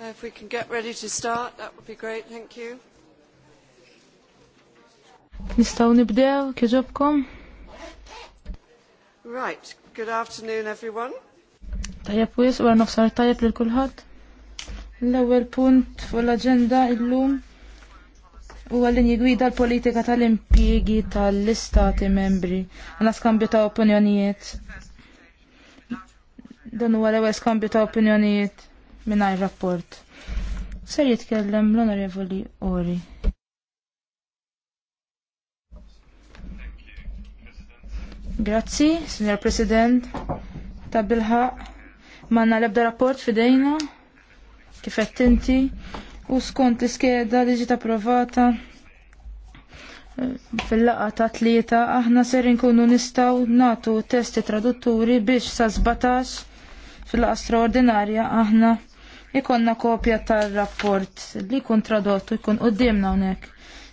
Uh, if we can get ready to start, that would be great, thank you. Nistaw nibdew, kieġobkom? Right, good afternoon everyone. Tajab u jis, u għan nofsar tajab li l-kulħad. L-ewel punt fuq l-agenda il-lum u għallin jigwida l-politika tal-impiegi tal-istati membri. għana skambju ta' opinjonijiet. Dan u għal-ewel skambju ta' opinjonijiet mingħajr rapport. Ser jitkellem l-Onorevoli Ori. Grazzi, Signor President, ta' manna l-ebda rapport fidejna kifet inti u skont l-iskeda li ġiet approvata eh, fil-laqa ta' tlieta aħna ser nkunu nistaw natu testi tradutturi biex sa' 17 fil-laqa straordinarja aħna ikonna kopja tar-rapport li jkun tradott u jkun qudiemna hawnhekk.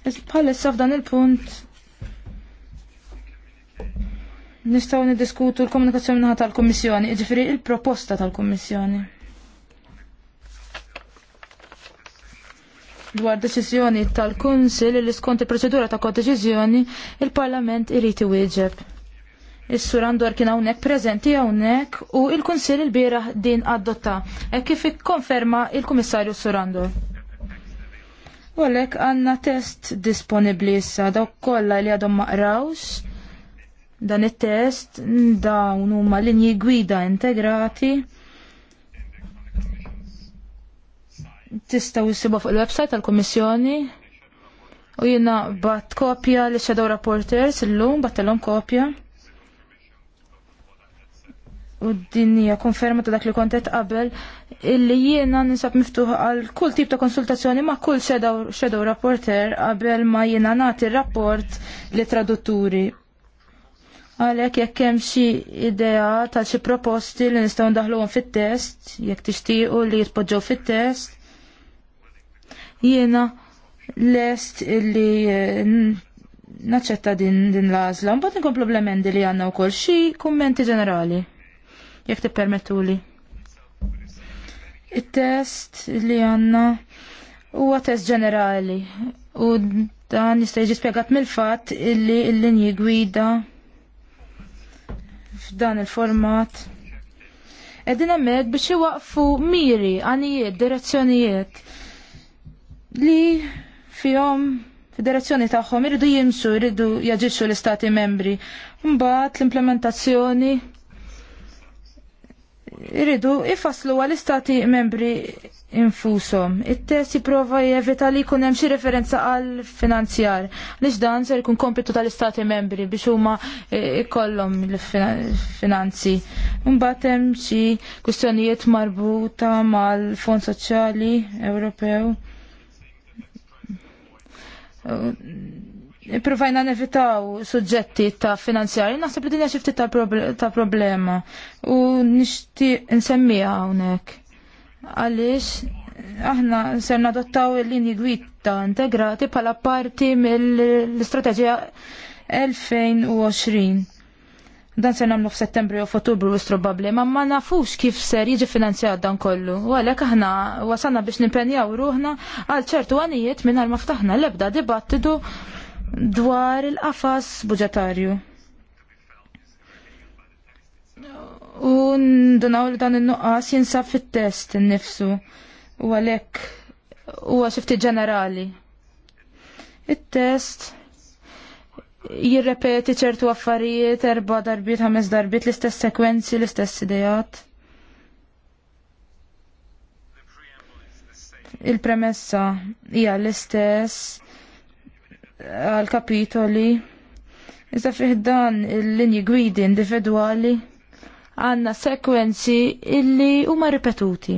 Bħalissa f'dan il-punt nistgħu niddiskutu l-komunikazzjoni naħa tal-Kummissjoni, jiġifieri il-proposta tal-Kummissjoni. dwar deċiżjoni tal-Kunsil li skont il-proċedura ta' kodeċiżjoni il-Parlament irid iwieġeb. Is-sur Andor kien hawnhekk preżenti hawnhekk u l-Kunsill il-bieraħ din adotta hekk kif ikkonferma il-Kummissarju Sur Andor. Għalek għanna għandna test disponibbli issa daw kollha li għadhom maqrawx dan it-test dawn huma linji gwida integrati. tistaw issibu fuq il-website tal-Kummissjoni u jina bat kopja li shadow rapporters illum battelhom kopja u d-dinja konferma ta' dak li kontet qabel illi jiena ninsab miftuħ għal kull tip ta' konsultazzjoni ma' kull shadow, shadow rapporter qabel ma' jiena nati rapport li tradutturi. Għalek jekk hemm xi idea ta' xi proposti li nistgħu ndaħluhom fit-test, jekk tixtiequ li jitpoġġew fit-test. Jiena lest illi eh, naċċetta din din l-għażla, mbagħad inkomplu blemendi li għandna wkoll xi kummenti ġenerali jekk tippermettuli. Il-test li għanna huwa test ġenerali u dan jista' jiġi spjegat mill-fatt illi l-linji gwida f'dan il-format. Edin hemmhekk biex waqfu miri, għanijiet, direzzjonijiet li fihom fid taħħom tagħhom iridu jimsu, iridu jaġixxu l-istati membri. Mbagħad l-implementazzjoni iridu ifaslu għal-istati membri infusom. It-test jiprofa jevita li jkun hemm xi referenza għal finanzjar. Lix dan ser jkun kompitu tal-istati membri biex huma e, ikollhom l-finanzi. Mbagħad hemm xi kwistjonijiet marbuta mal-Fond Soċjali Ewropew Provajna nevitaw suġġetti ta' finanzjari, naħseb li dinja xifti ta', proble ta problema u nishti nsemmija hawnhekk. Għaliex aħna serna nadottaw il-linji gwitta integrati bħala parti mill-istrateġija 2020. Dan ser nagħmlu f'Settembru u f'Ottubru wis probabbli, ma ma nafux kif ser jiġi finanzjat dan kollu. U għalhekk aħna wasalna biex nimpenjaw ruħna għal ċertu għanijiet mingħajr ma ftaħna l-ebda dibattitu dwar il-qafas budġetarju. U ndunaw li dan il-nuqqas jinsab fit-test nifsu u għalek u għasifti ġenerali. Il-test jirrepeti ċertu affarijiet erba darbit, ħames darbit, l-istess sekwenzi, l-istess idejat. Il-premessa hija l-istess għal kapitoli. Iżda fih dan il-linji gwidi individwali għanna sekwenzi illi huma ripetuti.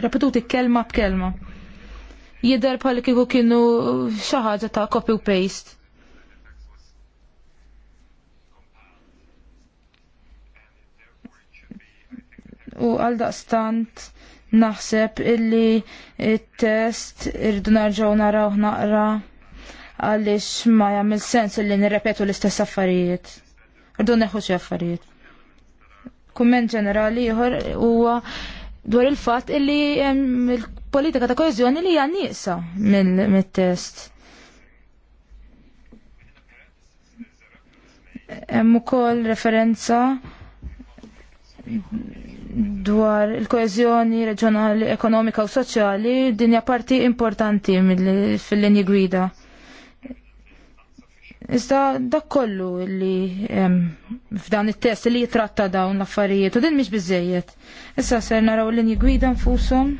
Ripetuti kelma b'kelma. Jidher bħal kieku kienu xi ħaġa ta' copy u paste. U għal daqstant naħseb illi it-test irdu narġaw naraw naqra għaliex ma jagħmel sens li nirrepetu l-istess affarijiet. Rdu neħu xi affarijiet. Kumment ġenerali ieħor huwa dwar il-fatt illi il-politika ta' koezjoni li hija nieqsa mit-test. Hemm ukoll referenza dwar il-koezjoni reġjonali, ekonomika u soċjali din hija parti importanti fil-linji gwida. Iżda dak kollu li f'dan it-test li jitratta dawn l-affarijiet u din mhix biżejjed. Issa ser naraw l-linji gwida nfushom.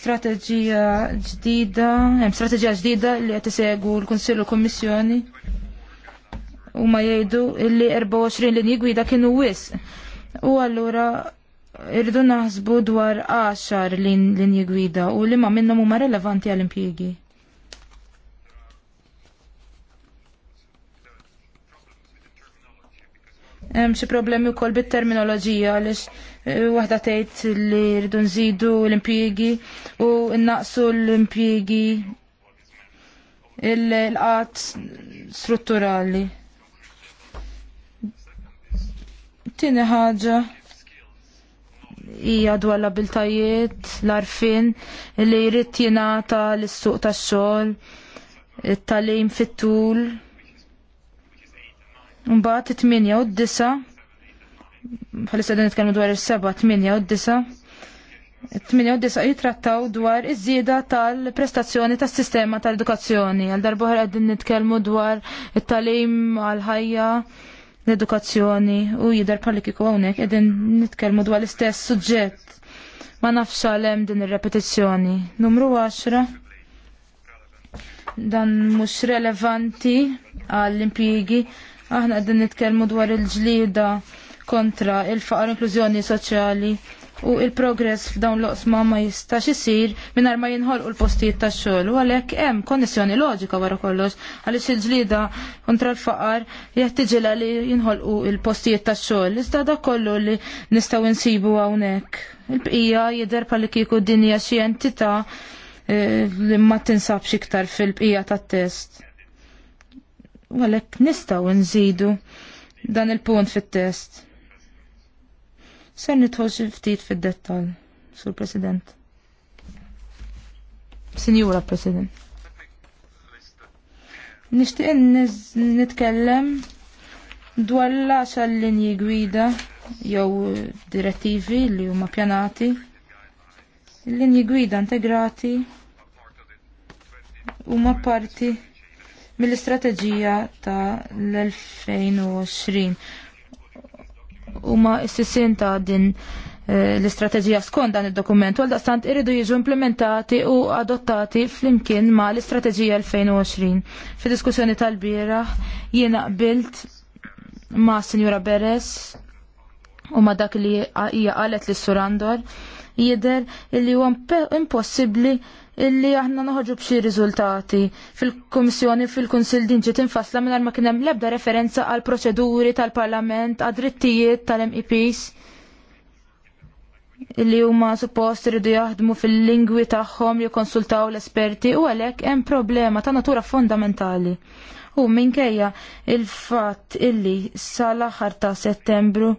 Strateġija ġdida, hemm strateġija ġdida li qed isegu l-Kunsill u l-Kummissjoni huma jgħidu li 24 linji gwida kienu wisq. U allura irridu naħsbu dwar għaxar linji gwida u li ma minnhom huma relevanti għall impjiegi Hemm xi problemi wkoll bit-terminoloġija għaliex eh, waħda tgħid li rridu nżidu l-impjiegi u nnaqsu l-impjiegi il-qat strutturali. Tieni ħaġa hija dwar l-abiltajiet, l-arfin li jrid jingħata l-suq tax-xogħol, it-talim fit-tul. Mbagħad it-tminja u d-disa. Bħalissa din nitkellmu dwar is-seba' tminja u d-disa. 98 jitrattaw dwar iż-żieda tal-prestazzjoni tas-sistema tal-edukazzjoni. Għal darba qegħdin nitkellmu dwar it-talim għal ħajja l-edukazzjoni u jidher bħalli kieku hawnhekk qegħdin nitkellmu dwar l-istess suġġett. Ma nafx għalem din ir-repetizzjoni. Numru 10 dan mhux relevanti għall-impjiegi aħna qegħdin nitkellmu dwar il-ġlieda kontra il-faqar inklużjoni soċjali u il-progress f'dawn l-oqsma ma jistax isir mingħajr ma jinħolqu l-postijiet tax-xogħol u għalhekk hemm konnessjoni loġika wara kollox għaliex il-ġlida kontra l-faqar tiġila li jinħolqu l-postijiet tax-xogħol. Iżda dak kollu li nistgħu insibu hawnhekk. Il-bqija jidher bħalli kieku dinja xi entità eh, li ma tinsabx iktar fil-bqija tat-test. Għalhekk nistgħu nżidu dan il-punt fit-test Sen nidħol ftit fid-dettall, Sur President. Sinjura President. Nixtieq nitkellem dwar l-għaxa linji gwida jew direttivi li huma pjanati. Linji gwida integrati huma parti mill-istrateġija ta' l-2020 ma s-sissin ta' din eh, l-istrateġija skont dan id-dokument għal daqstant iridu jiġu implementati u adottati flimkien ma l-istrateġija 2020. fil diskussjoni tal-bira jiena qbilt ma' Sinjura Beres u ma' dak li hija qalet li Surandor jidher illi huwa impossibbli illi aħna noħorġu b'xi riżultati fil-Kummissjoni fil-Kunsill din ġiet infassla mingħajr ma kien hemm l-ebda referenza għal proċeduri tal-Parlament, għad drittijiet tal-MEPs illi huma suppost iridu jaħdmu fil-lingwi tagħhom jikkonsultaw l-esperti u għalhekk hemm problema ta' natura fondamentali. U minkejja il-fatt illi sal-aħħar ta' Settembru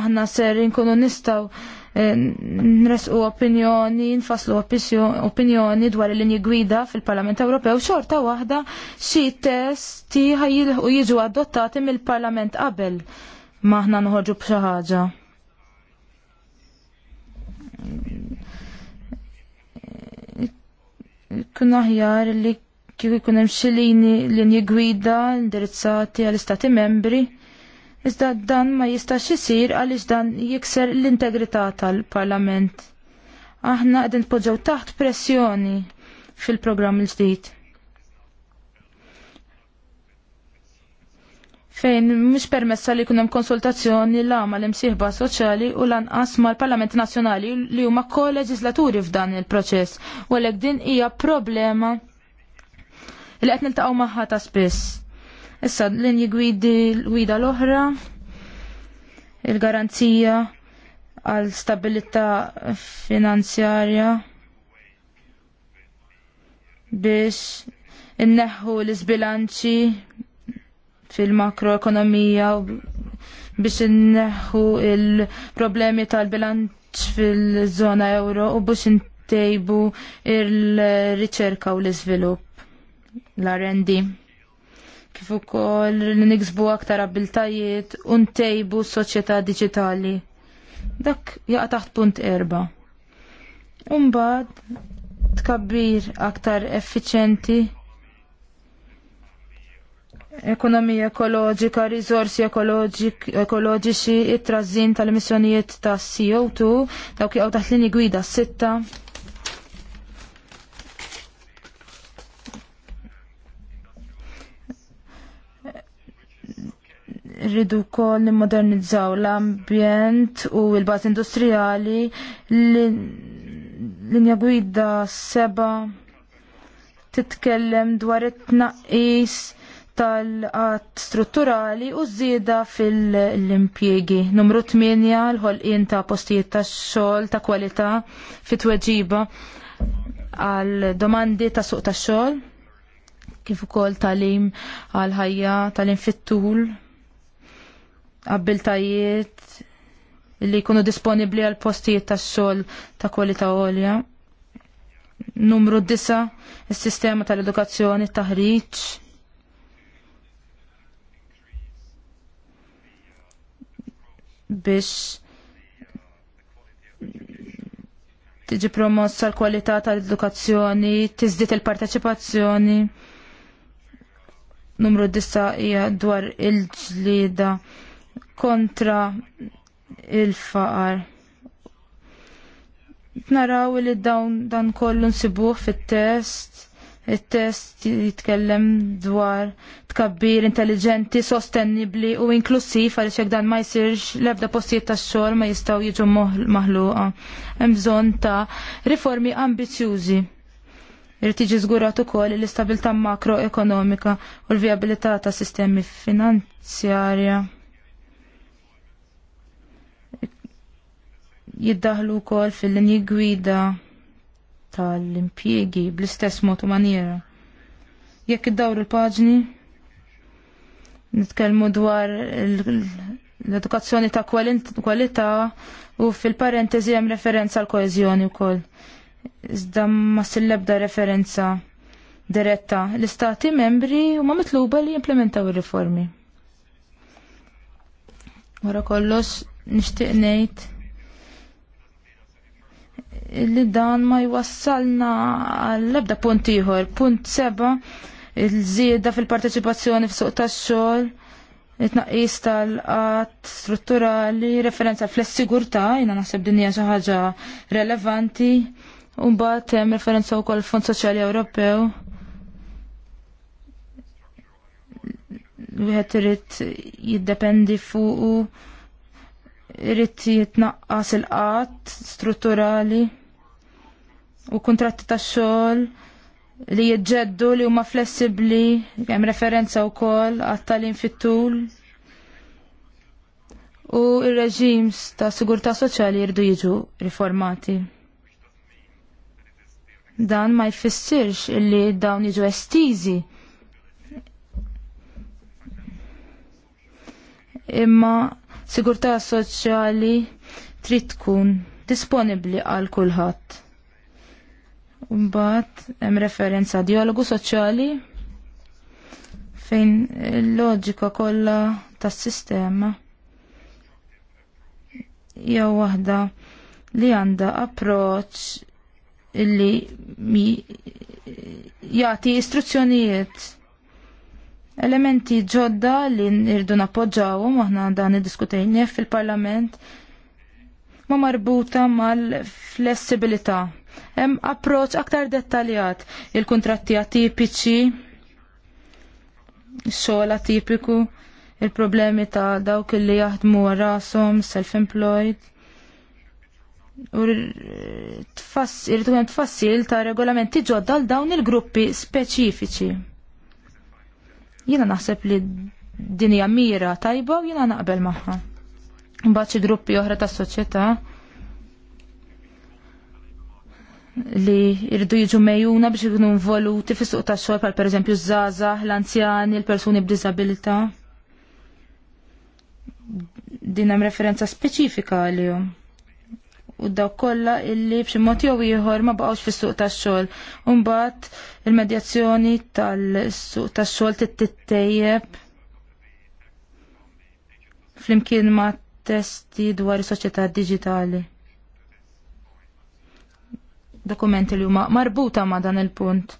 aħna ser inkunu nistgħu Eh, nresqu opinjoni, nfaslu opinjoni dwar il-linji gwida fil-Parlament Ewropew xorta waħda xi testi u jiġu adottati mill-Parlament qabel maħna nħoġu b'xi ħaġa. Kun aħjar li kif jkun hemm xi linji gwida indirizzati għall-istati membri Iżda dan ma jistax isir għaliex dan jikser l-integrità tal-Parlament. Aħna qegħdin tpoġġew taħt pressjoni fil-programm il-ġdid. fejn mhux permessa li jkun hemm konsultazzjoni la l imsieħba soċjali u lanqas mal-Parlament Nazzjonali li huma koleġislaturi f'dan il-proċess u għalhekk din hija problema li qed niltaqgħu magħha ta' spiss. Issa l-linji gwidi l-gwida l-oħra, il-garanzija għal stabilità finanzjarja biex inneħħu l izbilanċi fil-makroekonomija biex inneħħu il-problemi tal-bilanċ fil-żona euro u biex intejbu il-riċerka u l-iżvilupp l-R&D kif ukoll li niksbu aktar abiltajiet u ntejbu s-soċjetà diġitali. Dak jaqa' taħt punt erba. Umbad tkabbir aktar effiċenti ekonomija ekoloġika, rizorsi ekoloġiċi, it-trażin tal-emissjonijiet ta' CO2, dawk jaqgħu taħt lini gwida sitta rridu kol nimmodernizzaw l-ambjent u l-baz industrijali linja gwida seba titkellem dwar it-tnaqqis tal-qatt strutturali u żieda fil-impjegi. Numru 8 l-ħolqien ta' postijiet ta' xogħol ta' kwalità fit-tweġiba għal domandi ta' suq ta' xogħol kif ukoll tagħlim għal ħajja talim fit-tul abbiltajiet li jkunu disponibbli għal postijiet tax-xogħol ta' kwalità għolja. Numru disa, is-sistema tal-edukazzjoni, taħriġ. biex tiġi promossa l-kwalità tal-edukazzjoni, tiżdiet il-parteċipazzjoni numru 9 hija dwar il-ġlieda kontra il-faqar. Naraw li dawn dan kollu nsibuh fit-test, it-test jitkellem dwar tkabbir intelligenti, sostenibli u inklusiv għaliex jekk dan ma jsirx l-ebda postijiet tax-xogħol ma jistgħu jiġu maħluqa. Hemm bżonn ta' riformi ambizjużi Irrid tiġi żgurat ukoll l-istabilità makroekonomika u l-vjabilità ta' sistemi finanzjarja. Jiddaħlu wkoll fil-linji gwida tal-impjiegi bl-istess mod u maniera. Jekk iddawru l-paġni, nitkellmu dwar l-edukazzjoni ta' kwalità u fil-parentesi hemm referenza għal koeżjoni wkoll. Iżda ma sillebda referenza diretta l-istati membri huma mitluba li jimplementaw ir-riformi. Wara kollox nixtieq ngħid li dan ma jwassalna għall-ebda punt ieħor. Punt seba, il-żieda fil-parteċipazzjoni f'suq tax-xogħol, it-tnaqqis tal-qatt strutturali, referenza fl-sigurtà, jiena naħseb din hija xi ħaġa relevanti, Umbat hemm referenza wkoll Fond Soċjali Ewropew. Wieħed irid jiddependi fuq, irid jitnaqqas il-qatt strutturali u kuntratti tax-xogħol li jiġġeddu li huma flessibbli, hemm referenza wkoll għat tagħlim fit-tul u ir-reġims ta' sigurtà soċjali jirdu jiġu riformati. Dan ma jfissirx li dawn jiġu estizi. Imma sigurtà soċjali trid tkun disponibbli għal kulħadd. Mbagħad hemm referenza dialogu soċjali fejn il-loġika kollha tas-sistema hija waħda li għandha approċċ illi mi jagħti istruzzjonijiet elementi ġodda li nirdu nappoġġawhom aħna dan iddiskutejnieh fil-Parlament ma marbuta mal-flessibilità. Hemm approċċ aktar dettaljat il-kuntratti atipiċi, xogħol atipiku, il-problemi ta' dawk li jaħdmu rashom self-employed u irrid tfassil ta' regolamenti ġodda għal dawn il-gruppi speċifiċi. Jiena naħseb li din hija mira tajba u jiena naqbel magħha. Mbagħad xi gruppi oħra tas-soċjetà li irridu jiġu mejjuna biex ikunu involuti fis suq tax-xogħol per pereżempju żgħażagħ, l-anzjani, l-persuni b'diżabilità. Din hemm referenza speċifika għalihom u dawk kollha illi b'xi mod jew ieħor ma baqgħux fis-suq tax-xogħol. U il-medjazzjoni tal-suq tax-xogħol tittejjeb flimkien ma' testi dwar is-soċjetà diġitali. Dokumenti li huma marbuta ma' dan il-punt.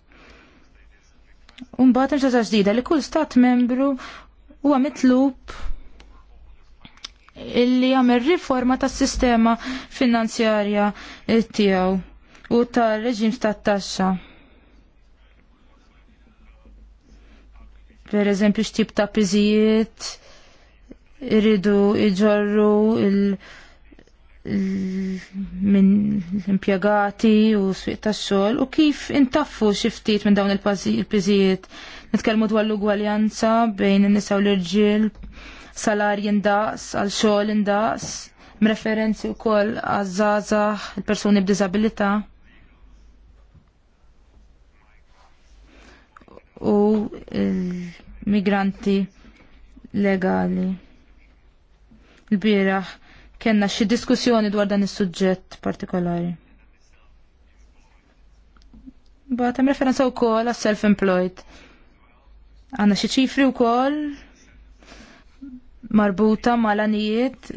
Umbagħad hemm ġdida li kull stat membru huwa mitlub illi jagħmel riforma tas-sistema finanzjarja eh, tiegħu u tar-reġim tat-taxxa. Per eżempju x'tip ta' piżijiet irridu iġorru il- minn impjegati u sfiq tax xogħol u kif intaffu xi ftit minn dawn il-piżijiet. Nitkellmu dwar l-ugwaljanza bejn in-nisa u l-irġiel Salari indaqs, għal xogħol indaqs, mreferenzi wkoll għaż-żgħażagħ, il-persuni b'diżabilità. U l migranti legali. Il-bieraħ kellna xi diskussjoni dwar dan is-suġġett partikolari. Bat, m'referenza referenza wkoll għas self-employed. Għandna xi ċifri wkoll marbuta mal-anijiet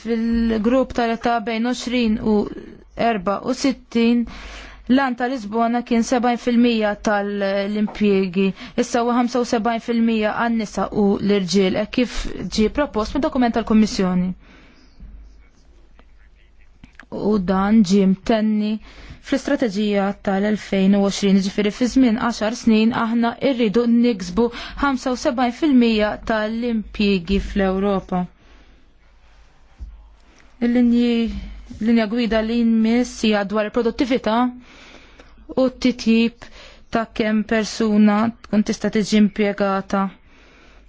fil-grupp tal-età bejn 20 u 64 l-an tal-Lisbona kien 70% tal-impjegi, issa u 75% għan-nisa u l-irġiel, e kif ġie propost mid dokument tal-Kommissjoni u dan ġie mtenni fl-istrateġija tal-2020 ġifiri fi żmien 10 snin aħna rridu niksbu 75% tal-impjiegi fl-Ewropa. l linja gwida li jmiss hija dwar il-produttività u t-titjib ta' kemm persuna tkun tista' tiġi impjegata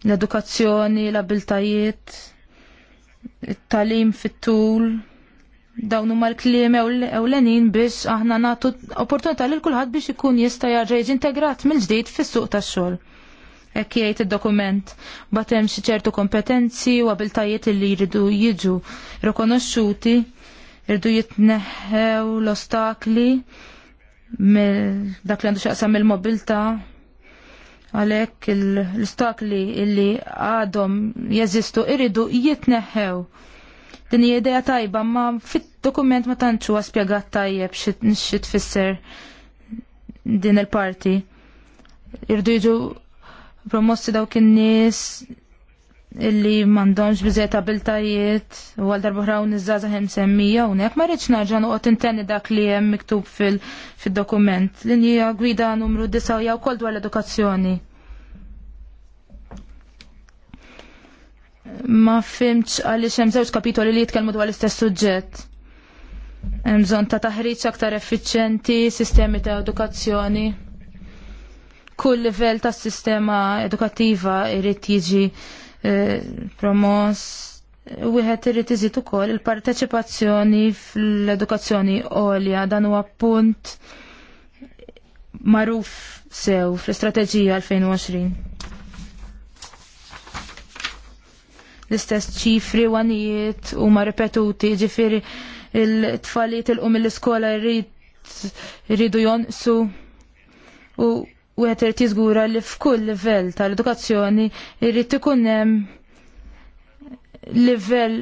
l-edukazzjoni, l-abiltajiet, it-talim fit-tul, dawn huma l-kliem lenin biex aħna nagħtu opportunità li kulħadd biex ikun jista' jarġa' integrat mill-ġdid fis-suq tax-xogħol. Hekk jgħid id-dokument bad hemm xi ċertu kompetenzi u abiltajiet li jridu jiġu rikonoxxuti, jridu jitneħħew l-ostakli dak li għandu xaqsam il mobilità għalhekk l-ostakli li għadhom jeżistu jridu jitneħħew Din hija idea tajba, ma fid-dokument ma tantx huwa spjegat tajjeb xi tfisser din il-parti. Irdu jiġu promossi dawk in-nies illi m'għandhomx biżejjed abiltajiet u għal darba iż niżżaża hemm semmija hawnhekk ma rridx narġa' noqgħod intenni dak li hemm miktub fil-dokument. l hija gwida numru 9 jew wkoll dwar l-edukazzjoni ma fimx għaliex hemm żewġ kapitoli li jitkellmu dwar l-istess suġġett. Hemm bżonn ta' taħriġ aktar effiċjenti, sistemi ta' edukazzjoni. Kull livell tas sistema edukattiva jrid jiġi eh, promos promoss. Wieħed irid iżid ukoll il-parteċipazzjoni fl-edukazzjoni għolja dan huwa punt magħruf sew fl-istrateġija 2020. l-istess ċifri wanijiet u ma ripetuti ġifiri il-tfaliet il-qum l-iskola jridu jonqsu u u għeter tizgura li f'kull livell tal-edukazzjoni jrid ikun hemm livell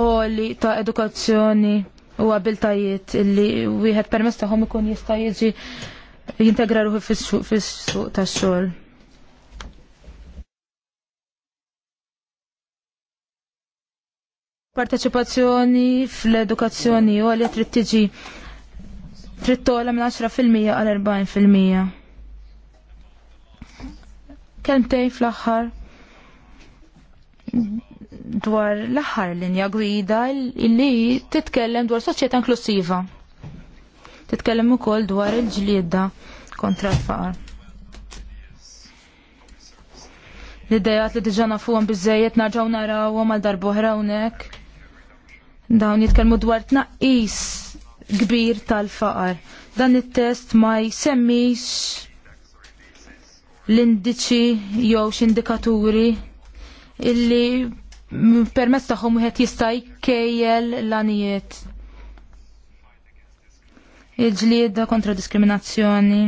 oli ta' edukazzjoni u għabiltajiet li wieħed permess tagħhom ikun jista' jiġi jintegra ruħu fis-suq tax-xogħol. Parteċipazzjoni fl-edukazzjoni u għalja trid tiġi trid tola minn 10% għal 40%. Kemm tgħid fl-aħħar dwar l-aħħar linja gwida illi titkellem dwar soċjetà inklusiva. Titkellem ukoll dwar il-ġlieda kontra l-faqar. L-idejat li diġa nafuhom biżejjed narġgħu narawhom għal darbohra hawnhekk. Dawn jitkellmu dwar tnaqqis kbir tal-faqar. Dan it-test ma jsemmix l-indiċi jew x'indikaturi illi permezz tagħhom wieħed jista' jkejjel l-anijiet. Il-ġlieda kontra diskriminazzjoni.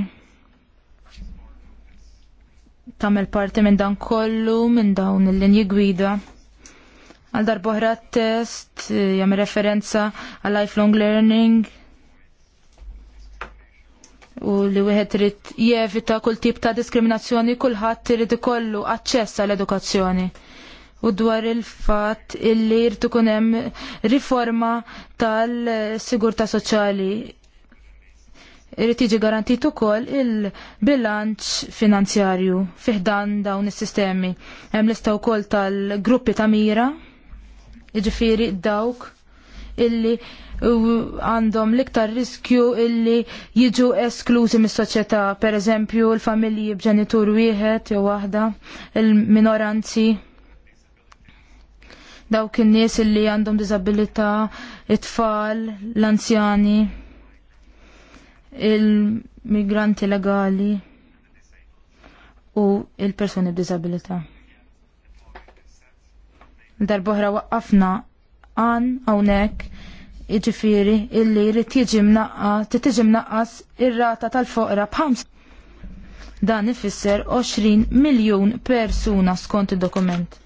Tamel parti minn dan kollu minn dawn il-linji gwida. Għal darboħra test jam referenza għal lifelong learning u li wieħed rid jevita kull tip ta' diskriminazzjoni kulħadd irid ikollu aċċess għall edukazzjoni u dwar il-fatt illi jrid ikun hemm riforma tal-sigurtà soċjali. Irid jiġi garantit ukoll il-bilanċ finanzjarju fiħdan dawn is-sistemi. Hemm lista wkoll tal-gruppi ta' mira Iġifiri dawk illi għandhom l-iktar riskju illi jiġu esklużi mis soċjetà per eżempju l-familji b'ġenitur wieħed jew waħda, il-minoranzi, dawk in-nies illi għandhom diżabilità, it-tfal, l-anzjani, il-migranti legali u il-persuni b'diżabilità. Darbohra waqqafna għan hawnhekk jiġifieri illi jrid tiġi mnaqqas tiġi mnaqqas ir-rata tal fuqra b'ħams. Dan ifisser 20 miljun persuna skont id-dokument.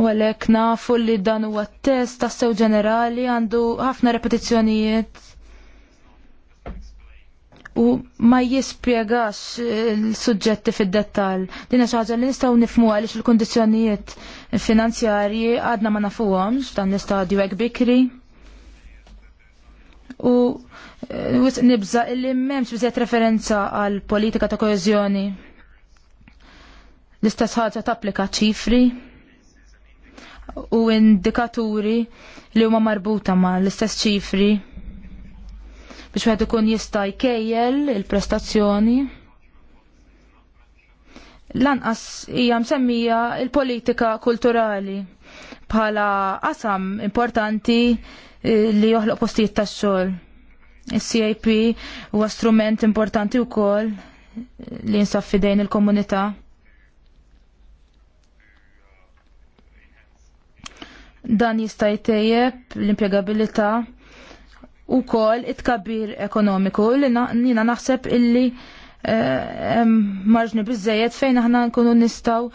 U għalhekk nafu li dan huwa test tas-sew ġenerali għandu ħafna repetizzjonijiet u ma jispjegax eh, l-suġġetti fid-dettal. Din xaħġa xi ħaġa li nistgħu nifhmu għaliex il-kundizzjonijiet finanzjarji għadna ma nafuhomx dan l-istadju hekk bikri. U eh, wisq nibża illi m'hemmx bizet referenza għal politika ta' koeżjoni. L-istess ħaġa tapplika ċifri u indikaturi li huma marbuta ma l-istess ċifri biex wieħed ikun jista' jkejjel il-prestazzjoni. Lanqas hija msemmija il-politika kulturali bħala qasam importanti eh, li joħloq postijiet tax-xogħol. Is-CIP huwa strument importanti wkoll eh, li jinsab fidejn il-komunità. Dan jista' jtejjeb l-impjegabilità u kol it-kabir ekonomiku li nina naħseb illi eh, marġni bizzejet fejn aħna nkunu nistaw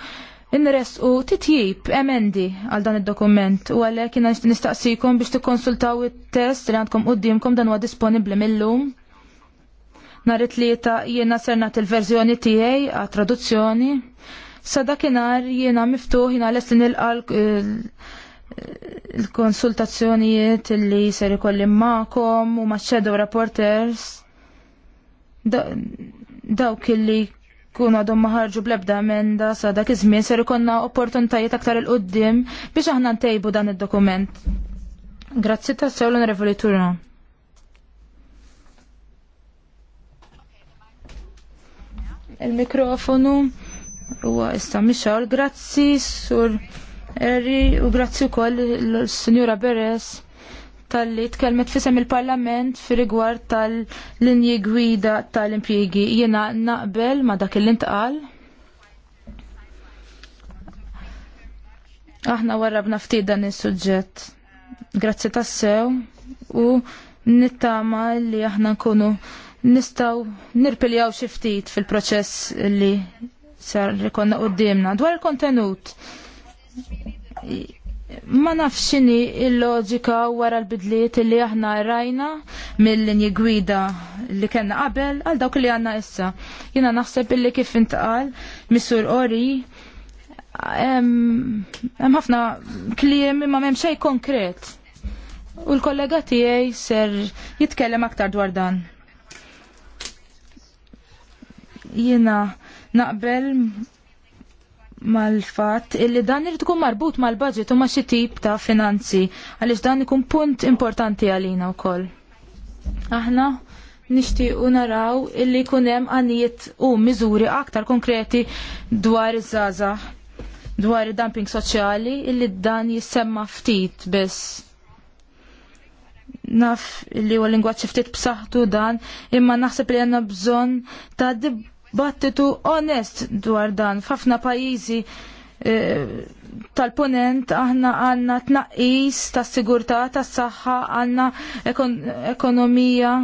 Inres u titjib emendi għal dan il-dokument u għalek kina nistaqsikom biex tikkonsultaw il-test li għandkom qoddimkom dan huwa disponibli mill-lum. Narit it-tlieta jiena serna il-verżjoni tiegħi għat traduzzjoni. Sa dakinhar jiena miftuħ jiena lest nilqal eh, il-konsultazzjonijiet li ser ikolli ma'kom u ma' shadow reporters dawk illi kun għadhom maħarġu blebda emenda sa dak iż-żmien ser ikonna opportunitajiet aktar il-qoddim biex aħna ntejbu dan id-dokument. Grazzi ta' sew l-onorevoli Turno. Il-mikrofonu huwa issa Mixol, grazzi sur Erri u grazzi wkoll l-Sinjura Beres tal-li tkellmet fisem il-Parlament fi rigward tal-linji gwida tal-impjiegi. Jiena naqbel ma dak il-intqal. Aħna warrabna ftit dan is-suġġett. Grazzi tassew u nittama li aħna nkunu nistaw nirpiljaw xi ftit fil-proċess li sar li konna qoddimna. Dwar il-kontenut, ma nafxini il-loġika wara l-bidliet li aħna rajna mill-linji gwida li kena qabel għal dawk li għanna issa. Jina naħseb illi kif intqal misur ori hemm ħafna kliem imma m'hemm xejn konkret. U l-kollega tiegħi ser jitkellem aktar dwar dan. Jina naqbel mal-fat illi dan irid ikun marbut mal-budget u ma' xi tip ta' finanzi għaliex dan ikun punt importanti għalina wkoll. Aħna nixtiequ naraw illi jkun hemm għanijiet u miżuri aktar konkreti dwar iż żaża dwar id-dumping soċjali illi dan jissemma ftit biss. Naf li huwa lingwaġġ ftit b'saħħtu dan imma naħseb li għandna bżonn ta' battitu onest dwar dan. F'ħafna pajjiżi eh, tal-ponent aħna għanna tnaqqis ta' sigurtà tas-saħħa għanna ekonomija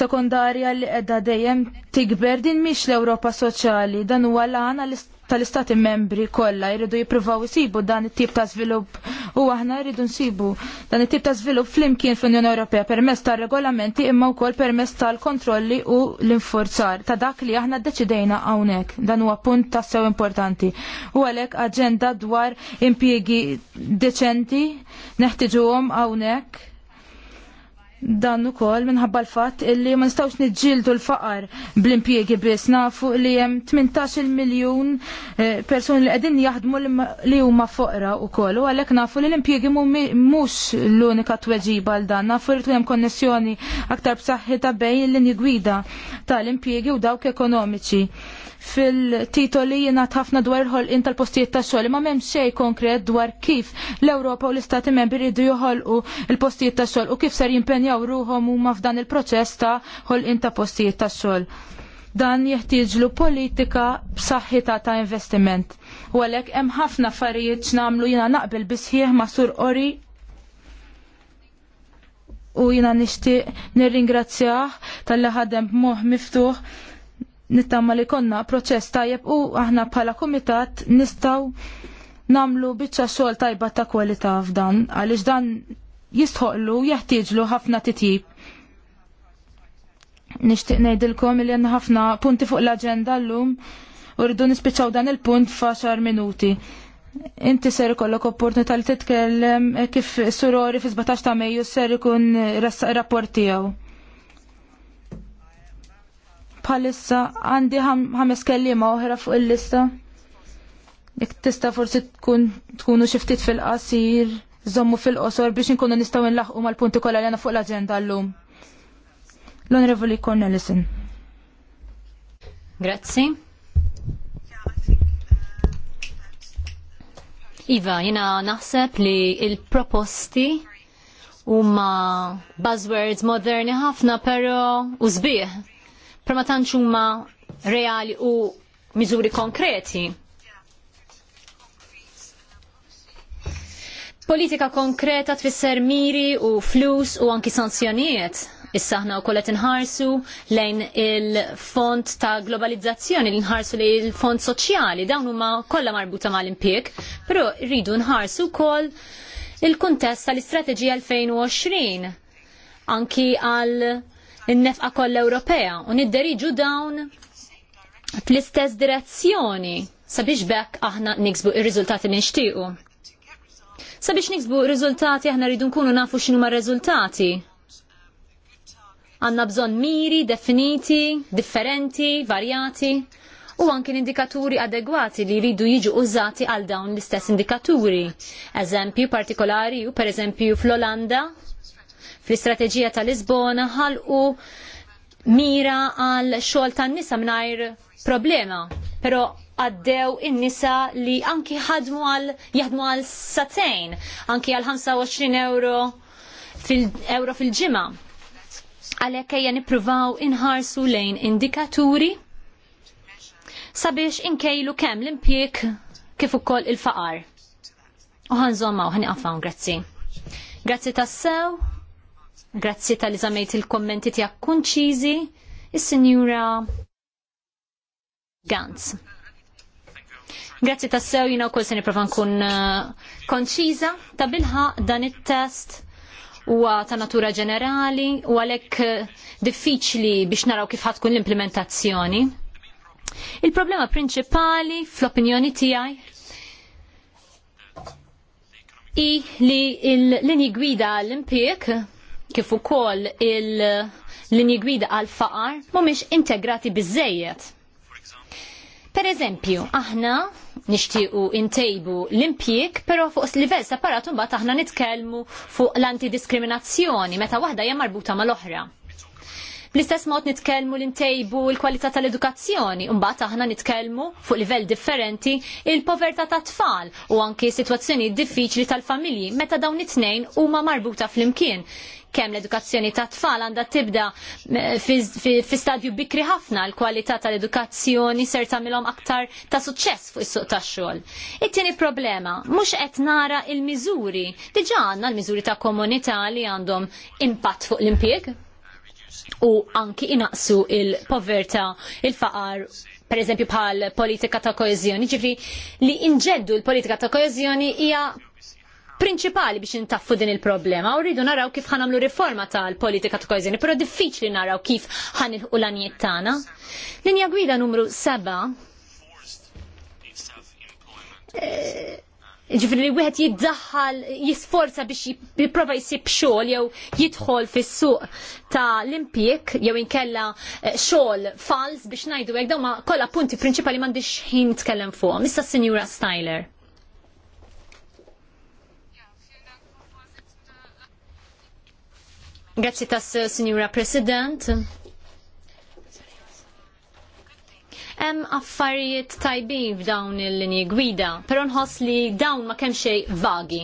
sekondarja li qiegħda dejjem tikber din mhix l-Ewropa soċjali dan huwa l-għana l tal-istati membri kollha jridu jippruvaw jisibu dan it-tip ta' żvilupp u aħna jridu nsibu dan it-tip ta' żvilupp flimkien fl-Unjoni Ewropea permess tal regolamenti imma wkoll permezz tal-kontrolli u l inforzar ta' dak li aħna ddeċidejna hawnhekk. Dan huwa punt tassew importanti. U għalhekk aġenda dwar impjiegi deċenti neħtiġuhom hawnhekk Dan ukoll minħabba l-fatt illi ma nistgħux niġġieldu l-faqar bl-impjiegi biss nafu li hemm 18 miljun eh, persuni li qegħdin jaħdmu li huma foqra wkoll u għalhekk nafu li l-impjiegi mhux l-unika tweġiba għal dan nafu li hemm konnessjoni aktar b'saħħita bejn l-linji gwida tal-impjiegi u dawk ekonomiċi fil-titoli jina ħafna dwar ħolqin tal-postijiet ta' xogħol, ma m'hemm xejn konkret dwar kif l-Ewropa u l-Istati membri jridu joħolqu l-postijiet ta' xogħol u kif ser jimpenjaw ruhom huma f'dan il-proċess ta' ħolqin ta' postijiet ta' xogħol dan jeħtieġlu politika b'saħħitha ta' investiment. U għalhekk hemm ħafna affarijiet x'namlu jiena naqbel bisħieħ ma' sur qori u jiena nixtieq nirringrazzjah tal-li ħadem b'moħħ miftuħ nittama li konna proċess tajjeb u aħna bħala kumitat nistaw namlu biċċa xogħol tajba ta' kwalità f'dan għaliex dan jistħoqlu jeħtieġlu ħafna titjib. Nixtieq ngħidilkom li hemm ħafna punti fuq l-aġenda llum u rridu nispiċċaw dan il-punt f'għaxar minuti. Inti ser ikollok opportunità li titkellem kif surori fi 17 ta' Mejju ser ikun rapport tiegħu. Palissa għandi ħames kellima oħra fuq il-lista. Jek tista forsi tkun tkunu xiftit fil-qasir, zommu fil-qosor biex nkunu nistaw nlaħqu mal-punti kollha li għana fuq l-aġenda llum. L-Onorevoli Cornelison. Grazzi. Iva, jina naħseb li il-proposti huma buzzwords moderni ħafna, pero użbieħ per ma tantx huma reali u miżuri konkreti. Politika konkreta tfisser miri u flus u anki sanzjonijiet. Issa aħna wkoll qed inħarsu lejn il-fond ta' globalizzazzjoni li nħarsu lejn il-fond soċjali dawn huma kollha marbuta mal impjek però rridu nħarsu wkoll il-kuntest tal-istrateġija 2020 anki għal in-nefqa kollha Ewropea u nidderiġu dawn fl-istess direzzjoni sabiex bekk aħna niksbu ir-riżultati li nixtiequ. Sabiex niksbu r-riżultati aħna rridu nkunu nafu x'inhu r-riżultati. Għanna bżonn miri, definiti, differenti, varjati u anki indikaturi adegwati li jridu jiġu użati għal dawn l-istess indikaturi. Eżempju partikolari u per eżempju fl-Olanda fl-istrateġija tal-Lisbona ħalqu mira għal xogħol tan-nisa mingħajr problema. Però għaddew in-nisa li anki ħadmu għal jaħdmu għal satejn, anki għal 25 euro fil-euro fil-ġimgħa. Għalhekk ejja nippruvaw inħarsu lejn indikaturi sabiex inkejlu kemm l-impjek kif ukoll il-faqar. U ħanżomma u ħaniqafaw, grazzi. Grazzi tassew. Grazzi tal zamejt il-kommenti tijak kunċizi, il-Sinjura Gantz. Grazzi ta' sew, jina u kol se nipprova nkun uh, konċiza, ta' bilħa dan it-test u ta' natura ġenerali u għalek uh, diffiċli biex naraw kif ħatkun l-implementazzjoni. Il-problema prinċipali fl-opinjoni tiegħi i li l-linji gwida l-impiek kif ukoll il-linji gwida għal faqar mhumiex integrati biżejjed. Per eżempju, aħna nixtiequ intejbu l-impjieg, però fuq livell separat mbagħad aħna nitkellmu fuq l-antidiskriminazzjoni meta waħda hija marbuta mal-oħra. Bl-istess mod nitkellmu li ntejbu l-kwalità tal-edukazzjoni, mbagħad aħna nitkellmu fuq livell differenti il-povertà ta' tfal u anke sitwazzjoni diffiċli tal-familji meta dawn it-tnejn huma marbuta flimkien kemm l-edukazzjoni ta' tfal għandha tibda eh, fi stadju bikri ħafna l-kwalità tal-edukazzjoni ser tagħmilhom aktar ta' suċċess fuq is-suq tax-xogħol. It-tieni problema mhux qed nara l-miżuri. Diġà għandna l-miżuri ta' komunità li għandhom impatt fuq l-impjieg u anki inaqsu il-poverta, il-faqar per eżempju bħal politika ta' koezjoni, ġifri li inġeddu l-politika ta' koezjoni hija prinċipali biex intaffu din il-problema u rridu naraw kif ħanamlu riforma tal-politika ta' kojżini, però diffiċli naraw kif ħan il l-anijiet tagħna. Linja gwida numru 7 eh, ġifri li wieħed jiddaħħal, jisforza biex jipprova jsib xogħol jew jidħol fis-suq ta' l-impjek jew inkella eh, xogħol fals biex ngħidu hekk dawn ma kollha punti prinċipali m'għandix ħin nitkellem fuqhom. Issa Sinjura Styler. Grazzi tas eh, Signora President. Hemm affarijiet tajbin f'dawn il-linji gwida, però nħoss li dawn ma kemm xejn vagi.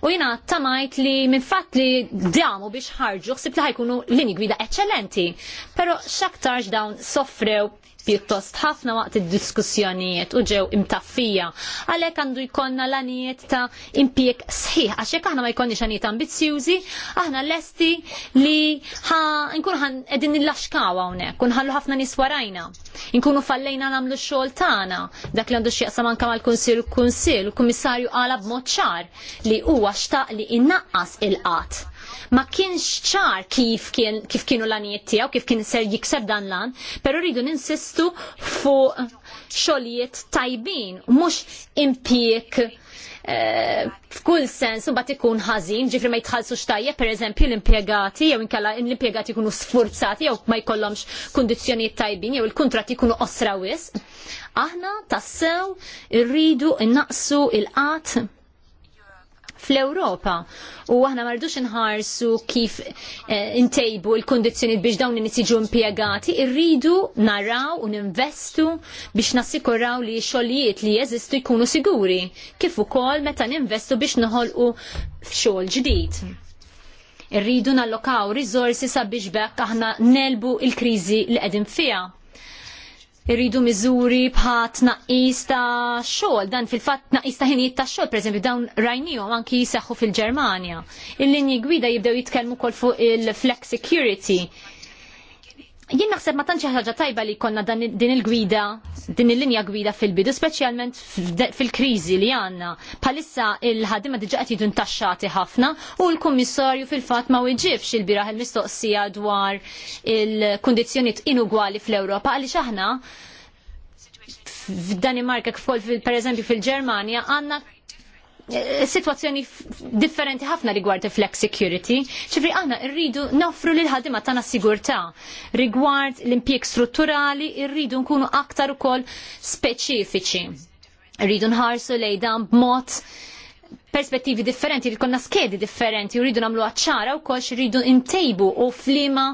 U jina tamajt li minn fatt li damu biex ħarġu, xsib li ħajkunu linji gwida eccellenti. Però xaktarx dawn soffrew pjuttost ħafna waqt id-diskussjonijiet u ġew imtaffija. Għalhekk għandu jkollna l-anijiet ta' impjieg sħiħ, għax jekk aħna ma jkollniex anijiet ambizzjużi, aħna lesti li nkunu ħan qegħdin nillaxkaw hawnhekk u nħallu ħafna niswarajna. nkunu Inkunu fallejna nagħmlu x-xogħol tagħna, dak li għandu x'jaqsam anke mal kunsil u kunsil, u Kummissarju għala b'mod ċar li huwa xtaq li innaqqas il qat ma kienx ċar kif, kien, kif kienu l-anijiet tiegħu, kif kien ser jikseb dan lan, però rridu ninsistu fuq xogħlijiet tajbin, mhux impiek eh, f'kull sens bat ikun ħażin, ġifri ma xtajja, tajjeb pereżempju l-impjegati jew inkella l-impjegati jkunu sfurzati jew ma jkollhomx kundizzjonijiet tajbin jew il kontrat jkunu osra wisq. Aħna tassew irridu innaqsu il qat fl-Ewropa. U aħna mardux nħarsu kif eh, intejbu l kondizjoni biex dawn in jiġu impjegati, irridu naraw u ninvestu biex nassikuraw li xogħlijiet li jeżistu jkunu siguri, kif ukoll meta ninvestu biex noħolqu f'xogħol ġdid. Irridu nallokaw risorsi sabiex bekk aħna nelbu l kriżi li qegħdin fiha irridu miżuri b'ħat tnaqqis ta' xogħol, dan fil-fatt tnaqqis ta' ħinijiet ta' xogħol, pereżempju dawn rajnijhom anki jiseħħu fil-Ġermanja. Il-linji gwida jibdew jitkellmu wkoll fuq il-flex security jien naħseb ma tantx ħaġa tajba li konna dan, din il-gwida, din il-linja gwida fil-bidu, speċjalment fil-kriżi li għandna. Palissa il-ħadima diġa qed jidu ntaxxati ħafna u l-kummissarju fil-fatt ma wieġibx il-biraħ il-mistoqsija dwar il-kundizzjonijiet inugwali fl-Ewropa għaliex aħna f'Danimarka kif fil pereżempju fil-Ġermanja għandna Eh, situazzjoni differenti ħafna rigward il-flex security. ċifri aħna rridu nofru lil ħadima tagħna sigurtà rigward l-impjeg strutturali, rridu nkunu aktar ukoll speċifiċi. Rridu nħarsu lejn dan b'mod perspettivi differenti, li konna skedi differenti, rridu nagħmlu għacċara wkoll xirridu ntejbu u flima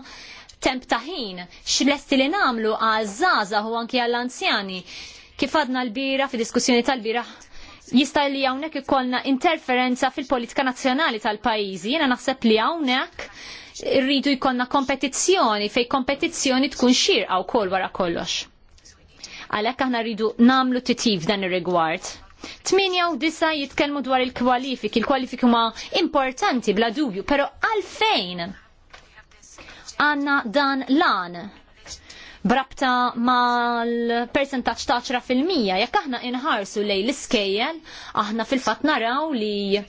temp ta' ħin, lesti li nagħmlu għal żgħażagħ u anki għall-anzjani. Kif għadna l-bira, fi diskussjoni tal-bira, jista' li hawnhekk ikollna interferenza fil-politika nazzjonali tal-pajjiżi. Jiena naħseb li hawnhekk rridu jkollna kompetizzjoni fej kompetizzjoni tkun xirqa wkoll wara kollox. Għalhekk aħna rridu nagħmlu titjib dan ir-rigward. Tminja u disa jitkellmu dwar il-kwalifiki, il-kwalifiki huma importanti bla dubju, però għalfejn għandna dan lan brabta mal-percentaċ ta' 10% jekk aħna inħarsu lej l-iskejjel, aħna fil fatt naraw li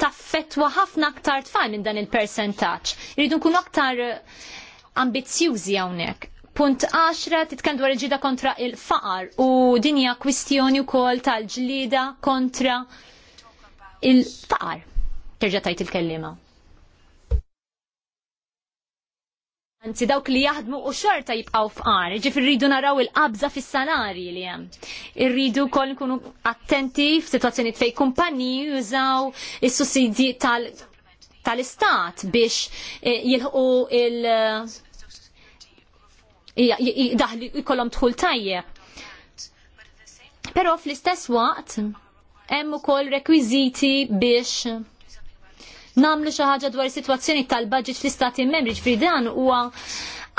taffetwa ħafna aktar tfal minn dan il-percentaċ. Irridu nkunu aktar ambizjużi hawnhekk. Punt 10 titkellem dwar il-ġida kontra il-faqar u din hija kwistjoni wkoll tal-ġlida kontra il-faqar. Terġa' tajt il-kellima. Anzi, dawk li jaħdmu u xorta jibqaw fqar, ġifir rridu naraw il-qabza fis salari li hemm. Irridu kol nkunu attenti f'sitwazzjoni fej kumpaniji jużaw is-sussidji tal-istat biex eh, jilħu il- eh, daħli jkollhom dħul tajjeb. Però fl-istess waqt hemm ukoll rekwiżiti biex namlu xi ħaġa dwar is-sitwazzjoni tal-budget fl-istati membri ġifri dan huwa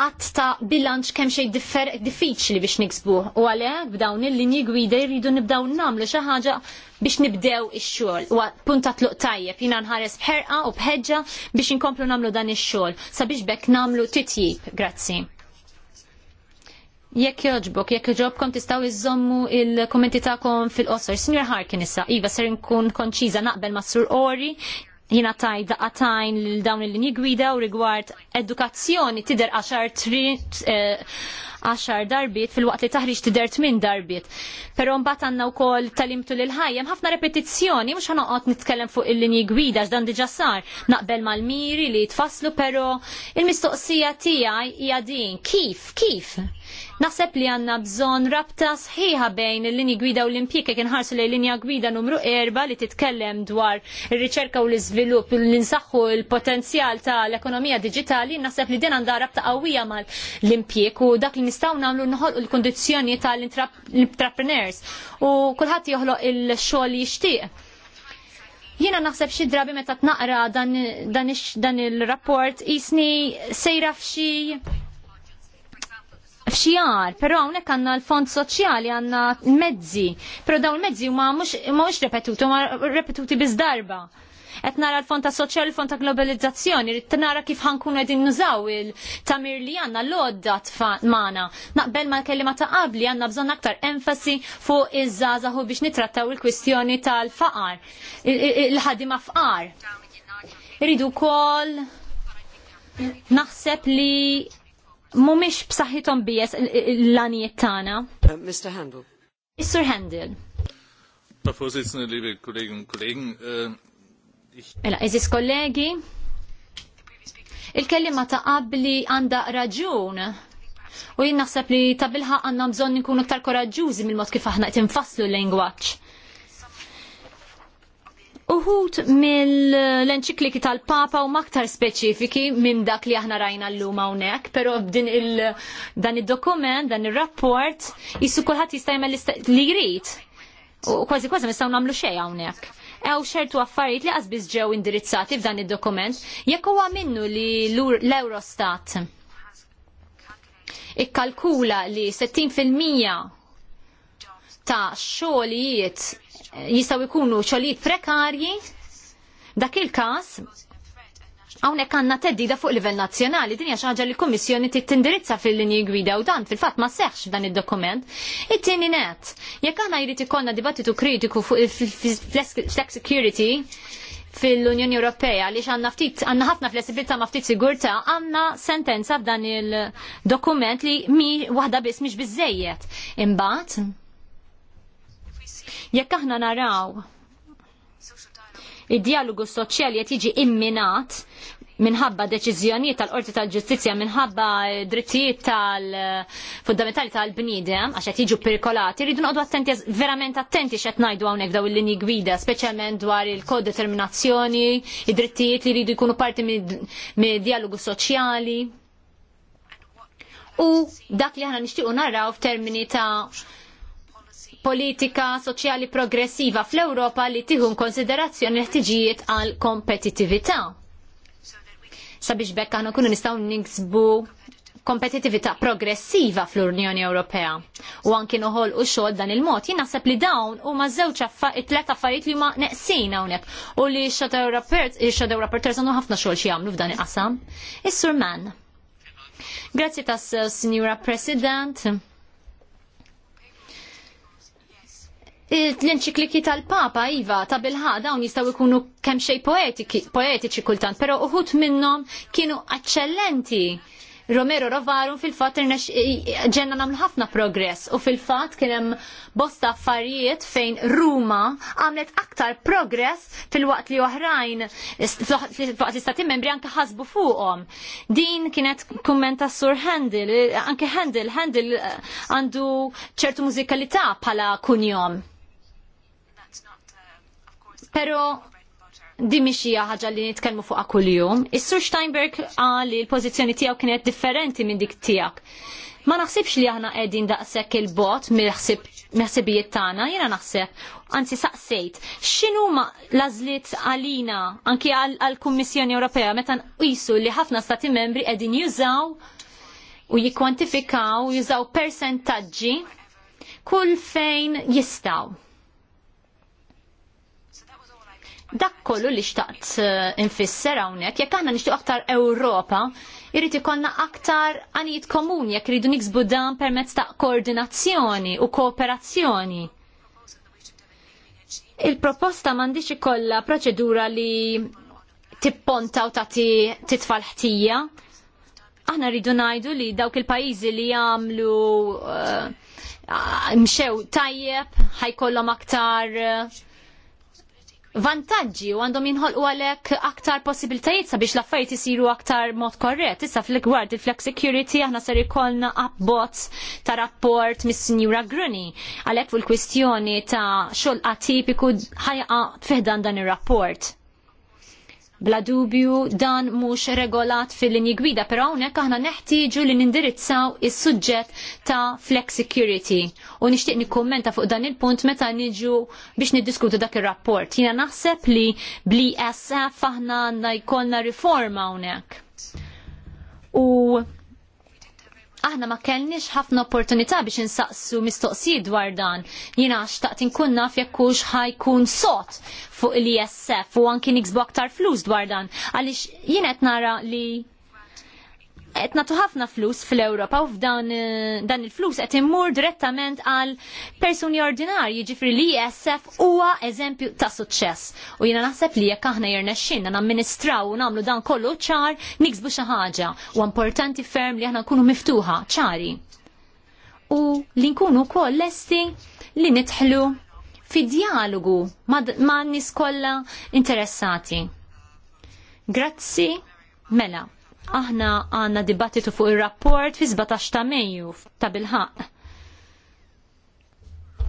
qatt ta' bilanċ kemm xejn diffiċli biex niksbuh u għalhekk b'dawn il-linji gwida jridu nibdew nagħmlu xi ħaġa biex nibdew ix-xogħol. u punta tluq tajjeb jiena nħares bħerqa u bħeġġa biex inkomplu nagħmlu dan ix-xogħol sabiex bekk nagħmlu titjib. Grazzi. Jekk joġbok, jekk joġobkom tistaw iżommu il-kommenti tagħkom fil-qosor. Signor Harkin issa, Iva ser nkun konċiża naqbel ma' Sur Ori, jina taj daqatajn l-dawn il-linji gwida u rigward edukazzjoni tider għaxar eh, għaxar darbit fil-waqt li taħriġ tider tmin darbit. Pero mbagħad għandna wkoll talimtu lil ħajjem ħafna repetizzjoni mhux ħanoqgħod nitkellem fuq il-linji gwida x'dan diġà sar naqbel mal-miri li jitfasslu pero il-mistoqsija tiegħi hija din kif kif Naħseb li għanna bżon rabta sħiħa bejn il-linji gwida u l kien ħarsu li linja gwida numru erba li titkellem dwar ir-riċerka u l-iżvilupp li nsaħħu l-potenzjal ta' l-ekonomija digitali, naħseb li din għandha rabta qawwija mal-impjek u dak li nistgħu nagħmlu noħolqu l ta' tal-entrepreneurs u kulħadd joħloq il-xogħol jixtieq. Jiena naħseb xi drabi meta tnaqra dan, dan, dan il-rapport isni sejra f'xi fxjar, pero hawnhekk għandna l-fond soċjali għandna mezzi, pero dawn il-mezzi huma mhux repetuti, huma repetuti biż darba. Qed nara l-fond ta' soċjali, l-fond ta' globalizzazzjoni, rrit nara kif ħankun għedin nużaw il-tamir li għandna l t' tfaqmana. Naqbel ma' kelliema ta' qabli għandna bżonn aktar enfasi fuq iż-żazahu biex nitrattaw il-kwistjoni tal-faqar, il-ħadima faqar. Irridu wkoll naħseb li mumiex b'saħħithom bies l-lanijiet tagħna. Uh, Mr. Handel. Mr. Handel. Frau Vorsitzende, liebe Kolleginnen und Kollegen, äh, Ela, eżis kollegi, il-kellima ta' qabli għanda raġun. U jien naħseb li ta' bilħa għanna bżon nkunu ktar koraġġużi mill-mod kif aħna qed infasslu l-lingwaġġ. Uħut mill-enċikliki tal-Papa u maktar speċifiki minn dak li aħna rajna l-lum hawnhekk, però il-dan id-dokument, dan id-dokument, dan ir-rapport, jissu kulħadd jista' jagħmel li jrid. U kważi kważi nistgħu nagħmlu xejn hawnhekk. Ew xertu affarijiet li qasbiż ġew indirizzati f'dan id-dokument, jekk huwa minnu li l-Eurostat ikkalkula li 60% ta' xogħlijiet jistaw ikunu xogħlijiet prekarji, dak il-każ hawnhekk għandna teddida fuq livell nazzjonali, din hija xi ħaġa li l-Kummissjoni tindirizza fil-linji gwida u dan fil-fatt ma seħħx f'dan id-dokument. It-tieni net, jekk aħna jrid ikollna dibattitu kritiku fuq il-flex security, fil-Unjoni Ewropea li għanna ftit għanna ħafna flessibilità ma ftit sigurtà għanna sentenza f'dan il-dokument li mi waħda biss mhix biżejjed. Imbagħad Jekk aħna naraw id-dialogu soċjali qed jiġi imminat minħabba deċiżjonijiet tal-Qorti tal-Ġustizzja minħabba drittijiet tal-fundamentali tal-bniedem għax qed jiġu perikolati, rridu noqgħdu attenti verament attenti x'qed ngħidu hawnhekk daw il-linji gwida, speċjalment dwar il-kodeterminazzjoni, id-drittijiet li jridu jkunu parti mid dialogu soċjali. U dak li aħna nixtiequ naraw f'termini ta' politika soċjali progressiva fl-Ewropa li tieħu konsiderazzjoni l-ħtiġijiet għal kompetitività. Sabiex bekk aħna kunu nistgħu niksbu kompetitività progressiva fl-Unjoni Ewropea. U anki noħol u xogħol dan il-mod, jien naħseb li dawn huma żewġ it-tlet affarijiet li huma neqsin hawnhekk u li x xogħol rapporters għandu ħafna xogħol xi jagħmlu f'dan il-qasam. Is-Surman. Grazzi tas, Signora President. l-enċikliki tal-Papa, Iva, ta' bilħa, dawn jistaw ikunu kemm xej poetiċi kultant, pero uħut minnom kienu eccellenti. Romero Rovarum fil-fat ġenna namlu ħafna progress u fil-fat kienem bosta affarijiet fejn Ruma għamlet aktar progress fil-waqt li oħrajn fil-waqt li stati membri anke ħasbu fuqhom. Din kienet kummenta sur Handel, anke Handel, Handel eh, għandu ċertu mużikalità bħala kunjom. Pero di mixija ħaġa li nitkellmu fuqha kuljum. Is-Sur Steinberg qal li l-pożizzjoni tiegħu kienet differenti minn dik tiegħek. Ma naħsibx li aħna qegħdin daqshekk il-bot mill-ħsibijiet tagħna, jiena naħseb, anzi saqsejt, x'inhu ma lażliet għalina anki għall-Kummissjoni Ewropea meta nqisu li ħafna stati membri qegħdin jużaw u jikkwantifikaw, jużaw persentaġġi kull fejn jistgħu dak kollu li xtaqt eh, infisser hawnhekk, jekk aħna nixtieq aktar Ewropa, irrid ikollna aktar għanijiet komuni jekk iridu niksbu dan permezz ta' koordinazzjoni u kooperazzjoni. Il-proposta m'għandix ikollha proċedura li tipponta u tagħti titfal ħtija. Aħna rridu ngħidu li dawk il-pajjiżi li jagħmlu eh, mxew tajjeb ħajkollhom aktar eh, vantaġġi u għandhom jinħolqu għalhekk aktar possibiltajiet sabiex l-affarijiet isiru aktar mod korrett. Issa fl gward il-flex security aħna ser ikollna abbozz ta' rapport mis-Sinjura Gruni għalhekk fuq il-kwistjoni ta' xogħol atipiku ħajqa fiħdan dan ir-rapport. Bla dubju dan mhux regolat fil-linji gwida, però hawnhekk aħna neħtieġu li nindirizzaw is-suġġett ta' flex security. U nixtieq nikkummenta fuq dan il-punt meta niġu biex niddiskutu dak ir-rapport. Jiena naħseb li bli SF aħna għandna jkollna riforma hawnhekk. U aħna ma kellniex ħafna opportunità biex insaqsu mistoqsijiet dwar dan. Jina xtaqt inkun naf jekk hux ħajkun sot fuq l-ISF u anki niksbu aktar flus dwar dan. Għaliex jien qed nara li qed nagħtu ħafna flus fl-Ewropa u f'dan eh, dan il-flus qed immur direttament għal persuni ordinarji, ġifri li ESF huwa eżempju ta' suċċess. U jiena naħseb li jekk aħna jirnexxinna namministraw u nagħmlu dan kollu ċar, niksbu xi ħaġa u importanti ferm li aħna nkunu miftuħa ċari. U li nkunu wkoll lesti li nidħlu fi dialogu ma' nies kollha interessati. Grazzi, mela aħna għanna dibattitu fuq il-rapport fi 17 ta' Mejju ta' bilħaq.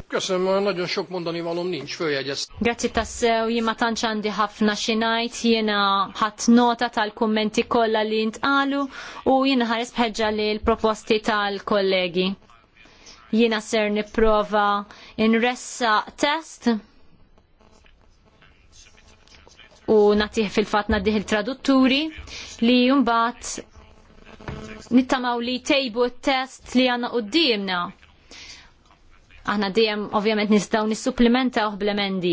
Köszönöm, xok mundan mondani valom fuq följegyez. Grazzi tassew, jima tanċandi ħafna xinajt, jena ħat nota tal-kommenti kolla li jintqalu u jena ħares bħedġa li l-proposti tal-kollegi. Jena ser niprofa in-ressa test u natiħ fil-fat naddiħ il-tradutturi li jumbat nittamaw li tejbu il-test li għanna u d Għanna Aħna dijem ovvjament nistaw nissupplementa uħ blemendi.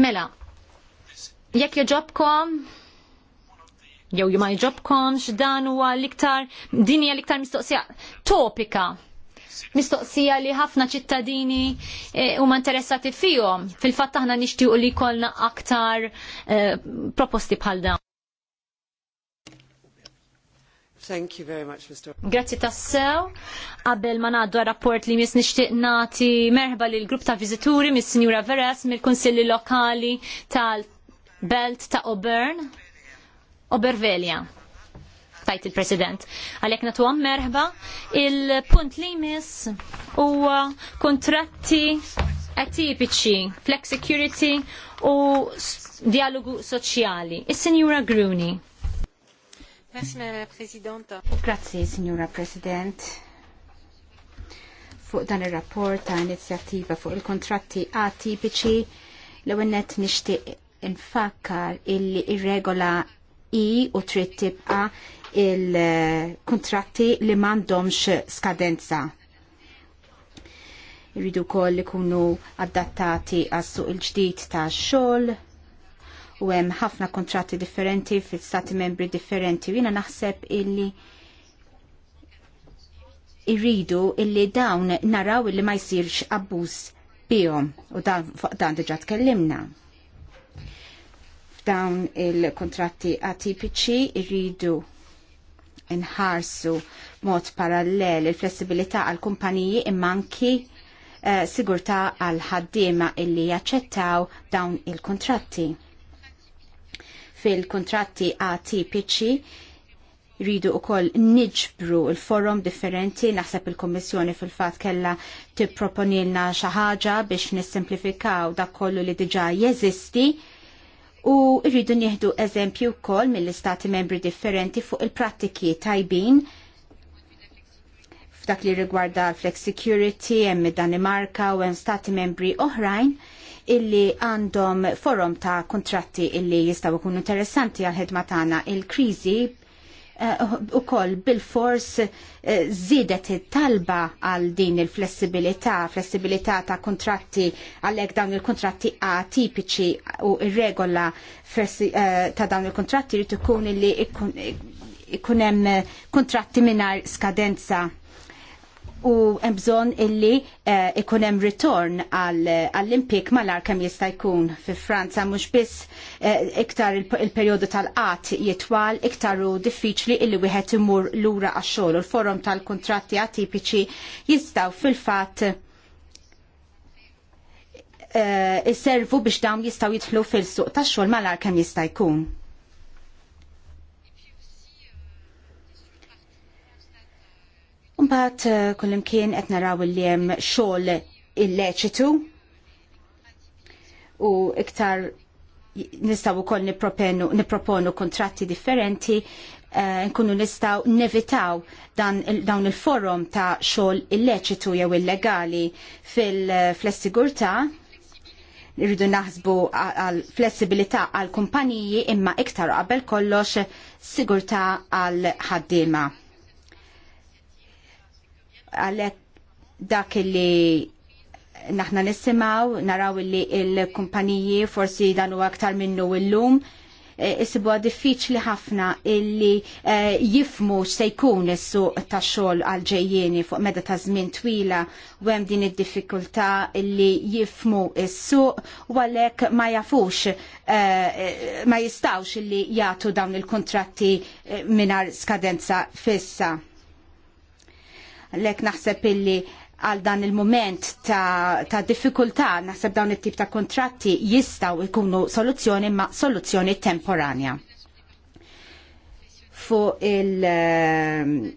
Mela, jekk joġobkom, jew ma joġobkom, x'dan huwa l-iktar, din hija l-iktar mistoqsija topika mistoqsija li ħafna ċittadini eh, huma interessati fihom. Fil-fatt aħna nixtiequ li jkollna aktar eh, proposti bħal dawn. Thank you very much, Mr. Grazzi tassew. Qabel ma ngħaddu rapport li mis nixtieq nagħti merħba lil grupp ta' viżituri mis-Sinjura Veres mill-Kunsilli Lokali tal-Belt ta' Auburn, Obervelja tajt il-President. Għalek natu merħba, il-punt li mis huwa kontratti atipiċi, flex security u dialogu soċjali. Is-Sinjura Gruni. Grazie, Signora President. Fuq dan il-rapport ta' inizjattiva fuq il-kontratti atipiċi, l-għennet nishtiq infakkar il-regola I e u trittib A il-kontratti li mandomx skadenza irridu li ikunu adattati għas-suq il-ġdid ta' xogħol u hemm ħafna kontratti differenti fil-stati membri differenti. Jina naħseb illi irridu illi dawn naraw illi ma jsirx abbuż bihom u dan diġa' tkellimna. F'dawn il-kontratti atipiċi irridu inħarsu mod parallel il-flessibilità għal kumpaniji immanki uh, eh, sigurtà għal ħaddiema illi jaċċettaw dawn il-kontratti. Fil-kontratti atipiċi rridu u koll nġbru il-forum differenti, naħseb il-Kommissjoni fil-fat kella tipproponilna xaħġa biex nissimplifikaw dak kollu li diġa jeżisti u rridu nieħdu eżempju wkoll mill-istati membri differenti fuq il-prattiki tajbin f'dak li rigwarda flex security hemm id-Danimarka u hemm stati membri oħrajn illi għandhom forum ta' kontratti illi jistaw ikunu interessanti għal ħedma tagħna il-kriżi Eh, u koll bil-fors eh, zidet talba għal din il-flessibilità, flessibilità ta' kontratti għallek dawn il-kontratti atipiċi u irregola regola eh, ta' dawn il-kontratti li tkun li ikunem kontratti minar skadenza u hemm bżonn illi eh, ikun hemm ritorn għall impik malar kemm jista' jkun fi Franza mhux biss eh, iktar il-perjodu tal-qatt jitwal iktar u diffiċli illi wieħed imur lura għax-xogħol u l-forum tal-kuntratti atipiċi jistgħu fil-fatt eh, isservu biex dawn jistgħu jidħlu fil-suq tax-xogħol malar kemm jista' jkun. Mbagħad eh, kullimkien qed naraw li hemm xogħol illeċitu u iktar nistaw ukoll nipproponu kontratti differenti eh, nkunu nistaw nevitaw dawn il-forum ta' xogħol illeċitu jew illegali fil-flessigurtà irridu naħsbu għal flessibilità għal kumpaniji imma iktar qabel kollox sigurtà għal ħaddiema għalhekk dak li naħna nissimaw, naraw li il-kumpaniji forsi danu aktar minnu illum, e, isibu diffiċli ħafna illi e, jifmu se jkun is-suq tax-xogħol għal ġejjieni fuq meda ta' żmien twila u hemm din id-diffikultà illi jifmu is-suq u għalhekk ma jafux e, ma jistawx illi jagħtu dawn il-kuntratti mingħajr skadenza fissa Lek naħseb illi għal dan il-moment ta', ta diffikultà naħseb dawn it-tip ta' kontratti jistaw ikunu soluzzjoni ma' soluzzjoni temporanja. Fu il- eh,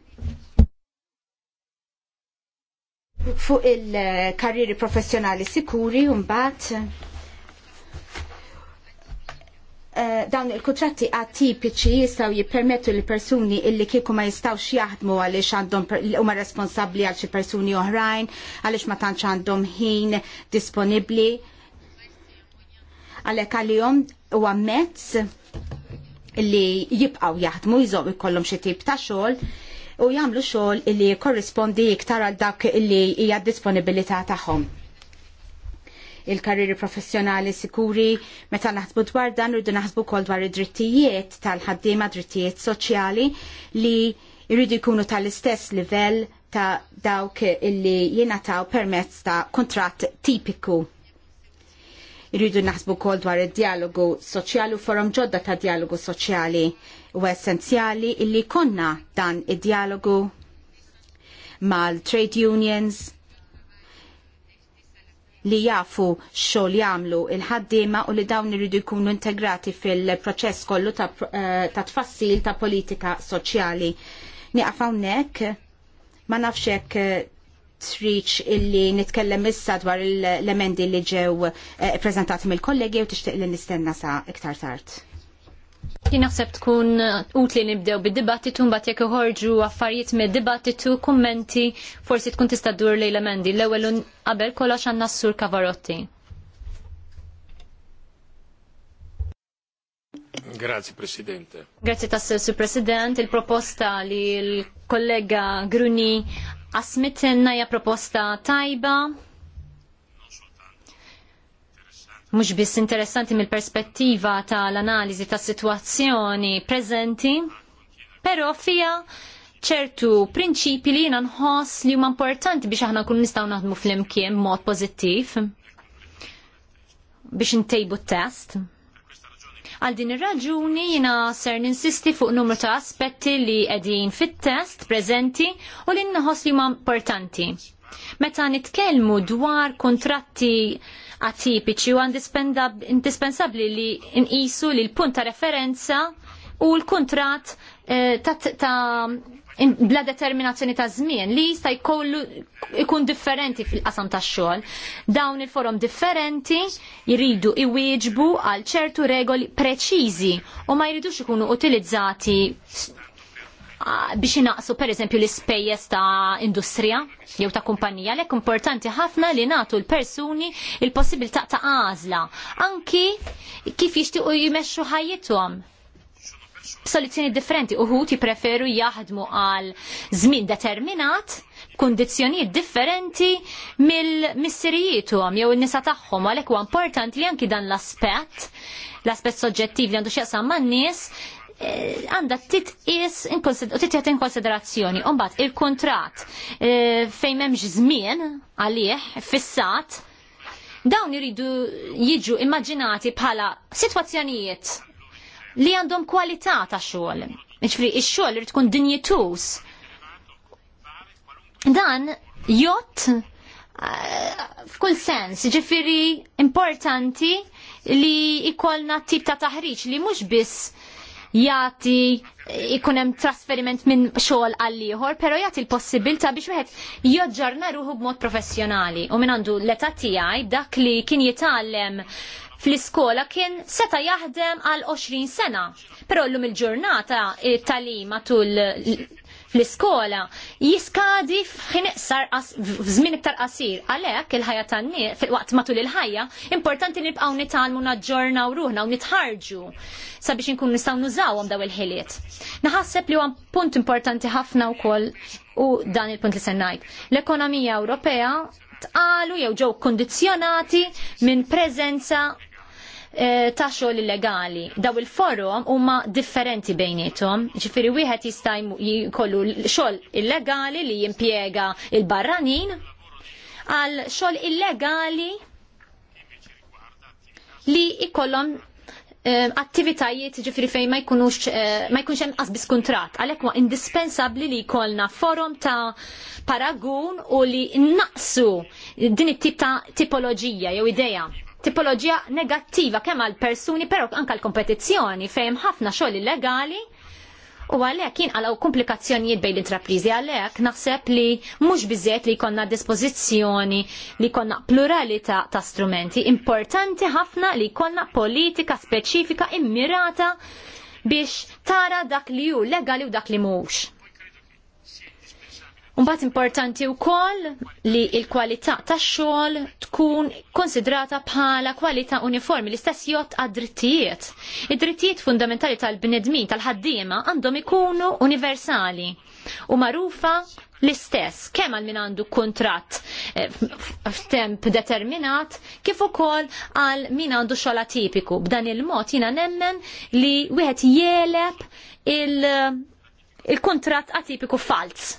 fuq il-karriri eh, professjonali sikuri un bat Eh, dawn il kutratti atipiċi jistaw jippermettu li persuni illi kieku ma jistawx jaħdmu għaliex għandhom huma responsabbli għal xi persuni oħrajn, għaliex ma tantx għandhom ħin disponibbli. Għalhekk għalihom huwa mezz li jibqgħu jaħdmu jżom ikollhom xi tip ta' xogħol u jagħmlu xogħol illi korrispondi iktar għal dak illi hija disponibilità tagħhom il-karriri professjonali sikuri, meta naħsbu dwar dan rridu naħsbu kol dwar id-drittijiet tal-ħaddiema drittijiet soċjali li jridu jkunu tal-istess livell ta' dawk illi jenataw permezz ta' kontrat tipiku irridu naħsbu kol dwar id-dialogu soċjali u forum ġodda ta' dialogu soċjali u essenzjali illi konna dan id-dialogu mal-trade unions, li jafu xogħol jagħmlu il-ħaddiema u li dawn iridu jkunu integrati fil-proċess kollu ta', eh, ta tfassil ta' politika soċjali. Nieqaf hawnhekk ma nafx hekk eh, triċ illi nitkellem issa dwar l-emendi li ġew eh, prezentati mill-kollegi u tixtieq li nistenna sa' iktar tard. Jien naħseb tkun utli nibdew bid-dibattitu mbagħad jekk iħorġu affarijiet me dibattitu kummenti, forsi tkun tista' ddur lejn emendi. L-ewwel qabel kollox għandna sur Kavarotti. Grazie Presidente. Grazie Sur President. Il-proposta li l-kollega Gruni għasmitinna hija proposta tajba mhux biss interessanti mill-perspettiva tal-analiżi tas-sitwazzjoni preżenti, però fija ċertu prinċipi li jiena nħoss li huma importanti biex aħna nkunu nistgħu naħdmu flimkien mod pożittiv biex ntejbu t-test. Għal din ir-raġuni jiena ser ninsisti fuq numru ta' aspetti li qegħdin fit-test preżenti u li nħoss li huma importanti. Meta nitkellmu dwar kontratti atipiċi u indispensabli li nqisu li l-punt ta' referenza u l-kontrat eh, ta' bla determinazzjoni ta' żmien li jista' jkollu ikun differenti fil-qasam tax xogħol. Dawn il forom differenti jridu iwieġbu għal ċertu regoli preċiżi u ma jridux ikunu utilizzati biex per pereżempju l-ispejjeż ta' industrija jew ta' kumpanija lek importanti ħafna li nagħtu l-persuni il-possibilità ta' għażla anki kif jixtiequ jmexxu ħajjithom soluzzjoni differenti uħut jippreferu jaħdmu għal żmien determinat kundizzjonijiet differenti mill-missirijiethom jew in-nisa tagħhom għalhekk huwa importanti li anki dan l-aspett l-aspett soġġettiv li għandu x'jaqsam man-nies Eh, għanda titqis u titqis in konsiderazzjoni. Umbat, il-kontrat eh, fejn memx żmien għalih, fissat, dawn iridu jiġu immaġinati bħala situazzjonijiet li għandhom kwalità ta' xogħol. Iġfri, ix-xogħol irid tkun dinjitus. Dan jott eh, f'kull sens, ġifiri importanti li ikolna tip ta' taħriġ li mhux biss jati ikun hemm trasferiment minn xogħol għal ieħor, però jagħti l-possibilità biex wieħed joġġorna ruħu b'mod professjonali. U minn għandu l-età tiegħi dak li kien jitgħallem fl-iskola kien seta jaħdem għal 20 sena. Però llum il-ġurnata it-talim matul fl-iskola jiskadi f'ħinqsar f'żmien iktar qasir. Għalhekk il-ħajja tan-nies waqt matul il-ħajja importanti li nibqgħu nitgħalmu naġġornaw ruħna u nitħarġu sabiex inkun nistgħu nużawhom daw il-ħiliet. Naħasseb li huwa punt importanti ħafna wkoll u dan il-punt li se ngħid. L-ekonomija Ewropea tqalu jew ġew kondizjonati minn preżenza Eh, ta' xogħol illegali. Daw il-forum huma differenti bejnietom. Ġifieri wieħed jista' jkollu xogħol illegali li jimpjega il-barranin għal xogħol illegali li jkollhom eh, attivitajiet ġifiri fejn ma jkunux eh, ma jkunx hemm qasbis kuntratt. Għalhekk huwa indispensabbli li jkollna forum ta' paragun u li naqsu din it-tip ta' tipoloġija jew ideja tipoloġija negattiva kemm għal persuni però anke għal kompetizzjoni fejn ħafna xogħol illegali U għalhekk jinqalgħu komplikazzjonijiet bejn l-intrapriżi għalhekk naħseb li mhux biżejjed li jkollna dispożizzjoni li jkollna pluralità ta' strumenti. Importanti ħafna li jkollna politika speċifika immirata biex tara dak li hu legali u dak li mhux. Mbagħad importanti wkoll li l-kwalità tax-xogħol tkun konsidrata bħala kwalità uniformi l-istess jott għad-drittijiet. Id-drittijiet fundamentali tal-bnedmin tal-ħaddiema għandhom ikunu universali u magħrufa l-istess kemm għal min għandu kuntratt eh, f'temp determinat kif ukoll għal min għandu xogħol atipiku. B'dan il-mod jiena nemmen li wieħed jeleb il-kuntratt atipiku fals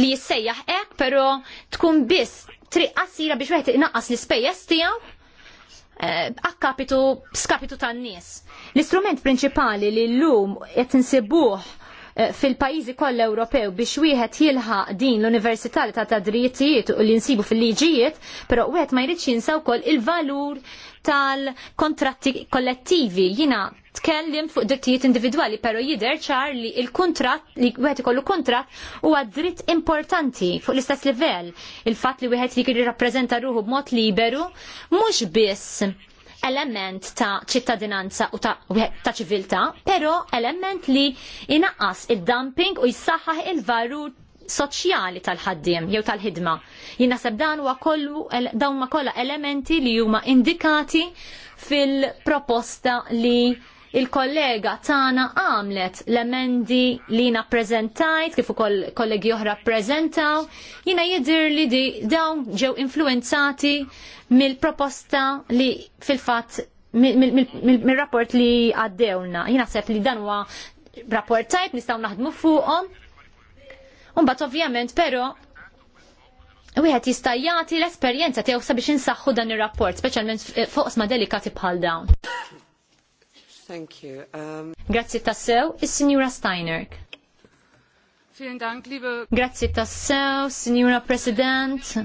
li jissejjaħ ek, pero tkun biss triq qasira biex wieħed inaqqas l-ispejjeż tiegħu eh, akkapitu skapitu tan-nies. L-istrument prinċipali li llum qed insibuh eh, fil-pajizi kollha Ewropew biex wieħed jilħaq din l-Università ta' ta' u li nsibu fil-liġijiet, però wieħed ma jridx jinsaw wkoll il-valur tal-kontratti kollettivi. Jina tkellim fuq drittijiet individwali, pero jider ċar li il-kontrat, li wieħed ikollu kontrat huwa dritt importanti fuq l-istess livell. Il-fatt li wieħed li kiri ruħu b'mod liberu mhux biss element ta' ċittadinanza u ta', ta ċiviltà, pero element li inaqqas id-dumping u jissaħħaħ il-varur soċjali tal-ħaddiem jew tal-ħidma. Jien dan huwa kollu dawn ma kollha elementi li huma indikati fil-proposta li il-kollega Tana għamlet l-emendi li jina prezentajt, kif ukoll kollegi oħra ppreżentaw, jiena jidir li di dawn ġew influenzati mill-proposta li fil fatt mill-rapport li għaddewna. Jina sepp li dan huwa rapport tajb nistgħu naħdmu fuqhom Umbat ovvjament, pero wieħed jista' jagħti l-esperjenza tiegħu sabiex insaħħu dan ir-rapport, speċjalment fuq ma delikati bħal dawn. Thank you. Um... Grazzi tassew, is signora Steiner. Vielen Dank, liebe... Grazzi tassew, Sinjura President.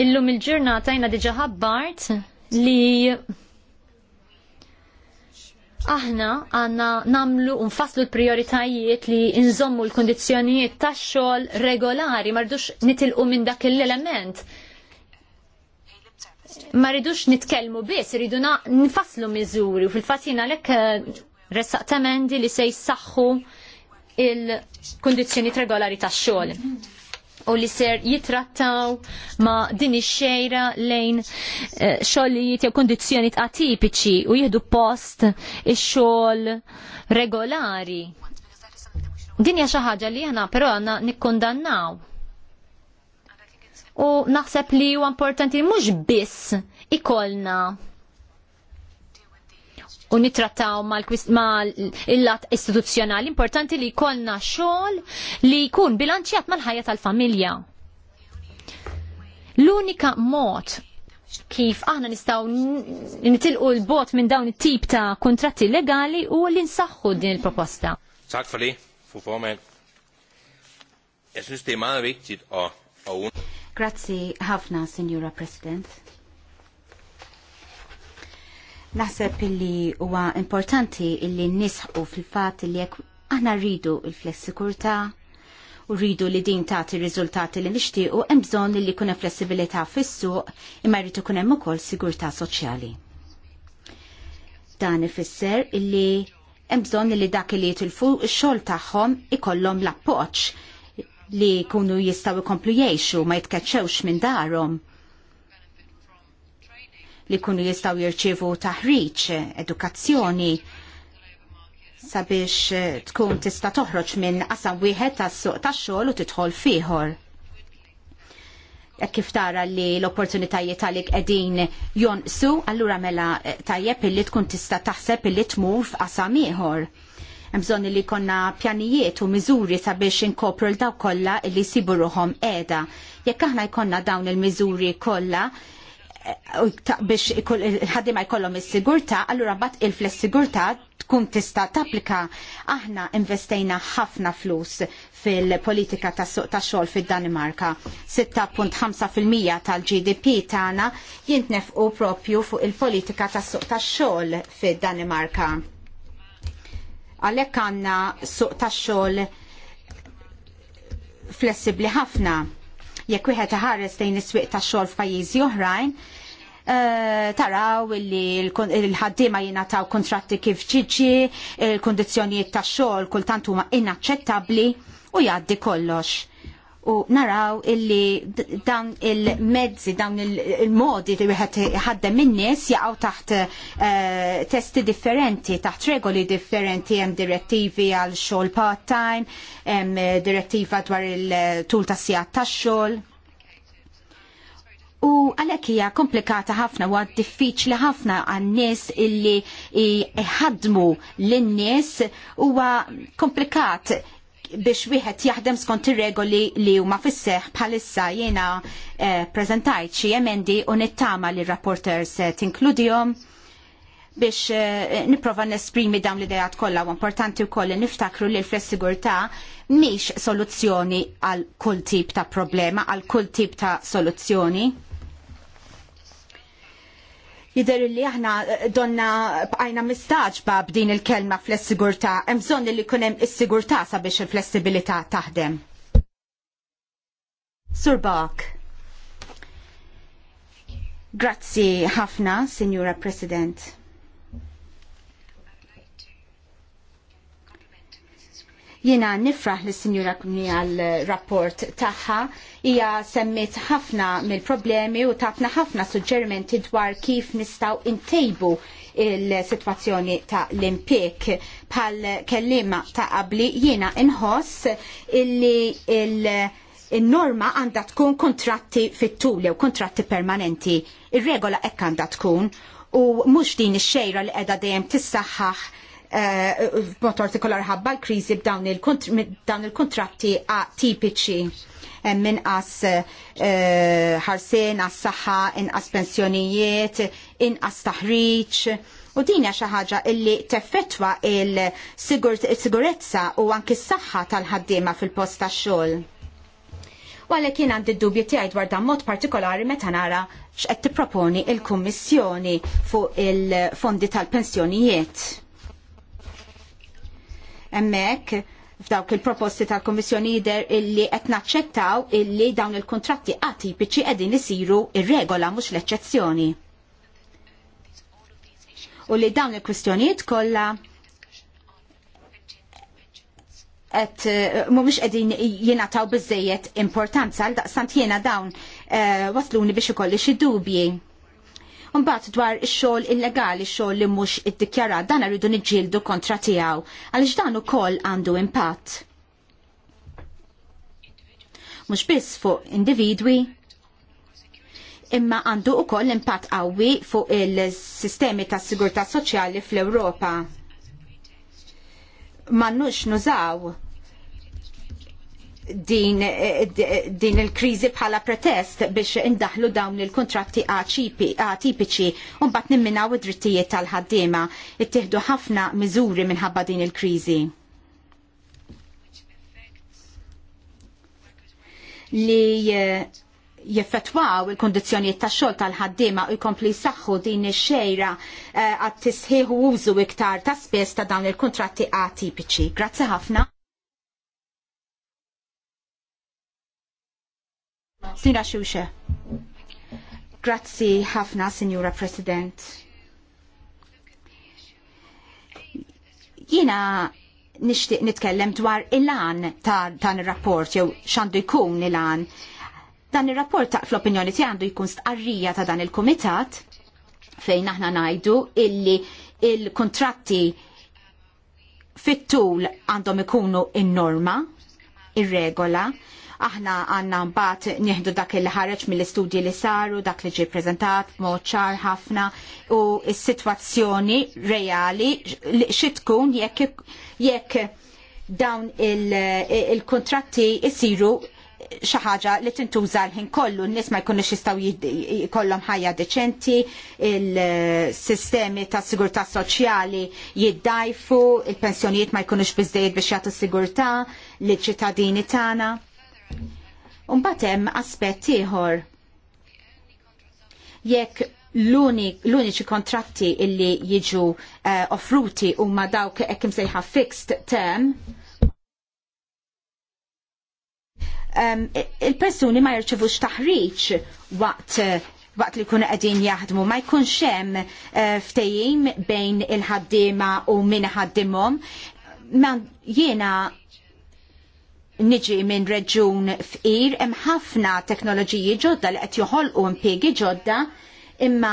Illum il-ġurnata jina diġa ħabbart li aħna għanna namlu unfaslu l-prioritajiet li nżommu l-kondizjonijiet tax xogħol regolari, marridux nitilqu minn dak l-element. Ma rridux nitkellmu biss, rridu nfaslu miżuri u fil-fatt jiena għalhekk eh, ressaqt emendi li se jsaħħu il-kondizzjonijiet regolari tax xogħol u li ser jitrattaw ma din ix-xejra lejn eh, xogħlijiet jew kundizzjonijiet atipiċi u jieħdu post ix-xogħol regolari. Din hija xi ħaġa li aħna però għandna nikkondannaw. U naħseb li huwa importanti mhux biss ikolna u nitrattaw mal-illat istituzzjonali importanti li jkollna xogħol li jkun bilanċjat mal-ħajja tal-familja. L-unika mod kif aħna nistaw nitilqu l-bot minn dawn it-tip ta' kontratti legali u li nsaħħu din il-proposta. Tak fu formel. Grazzi ħafna, signora President. Naħseb illi huwa importanti illi nisħu fil-fatt li jekk aħna rridu l flessikurta u rridu li din tagħti riżultati li nixtiequ hemm bżonn li jkun hemm flessibilità fis-suq imma jrid ikun hemm ukoll sigurtà soċjali. Dan ifisser illi hemm bżonn li dak li jitilfu x-xogħol tagħhom ikollhom l-appoġġ li jkunu jistgħu jkomplu jgħixu ma jitkeċċewx minn darhom li kunu jistaw jirċivu taħriċ, edukazzjoni sabiex eh, tkun tista toħroġ minn qasam wieħed tas-suq tax-xogħol u tidħol fieħor. Jekk kif tara li l-opportunitajiet għalik qegħdin jonqsu, allura mela eh, tajjeb illi tkun tista taħseb illi tmur f'qasam ieħor. Hemm bżonn li konna pjanijiet u miżuri sabiex inkopru l dawk kollha li jsibu ruhom qiegħda. Jekk aħna jkollna dawn il-miżuri kollha, biex ma jkollhom is-sigurtà, allura mbagħad il-flessigurtà tkun tista' tapplika aħna investejna ħafna flus fil-politika tas-suq tax-xogħol fid-Danimarka. 6.5% tal-GDP tagħna jintnefqu propju fuq il-politika tas-suq tax-xogħol fid-Danimarka. Għalhekk għandna suq tax-xogħol flessibbli ħafna jekk wieħed iħares lejn is-swieq tax-xogħol f'pajjiżi oħrajn, eh, taraw li l ħaddiema jingħataw kontratti kif ġiġi, il kundizzjonijiet tax-xogħol kultant huma inaċċettabbli u jgħaddi kollox u naraw illi dawn il-mezzi, dawn il-modi li wieħed ħaddem in-nies jaqgħu taħt eh, testi differenti, taħt regoli differenti, hemm direttivi għal xogħol part-time, hemm direttiva dwar il-tul tas-sigħat tax-xogħol. U għalhekk hija komplikata ħafna u għad diffiċli ħafna għan-nies illi ħadmu lin-nies huwa komplikat biex wieħed jaħdem skont ir-regoli li huma fis-seħħ bħalissa jiena eh, preżentajt xi emendi u nittama li rapporters eh, tinkludihom biex eh, nipprova nesprimi dawn l-idejat kollha u importanti wkoll li niftakru li l-flessigurtà mhix soluzzjoni għal kull tip ta' problema, għal kull tip ta' soluzzjoni Jider li aħna eh, donna bqajna mistaġba b'din il-kelma fl-sigurta, emżon li kunem is-sigurta sabiex il-flessibilità taħdem. Surbak. Grazzi ħafna, Signora President. Jiena nifraħ lis sinjura kumni għal rapport tagħha hija semmit ħafna mill-problemi u tatna ħafna suġġerimenti dwar kif nistgħu intejbu il-situazzjoni ta' l-impik bħal kellima ta' qabli jiena inħoss illi il- il-norma għandha tkun kontratti fit-tul jew kontratti permanenti. Ir-regola hekk għandha tkun u mhux din ix-xejra li qiegħda dejjem tissaħħaħ Eh, b'mod partikolari ħabba l-kriżi b'dawn il-kontratti tipiċi eh, minn qas eh, ħarsien għas-saħħa, inqas pensjonijiet, inqas taħriġ. U din hija xi ħaġa illi teffettwa il-sigurezza u anki s-saħħa tal-ħaddiema fil-post tax-xogħol. U għalhekk jien għandi d-dubju tiegħi dwar dan mod partikolari meta nara x'qed tipproponi il-Kummissjoni fuq il-fondi tal-pensjonijiet. Hemmhekk f'dawk il-proposti tal komissjoni jider illi qed naċċettaw illi dawn il-kontratti atipiċi qegħdin isiru ir-regola mhux l-eċċezzjoni. U li dawn il-kwistjonijiet kollha qed eh, mhumiex qegħdin jingħataw biżejjed importanza għal daqsant jiena dawn eh, wasluni biex ikolli xi dubji Mbagħad dwar ix-xogħol illegali, xogħol li mhux iddikjarat, dan rridu niġġieldu kontra tiegħu għaliex dan ukoll għandu impatt. Mhux biss fuq individwi, imma għandu ukoll impatt qawwi fuq il-sistemi tas sigurtà soċjali fl-Ewropa. M'għandux nużaw din, din il-krizi bħala protest biex indaħlu dawn il-kontratti atipiċi un bat nimminaw id-drittijiet tal-ħaddima ttieħdu ħafna miżuri minħabba din il-krizi. li eh, jeffettwaw il-kondizjoniet ta' xogħol tal-ħaddiema u jkompli jsaħħu din ix-xejra eh, għat tisħiħu użu iktar ta' spess ta' dawn il-kontratti atipiċi. Grazzi ħafna. Sina Xuxa. Grazzi ħafna, Signora President. Jina nishtiq nitkellem dwar il-lan ta' dan il-rapport, jew xandu jkun il-lan. Dan il-rapport ta' fl-opinjoni ti għandu jkun stqarrija ta' dan il-komitat fejn aħna najdu illi il-kontratti fit-tul għandhom ikunu in-norma, ir-regola, Aħna għanna mbagħad nieħdu dak li ħareġ mill-istudji li saru, dak li ġie preżentat b'mod ċar ħafna u s-sitwazzjoni reali xi tkun jekk jekk dawn il-kontratti jisiru xi ħaġa li tintuża l-ħin kollu, n-nies ma jkunux jistgħu jkollhom ħajja deċenti, il-sistemi ta' sigurtà soċjali jiddajfu, il-pensjonijiet ma jkunux biżdejjed biex jagħtu sigurtà liċ ċittadini tagħna. Unbat hemm aspett ieħor. Jekk l-uniċi kontratti illi jiġu uh, offruti huma dawk hekk imsejħa fixed term, um, il-persuni ma jirċevux taħriġ waqt waqt li kuna qegħdin jaħdmu ma jkunx hemm uh, bejn il-ħaddiema u min ħaddimom, ma niġi minn reġun fqir hemm ħafna teknoloġiji ġodda li qed joħolqu impjiegi ġodda imma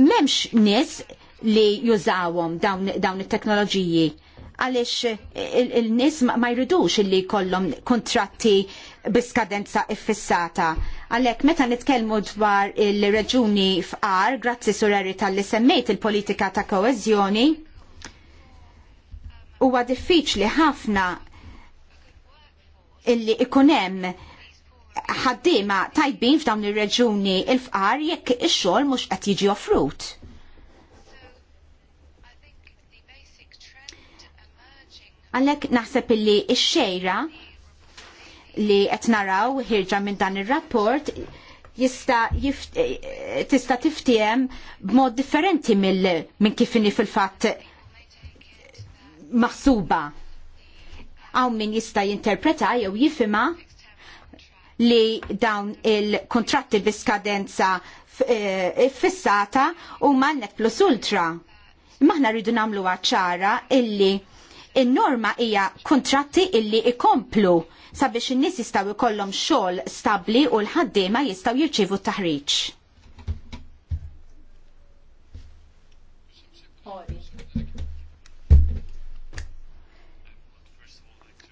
m'hemmx nies li jużawhom dawn it-teknoloġiji għaliex il-nies ma jridux illi jkollhom kontratti biskadenza iffissata. Għalek, meta nitkellmu dwar il-reġuni fqar, grazzi surari tal-li semmejt il-politika ta' koezjoni, huwa diffiċli ħafna illi ikunem ħaddima tajbin f'dawn ir-reġuni il fqar jekk ix-xogħol mhux qed jiġi offrut. Għalhekk naħseb illi x-xejra li qed naraw ħirġa minn dan ir-rapport jista tista tiftiem b'mod differenti mill minn kif fil-fatt maħsuba. Għaw min jista jinterpreta jew jifima li dawn il-kontratti biskadenza eh, fissata u mannet plus ultra. Maħna rridu namlu għacċara illi il-norma hija kontratti illi ikomplu sabiex in-nies jistgħu jkollhom xogħol stabbli u l-ħaddiema jistgħu jirċievu taħriġ.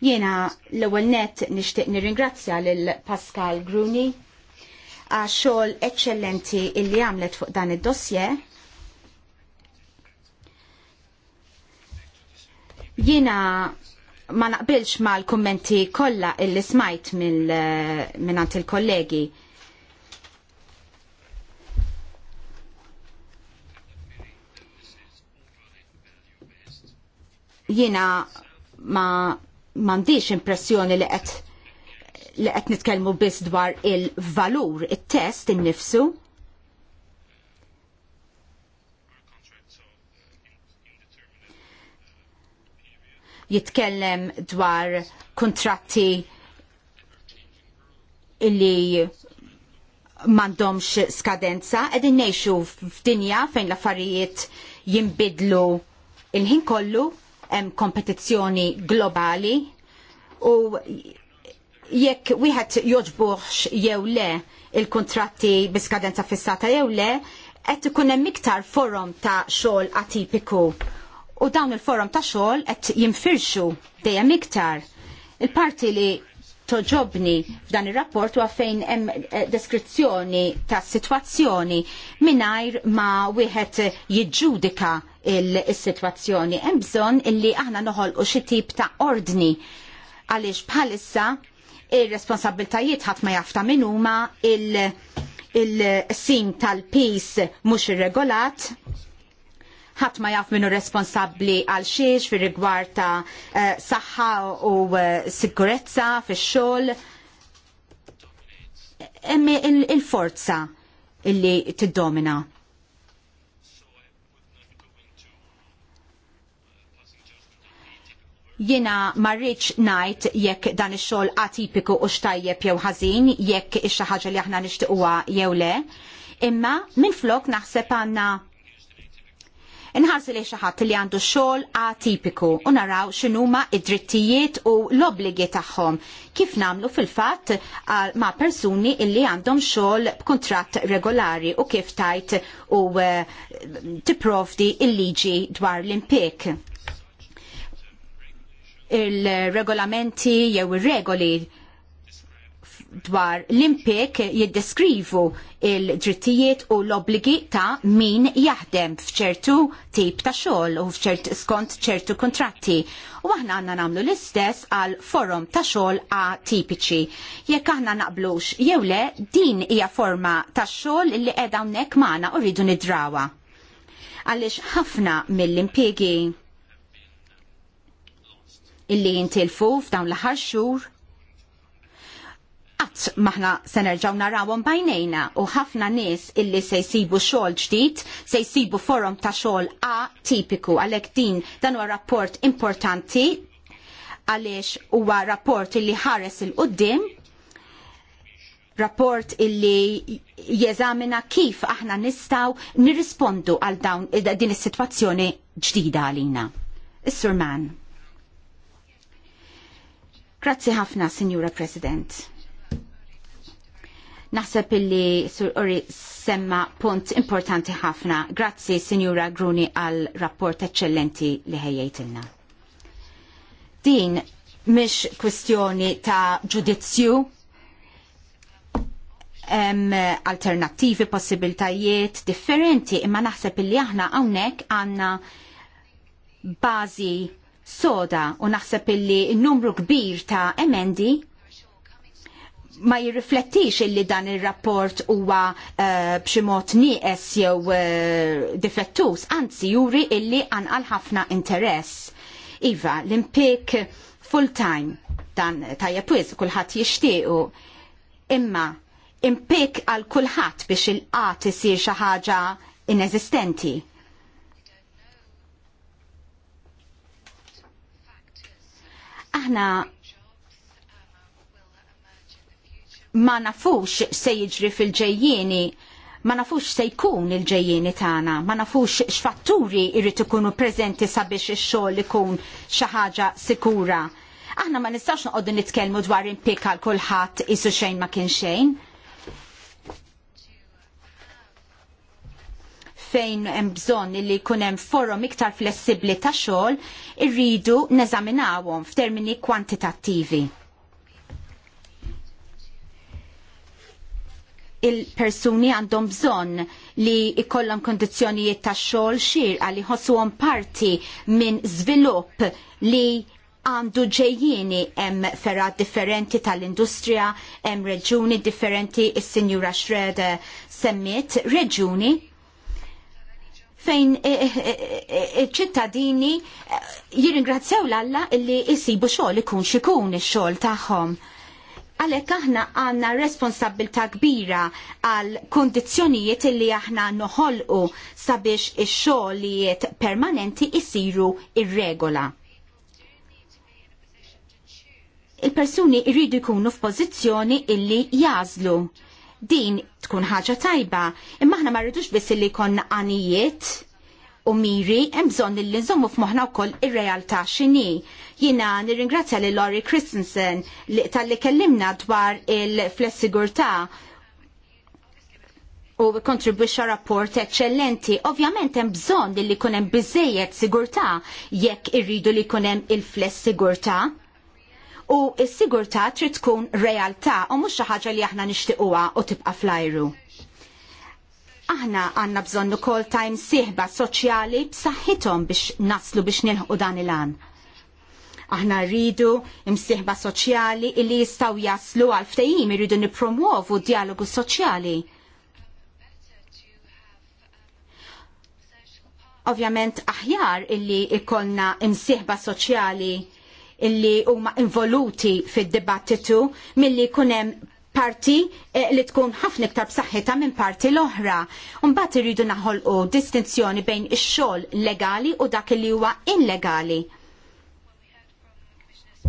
Jena l-ewwel net nixtieq nirringrazzja lil Pascal Gruni għax xogħol eċċellenti illi għamlet fuq dan id-dossier. Jiena ma naqbilx ma l-kommenti kolla illi smajt għand il-kollegi. Jina ma mandiċ impressjoni li qed li għet nitkellmu biss dwar il-valur, it-test il innifsu. Jitkellem dwar kontratti illi mandomx skadenza, edin neħxu f'dinja fejn l-affarijiet jimbidlu il-ħin kollu hemm kompetizzjoni globali u jekk wieħed joġbuħx jew le il-kontratti bi skadenza fissata jew le, qed ikun hemm iktar forum ta' xogħol atipiku. U dawn il-forum ta' xogħol qed jinfirxu dejjem iktar. Il-parti li toġobni f'dan ir-rapport huwa fejn hemm eh, deskrizzjoni ta' sitwazzjoni mingħajr ma wieħed jiġġudika il-situazzjoni. Hemm bżonn illi aħna noħolqu xi tip ta' ordni għaliex bħalissa ir-responsabiltajiet ħadd ma jafta min huma il sin tal-pis mhux irregolat ħadd ma jaf minnu responsabbli għal xiex fir rigward ta' uh, saħħa u uh, sigurezza fix-xogħol. Emmi il-forza il illi tiddomina. Jiena ma najt ngħid jekk dan ix-xogħol atipiku u xtajjeb jew ħażin jekk xi ħaġa li aħna nixtiequha jew le. Imma minflok naħseb għandna Inħarsi li xi ħadd li għandu xogħol atipiku u naraw x'inhuma id-drittijiet u l-obbligi tagħhom kif nagħmlu fil-fatt ma' persuni illi għandhom xogħol b'kuntratt regolari u kif tajt u e, tipprovdi il-liġi dwar l-impik il-regolamenti jew ir-regoli dwar l-impik jiddeskrivu il-drittijiet u l-obligi ta' min jaħdem fċertu tip ta' xogħol u fċert skont ċertu kontratti. U aħna għanna namlu l-istess għal forum ta' xogħol atipiċi. Jekk aħna naqblux jew le din hija forma ta' xogħol li qiegħda hawnhekk magħna u rridu nidrawa. Għaliex ħafna mill impjiegi illi jintilfu f'dawn l-aħħar xhur qatt maħna se nerġgħu narawhom bajnejna u ħafna nies illi se jsibu xogħol ġdid, se jsibu forum ta' xogħol tipiku għalhekk din dan huwa rapport importanti għaliex huwa rapport illi ħares il qudiem rapport illi jeżamina kif aħna nistaw nirrispondu għal dawn din is-sitwazzjoni ġdida għalina. Is-Surman. Grazzi ħafna, Signora President. Naħseb illi Sur Uri semma punt importanti ħafna. Grazzi, Signora Gruni, għal rapport eccellenti li ħejjejtilna. Din mish kwestjoni ta' ġudizzju, um, alternativi, possibiltajiet differenti, imma naħseb illi aħna hawnhekk għandna bażi soda u naħseb illi n-numru kbir ta' emendi ma jirriflettix illi dan il-rapport huwa uh, eh, b'ximot nieqes jew uh, difettus, anzi juri illi anqal ħafna interess. Iva, l-impik full-time dan tajja pwiz kulħadd jixtiequ. Imma impik għal kulħadd biex il-qat isir xi ħaġa ineżistenti. Aħna ma nafux se jiġri fil-ġejjieni, ma nafux se jkun il-ġejjieni tagħna, ma nafux x'fatturi jrid ikunu preżenti sabiex ix-xogħol ikun xi ħaġa sikura. Aħna ma nistax noqogħdu nitkellmu dwar impikk għal kulħadd isu xejn ma kien xejn. fejn hemm bżonn li jkun hemm forum iktar flessibbli ta' xogħol, irridu neżaminawhom f'termini kwantitattivi. il-persuni għandhom bżonn li jkollhom kondizzjonijiet ta' xogħol xierqa li ħossuhom parti minn żvilupp li għandu ġejjini hemm ferat differenti tal-industrija, hemm reġuni differenti, is-Sinjura Schroeder semmit reġuni fejn e, e, e, ċittadini jiringrazzjaw l-Alla illi jisibu xogħol ikun xikun ix-xogħol tagħhom. Għalhekk aħna għandna responsabilta kbira għal kundizzjonijiet illi aħna noħolqu sabiex ix-xogħlijiet permanenti jisiru ir-regola. Il Il-persuni jridu jkunu f'pożizzjoni illi jażlu Din tkun ħaġa tajba, imma aħna ma rridux biss li konna għanijiet u miri hemm bżonn li nżommu f'moħħna wkoll ir-realtà x'inhi. Jiena nirringrazzja lil Lori Christensen li tal-li kellimna dwar il-flessigurtà u kontribuċa rapport eccellenti. Ovvjament hemm bżonn li kunem hemm sigurta sigurtà jekk irridu li jkun hemm il-fless sigurtà u s sigurta trid tkun realtà u mhux xi ħaġa li aħna nixtiequha u tibqa' flajru. Aħna għandna bżonn ukoll ta' sieħba soċjali b'saħħithom biex naslu biex nilħu dan il-għan aħna rridu imsieħba soċjali illi jistaw jaslu għal ftehim irridu nipromuovu dialogu soċjali. Ovvjament aħjar illi ikolna imsieħba soċjali illi huma involuti fid-dibattitu milli jkun hemm parti eh, li tkun ħafna iktar b'saħħitha minn parti l-oħra. Mbagħad irridu naħolqu distinzjoni bejn ix-xogħol legali u dak li huwa illegali.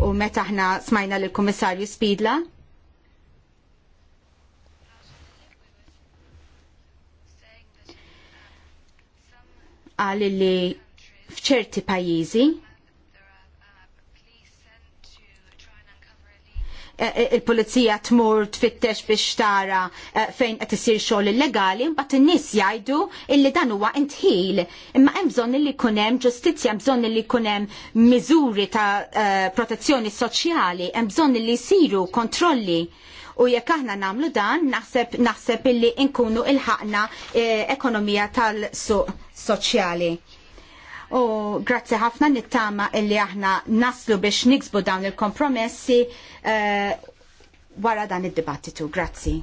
U meta aħna smajna lill kummissarju Spidla, Għal li f'ċerti pajjiżi Eh, eh, il-pulizija tmur tfittex biex tara eh, fejn qed isir xogħol illegali, mbagħad in-nies jgħidu illi dan huwa intħil. Imma hemm bżonn li jkun hemm ġustizzja, hemm bżonn li jkun hemm miżuri ta' protezzjoni soċjali, hemm bżonn li jsiru kontrolli. U jekk aħna nagħmlu dan, naħseb naħseb illi nkunu lħaqna ekonomija tal-suq soċjali. U grazzi ħafna nittama illi aħna naslu biex niksbu dawn il-kompromessi uh, wara dan id-dibattitu. Grazzi.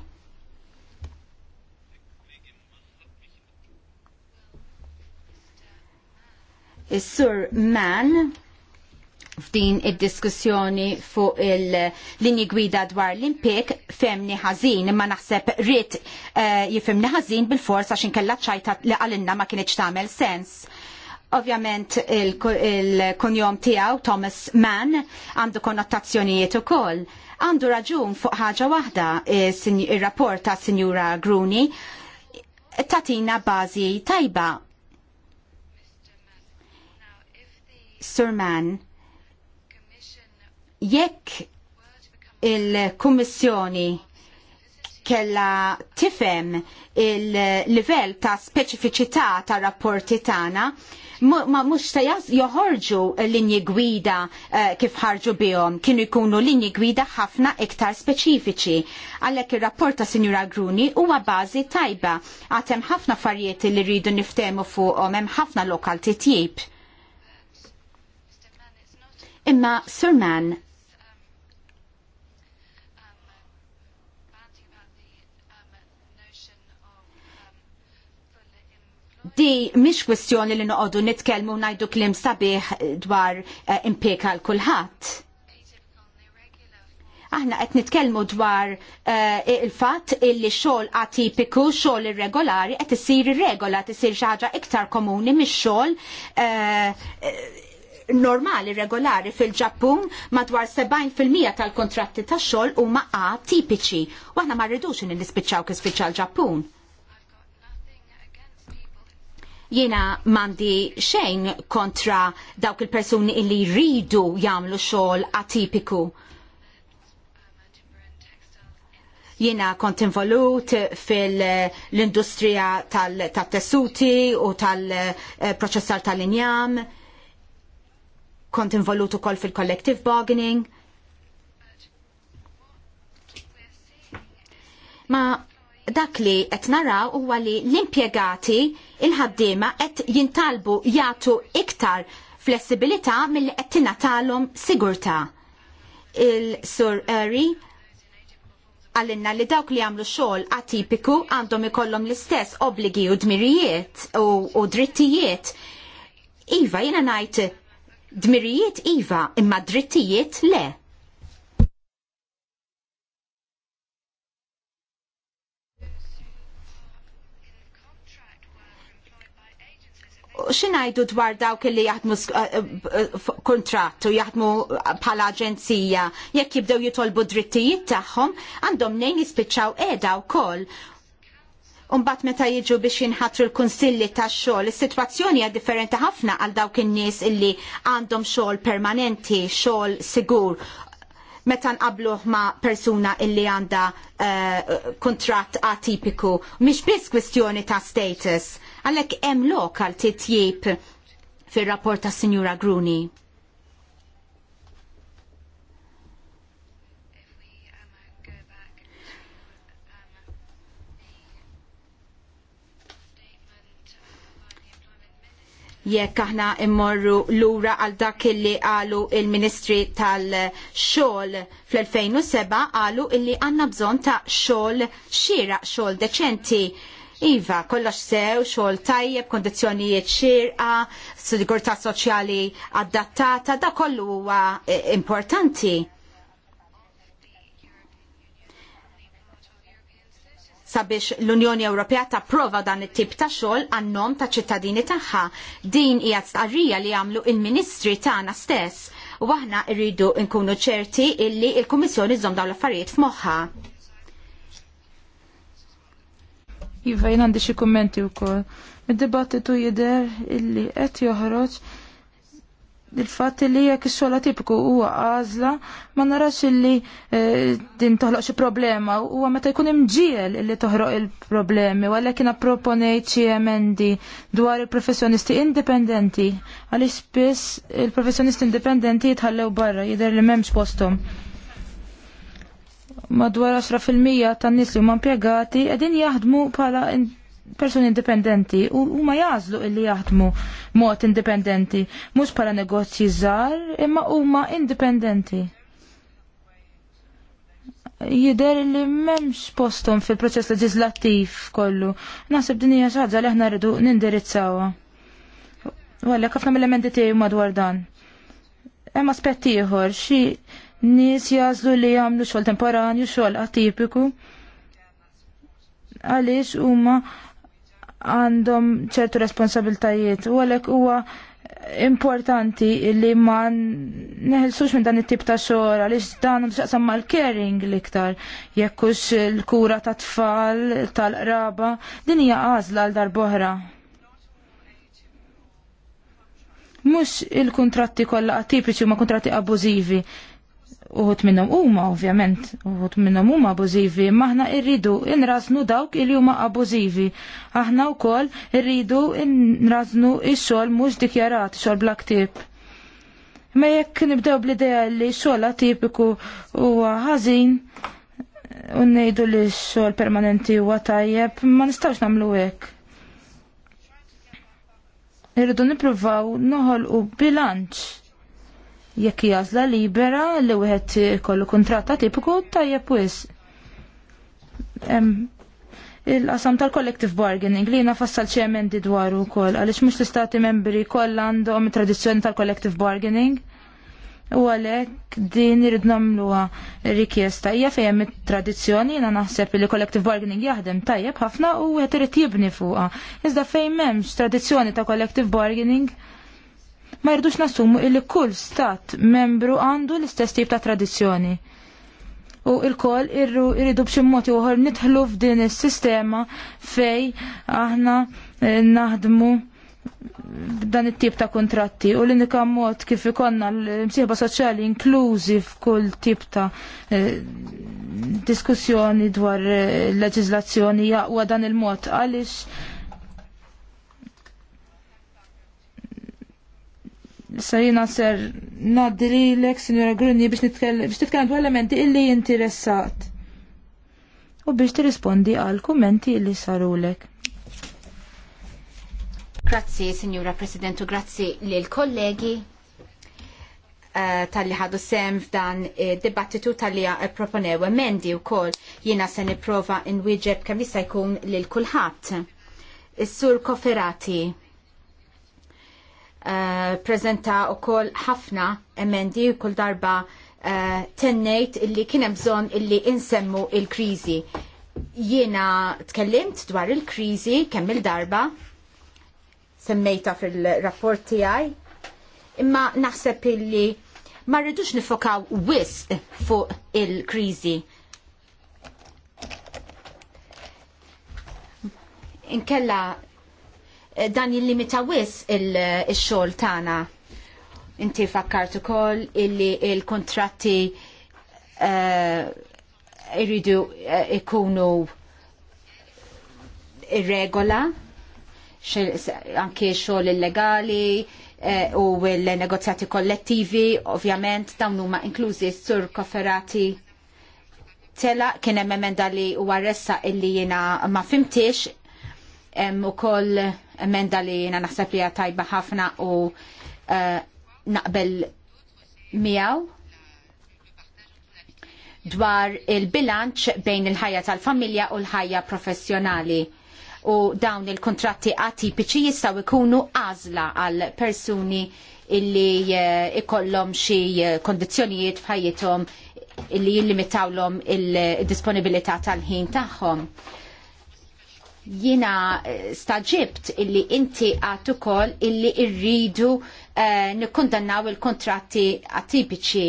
Is-sur Mann f'din id-diskussjoni fuq il-linji gwida dwar l-impik femni ħażin imma naħseb rrit uh, ħażin bil-fors għax inkella ċajta li għalinna ma kienieċ tagħmel sens. Ovvjament il-kunjom il tiegħu Thomas Mann għandu konnotazzjonijiet ukoll. Għandu raġun fuq ħaġa waħda eh, ir-rapport ta' Sinjura Gruni tatina bażi tajba. Sir Mann, jekk il-Kummissjoni kella tifem il-livell ta' speċifiċità ta' rapporti tagħna, ma mhux se joħorġu linji gwida eh, kif ħarġu bihom, kienu jkunu linji gwida ħafna iktar speċifiċi. Għalhekk ir-rapport ta' Signora Gruni huwa bażi tajba għad hemm ħafna affarijiet li rridu niftemu fuqhom hemm ħafna lokal titjib. Imma Sir Mann, di mish kwestjoni li noqodu nitkelmu najdu klim sabiħ dwar uh, għal l kulħadd. Aħna qed nitkellmu dwar uh, il-fatt illi xogħol atipiku, xogħol irregolari qed isir regola tisir xi ħaġa iktar komuni mix-xogħol uh, normali regolari fil-ġappun madwar 70% tal-kontratti tax-xogħol huma atipiċi u aħna ma rridux nispiċċaw kif spiċċa l-Ġappun. Jiena mandi xejn kontra dawk il-persuni illi jridu jagħmlu xogħol atipiku. Jiena kont involut fil-industrija tal-tessuti u tal-proċessar tal-injam, kont involut ukoll fil-collective bargaining. Ma dak li qed naraw huwa li l-impjegati il-ħaddiema qed jintalbu jagħtu iktar flessibilità milli qed tingħatalhom sigurtà. Il-Sur Eri għallinna li dawk li għamlu xogħol atipiku għandhom ikollhom l-istess obbligi u dmirijiet u, u drittijiet. Iva jiena ngħid dmirijiet iva imma drittijiet le. xinajdu dwar dawk li jaħdmu eh, eh, kontrattu, jaħdmu bħala aġenzija, jekk jibdew jitolbu drittijiet tagħhom, għandhom nejn jispiċċaw qiegħda wkoll. Umbat meta jiġu biex jinħatru l-kunsilli tax xogħol, is-sitwazzjoni hija differenti ħafna għal dawk in-nies illi għandhom xogħol permanenti, xogħol sigur, meta nqabluh ma' persuna illi għandha eh, kuntratt atipiku, mhix biss kwistjoni ta' status Għalhekk hemm lokal titjib fir-rapport tas Sinjura Gruni. jekk aħna immorru lura għal dak illi qalu il-Ministri tal-Xogħol fl-2007 qalu illi għandna bżonn ta' xogħol xira, xogħol deċenti Iva, kollox sew, xogħol tajjeb, kondizzjonijiet xirqa, sigurtà soċjali adattata, da kollu huwa eh, importanti. sabiex l-Unjoni Ewropea tapprova dan it-tip ta' xogħol għannom ta' ċittadini tagħha. Din hija stqarrija li għamlu il-Ministri tagħna stess u aħna rridu nkunu ċerti illi l il kummissjoni żomm dawn l-affarijiet f'moħħa. Iva, jien għandi xi kummenti wkoll. Id-dibattitu jidher illi qed joħroġ il-fatt li jekk ix-xogħol tipiku huwa għażla ma narax illi eh, din toħloq xi problema huwa meta jkun imġiel illi toħroq il-problemi u għalhekk jina proponejt xi emendi dwar il-professjonisti indipendenti għalli spiss il-professjonisti indipendenti jitħallew barra jidher li m'hemmx posthom madwar 10% tan-nies li huma impjegati qegħdin jaħdmu bħala persuni indipendenti u huma jażlu illi jaħdmu mod indipendenti, mhux bħala negozji żgħar imma huma indipendenti. Jider li m'hemmx postom fil-proċess leġislattiv kollu. Naħseb din hija xi ħaġa li aħna rridu nindirizzawha. Walla ħafna mill emendi tiegħi madwar dan. Hemm aspett ieħor xi Nis jazdu li jagħmlu xogħol temporanju, xogħol atipiku. Għaliex huma għandhom ċertu responsabiltajiet u għalhekk huwa importanti li ma neħilsux minn dan it-tip ta' xor, għaliex dan xaqsam mal-caring l-iktar jekkux l-kura ta' tfal tal-qraba din hija għażla għal darboħra. Mhux il-kuntratti kollha atipiċi huma kuntratti abbużivi uħut minnum huma ovvjament, uħut minnum huma abużivi, maħna irridu inraznu dawk il huma abużivi. Aħna wkoll irridu inraznu x-xogħol mhux dikjarat, xogħol black tip. Ma jekk nibdew bl-idea li xogħol atipiku huwa ħażin u ngħidu li x-xogħol permanenti huwa tajjeb, ma nistgħux nagħmlu hekk. Irridu nippruvaw noħolqu bilanċ Jekk jazla libera li wieħed kollu kuntratt ta' tipiku tajjeb wis. Il-qasam tal-collective bargaining li jina fassal xi emendi dwaru kol, għaliex mhux l-istati membri kollha għandhom tradizzjoni tal-collective bargaining. U għalhekk din irrid nagħmluha rikjesta hija fejn it-tradizzjoni jiena naħseb li collective bargaining jaħdem tajjeb ħafna u qed irid jibni fuqha. Iżda fejn m'hemmx tradizzjoni ta' collective bargaining ma jirdux nassumu illi kull stat membru għandu l-istess tip ta' tradizzjoni. U il-kol irridu b'xi moti uħor nitħlu f'din is-sistema fej aħna eh, naħdmu dan it-tip ta' kontratti u l unika mod kif ikonna l msiħba soċjali inklużi f'kull tip ta' eh, diskussjoni dwar eh, leġizlazzjoni jaqwa dan il-mod għaliex Sarina ser nadri Signora Grunni, biex nitkellem dwar elementi illi jinteressat. U biex tirrispondi għal kummenti illi sarulek. Grazzi, Signora Presidentu, grazzi lil kollegi uh, tal-li ħadu sem f'dan eh, dibattitu tal-li proponew emendi u kol jina se niprofa inwieġeb kemm jista' jkun lil kulħadd. Is-sur Koferati Eh, prezenta u koll ħafna emendi u koll darba uh, tennejt illi kienem bżon illi insemmu il-krizi. Jiena tkellimt dwar il-krizi kemm il-darba semmejta fil-rapport tiegħi, imma naħseb illi ma rridux nifokaw wis fuq il-krizi. Inkella Eh, dan jillimita wis eh, il-xol tagħna. Inti fakkart ukoll illi il-kontratti eh, irridu ikunu irregola, anke xogħol illegali, u l-negozjati kollettivi, ovvjament, dawn huma inklużi sur kofferati tela kien hemm emenda li huwa ressa illi jiena ma fimtix Hemm ukoll emenda li jiena naħseb li tajba ħafna u uh, naqbel miegħu dwar il-bilanċ bejn il-ħajja tal-familja u l-ħajja professjonali u dawn il-kontratti atipiċi jistaw ikunu għażla għal persuni illi uh, ikollhom xi uh, kondizzjonijiet f'ħajjithom illi jillimitawlhom il-disponibilità tal-ħin tagħhom jina eh, staġibt illi inti għat ukoll illi irridu eh, nikundannaw il-kontratti atipiċi.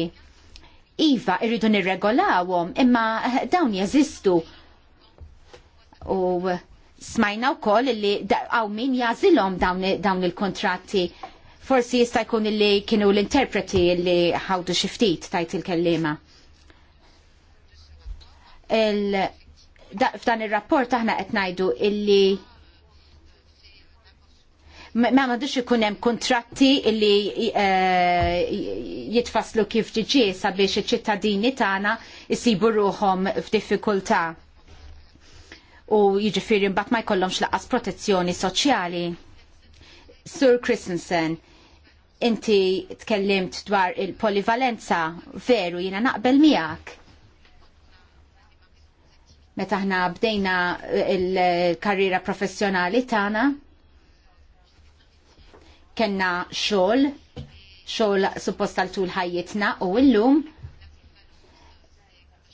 Iva, irridu nirregolawhom, imma eh, dawn jeżistu. U smajna u kol illi għaw min jazilom dawn il-kontratti. Forsi jista' jkun li kienu l-interpreti li ħawdu xiftit tajt il-kellima. il kellima f'dan ir-rapport aħna qed ngħidu illi ma għandux ikun hemm kontratti illi eh, jitfaslu kif ġiġi sabiex iċ-ċittadini tagħna jsibu ruhom f'diffikultà u jiġifieri mbagħad ma jkollhomx laqas protezzjoni soċjali. Sur Christensen, inti tkellimt dwar il-polivalenza veru jiena naqbel miegħek meta ħna bdejna il-karriera professjonali tagħna kellna xogħol, xogħol suppost għal tul ħajjitna u llum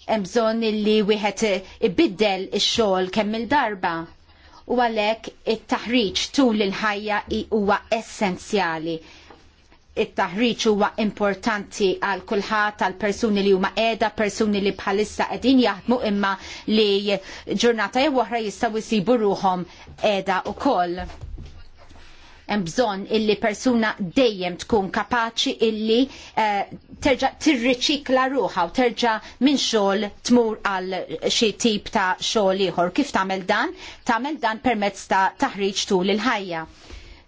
hemm bżonn illi wieħed ibiddel ix-xogħol kemm il-darba u għalhekk it-taħriġ tul il-ħajja huwa essenzjali it-taħriġ huwa importanti għal kulħadd għal persuni li huma qiegħda, persuni li bħalissa qegħdin jaħdmu imma li ġurnata jew oħra jistgħu jsibu ruhom qiegħda wkoll hemm bżonn illi persuna dejjem tkun kapaċi illi uh, terġa' tirriċikla ruha u terġa' minn xogħol tmur għal xi tip ta' xogħol ieħor. Kif tagħmel dan? Tagħmel dan permezz ta' taħriġ tul il-ħajja.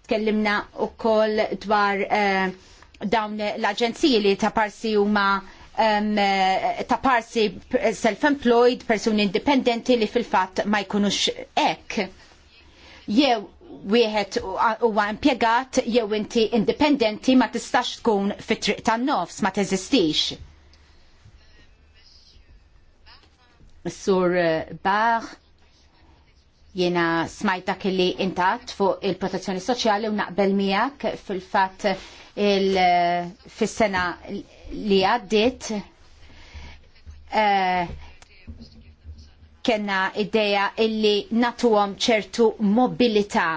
Tkellimna wkoll dwar eh, dawn l-aġenziji li ta' parsi huma um, ta' parsi self-employed, persuni indipendenti li fil-fatt ma jkunux hekk. Jew wieħed huwa impjegat jew inti indipendenti ma tistax tkun fit-triq tan-nofs ma teżistix. Sur Bach Jena smajta kelli intat fuq il-protezzjoni soċjali u naqbel miegħek fil-fatt fis-sena li għaddit eh, kena ideja illi natuhom ċertu mobilità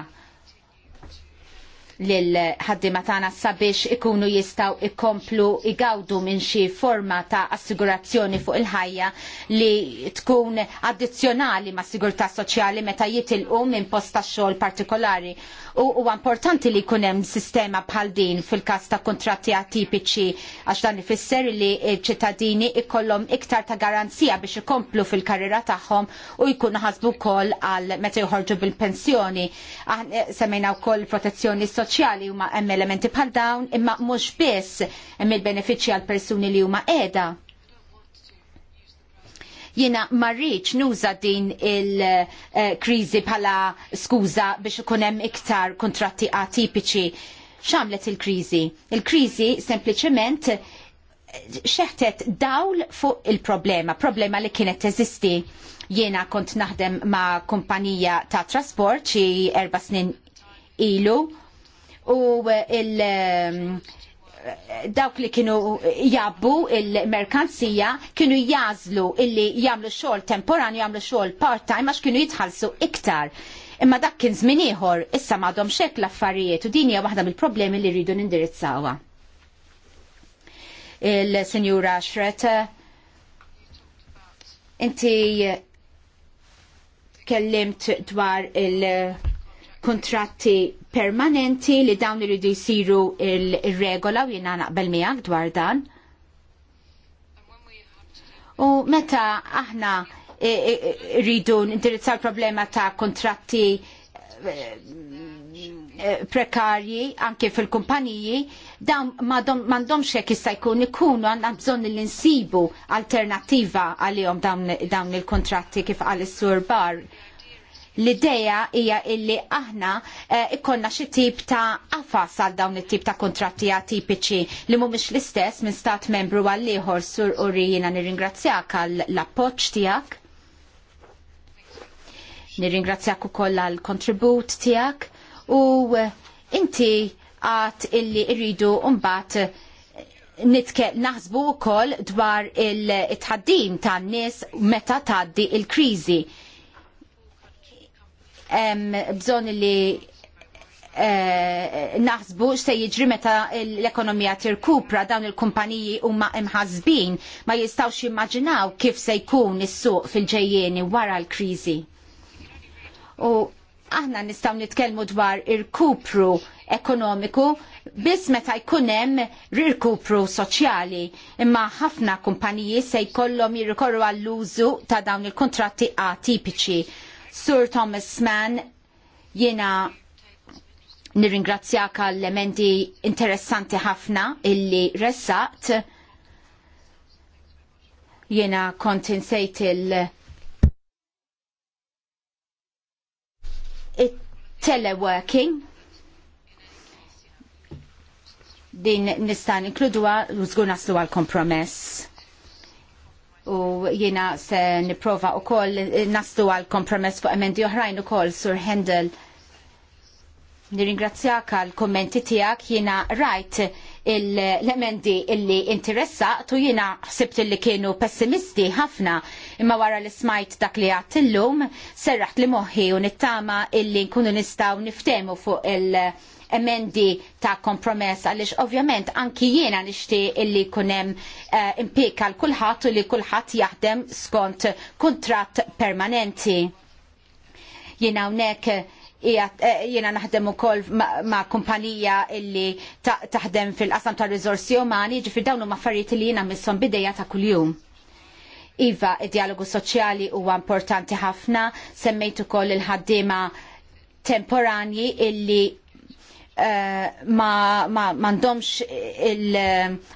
lil ħaddima tagħna sabiex ikunu jistgħu ikomplu igawdu minn xi forma ta' assigurazzjoni fuq il-ħajja li tkun addizzjonali ma' sigurtà soċjali meta jitilqu minn post tax-xogħol partikolari u huwa importanti li jkun hemm sistema bħal din fil-każ ta' kuntratti atipiċi għax dan ifisser li ċittadini ikollhom iktar ta' garanzija biex ikomplu fil-karriera tagħhom u jkunu ħasbu wkoll għal meta joħorġu bil-pensjoni. Semmejna wkoll protezzjoni soċjali huma hemm elementi bħal dawn imma mhux biss hemm il-benefiċċji għal persuni li huma qiegħda Jiena marriċ nuża din il-kriżi bħala skuża biex ikun hemm iktar kontratti atipiċi. X'għamlet il-kriżi? Il-kriżi sempliċement xeħtet dawl fuq il-problema, problema li kienet teżisti. Jiena kont naħdem ma' kumpanija ta' trasport xi erba' snin ilu u il- dawk li kienu jabbu il-merkanzija kienu jazlu illi jamlu xogħol temporanju jamlu xogħol part-time għax kienu jitħallsu iktar. Imma dak kien żmien ieħor issa m'għadhom xekk l-affarijiet u din hija waħda mill-problemi li rridu nindirizzawha. Il-Sinjura Shret, inti kellimt dwar il- kontratti permanenti li dawn iridu jsiru il-regola u jiena naqbel miegħek dwar dan. U meta aħna e, e, e, rridu l problema ta' kontratti prekarji anke fil-kumpaniji dawn m'għandhomx hekk jista' jkun ikunu għandna bżonn li nsibu alternattiva għalihom dawn il-kontratti kif qal is-sur Bar L-ideja hija illi aħna eh, ikkonna xi tip ta' qafas għal dawn it-tip ta' kontratti atipiċi li mhumiex l-istess minn stat membru għal ieħor sur uri jiena nirringrazzjak għall appoġġ tiegħek. Nirringrazzjak ukoll għall kontribut tiegħek u eh, inti għat illi rridu mbagħad eh, nitke naħsbu wkoll dwar il-tħaddim tan nies meta tgħaddi il-kriżi bżon li eh, naħsbu se jiġri meta l-ekonomija tirkupra dawn il-kumpaniji huma imħazbin ma jistawx jimmaġinaw kif se jkun is-suq fil-ġejjeni wara l-kriżi. U aħna nistgħu nitkellmu dwar irkupru ekonomiku biss meta jkun hemm rirkupru soċjali imma ħafna kumpaniji se jkollhom jirrikorru għall-użu ta' dawn il kuntratti atipiċi Sur Thomas Mann, jiena nirringrazzjak għall elementi interessanti ħafna illi ressaqt. Jiena kont insejt il- teleworking din nistan inkludwa u zgur naslu għal kompromess u jiena se niprofa u koll naslu għal kompromess fuq emendi oħrajn u koll sur Hendel. Nirringrazzjak għal kommenti tijak jiena rajt l-emendi illi interessa tu jiena ħsibt illi kienu pessimisti ħafna imma wara li smajt dak li għat illum serraħt li moħħi u nittama illi nkunu nistaw niftemu fuq il- emendi ta' kompromess għaliex ovvjament anki jiena nixtieq illi jkun hemm uh, eh, impik għal kulħadd u li kulħadd jaħdem skont kuntratt permanenti. Jiena hawnhekk eh, eh, jiena naħdem ukoll ma' kumpanija illi taħdem fil-qasam ta' rizorsi umani, ġifir dawn huma affarijiet li jiena misson bidejja ta' kuljum. Iva, id-dialogu soċjali huwa importanti ħafna, semmejt ukoll il-ħaddiema temporanji illi Eh, ma mandomx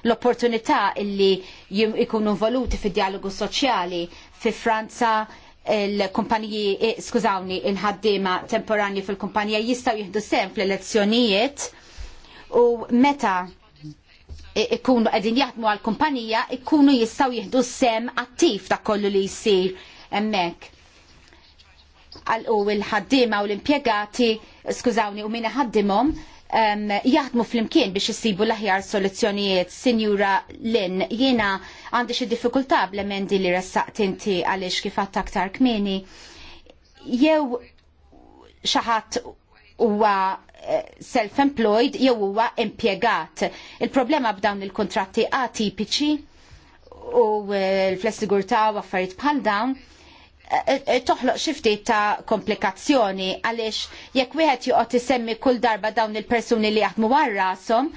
l-opportunità illi ikunu involuti fid dialogu soċjali fi Franza il-kumpaniji, eh, skużawni, il-ħaddima temporani fil-kumpanija jistaw jihdu sem fl-elezzjonijiet u meta eh, ikunu għedin jaħdmu għal-kumpanija ikunu jistaw jihdu sem attiv ta' kollu li jisir emmek u l-ħaddima u l-impjegati, skużawni, u minna ħaddimom, um, jaħdmu fl-imkien biex jisibu l-aħjar soluzzjonijiet. Sinjura Lin, jiena għandi xi diffikultà bl-emendi li ressaqt inti għaliex kif għatt aktar kmieni. Jew xaħat huwa eh, self-employed jew huwa impjegat. Il-problema b'dawn il-kontratti atipiċi u eh, l-flessigurta u affarijiet bħal dawn Eh, eh, toħloq xi ftit ta' komplikazzjoni għaliex jekk wieħed joqgħod isemmi kull darba dawn il-persuni li jaħdmu war rashom,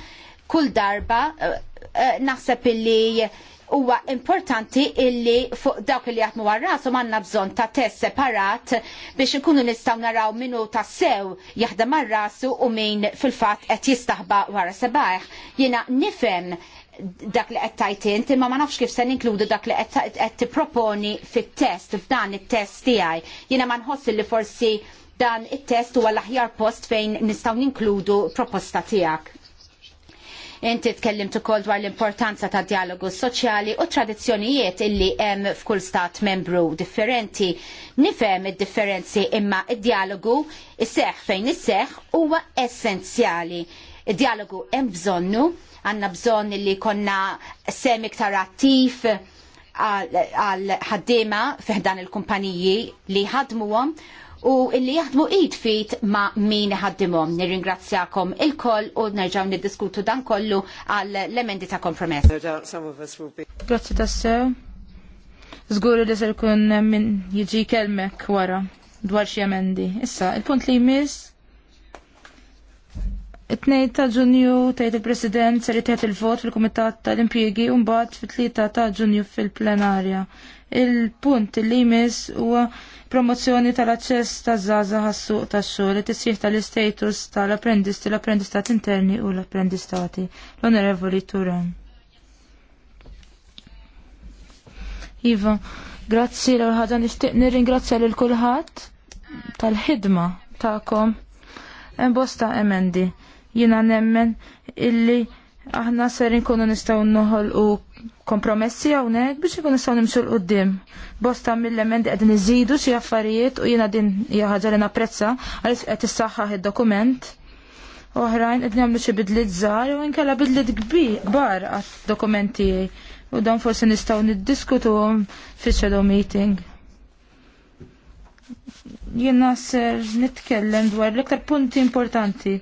kull darba eh, naħseb illi huwa importanti illi fuq dawk li jaħdmu war rashom għandna bżonn ta' test separat biex inkunu nistgħu naraw minnu ta' sew jaħdem mar rasu u min fil-fatt qed jistaħba wara sebaħ. Jiena nifhem dak li qed tajt inti ma ma nafx kif se ninkludu dak li qed tipproponi fit-test f'dan it-test tiegħi. Jiena ma nħoss li forsi dan it-test huwa l-aħjar post fejn nistgħu ninkludu proposta tiegħek. Inti tkellimt ukoll dwar l-importanza ta' dialogu soċjali u tradizzjonijiet illi hemm f'kull stat membru differenti. Nifhem id-differenzi imma id-dialogu isseħ fejn isseħ huwa essenzjali Id-dialogu hemm bżonnu, għandna bżonn li konna sem iktar attiv għal ħaddiema fiħdan il-kumpaniji li ħadmuhom u illi jaħdmu id fit ma min ħaddimhom. Nirringrazzjakom il-koll u nerġgħu niddiskutu dan kollu għal l-emendi ta' kompromess. Grazzi tassew. Zguru li ser kun min jiġi kelmek wara dwar xi emendi. Issa, il-punt li jmiss it ta' ġunju tgħid il-President se jtejt il-vot fil-Kumitat tal-Impjiegi u mbagħad fit-3 ta' ġunju fil-plenarja. Il-punt li jmiss huwa promozzjoni tal-aċċess taż-żgħażagħ għas-suq tax-xogħol it-tisjih tal-istatus tal-apprendisti, tal apprendistat interni u l-apprendistati. L-Onorevoli Turan. Iva, grazzi l ħaġa nixtieq nirringrazzja lil kulħadd tal-ħidma tagħkom. Embosta emendi Jina nemmen illi aħna ser nkunu nistgħu noħol u kompromessi hawnhekk biex ikun nistgħu nimxu l qudiem Bosta mill-emendi qegħdin iżidu xi affarijiet u jiena din hija ħaġa li napprezza għaliex qed issaħħaħ id-dokument. Oħrajn qed nagħmlu xi bidliet żgħar u inkella bidliet kbar għad-dokumenti u dan forsi nistgħu niddiskutuhom fix-shadow meeting. Jiena ser nitkellem dwar l-iktar punti importanti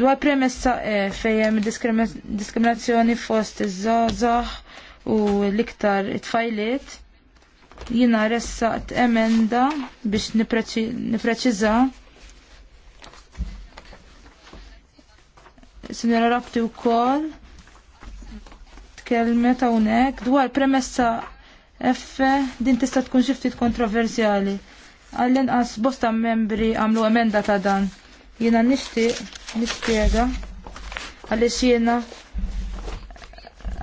Dwar premessa E fejjem diskriminazzjoni fost iż-żazax u l-iktar it-tfajliet, jina t emenda biex nipreċiza. Sinjora Rabti u kol, t-kelmet hawnhekk dwar premessa F din tista' tkun xi ftit kontroversjali. Għall-inqas bosta membri għamlu emenda ta' dan. Jiena nixtieq nispjega għaliex jiena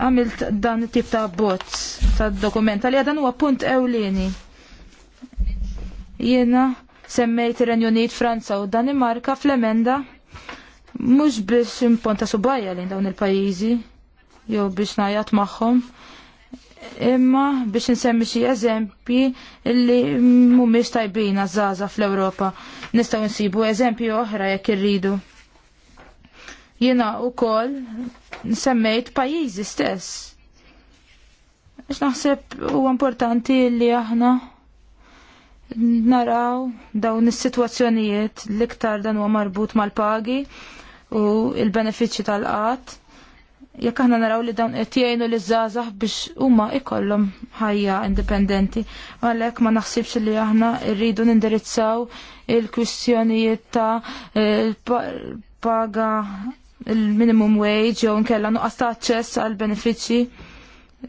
għamilt dan it-tip ta' abbozz ta' dokument għalija dan huwa punt ewlieni. Jiena semmejt ir-Renju Unit, Franza u Danimarka fl-emenda mhux biex imponta subajja lejn dawn il-pajjiżi jew biex najat magħhom imma biex nsemmi xi eżempji li mhumiex tajbina żgħażagħ fl-Ewropa. Nistaw nsibu eżempju oħra jekk irridu. Jiena wkoll semmejt pajjiżi stess. Ix naħseb huwa importanti li aħna naraw dawn is-sitwazzjonijiet l-iktar dan huwa marbut mal-pagi u l-benefiċċji tal-qatt jekk aħna naraw li dawn qed jgħinu liż żgħażagħ biex huma ikollhom ħajja indipendenti. Għalhekk ma naħsibx li aħna rridu nindirizzaw il-kwistjonijiet ta' eh, paga il-minimum wage jew nkella nuqqas ta' aċċess għal benefiċċji.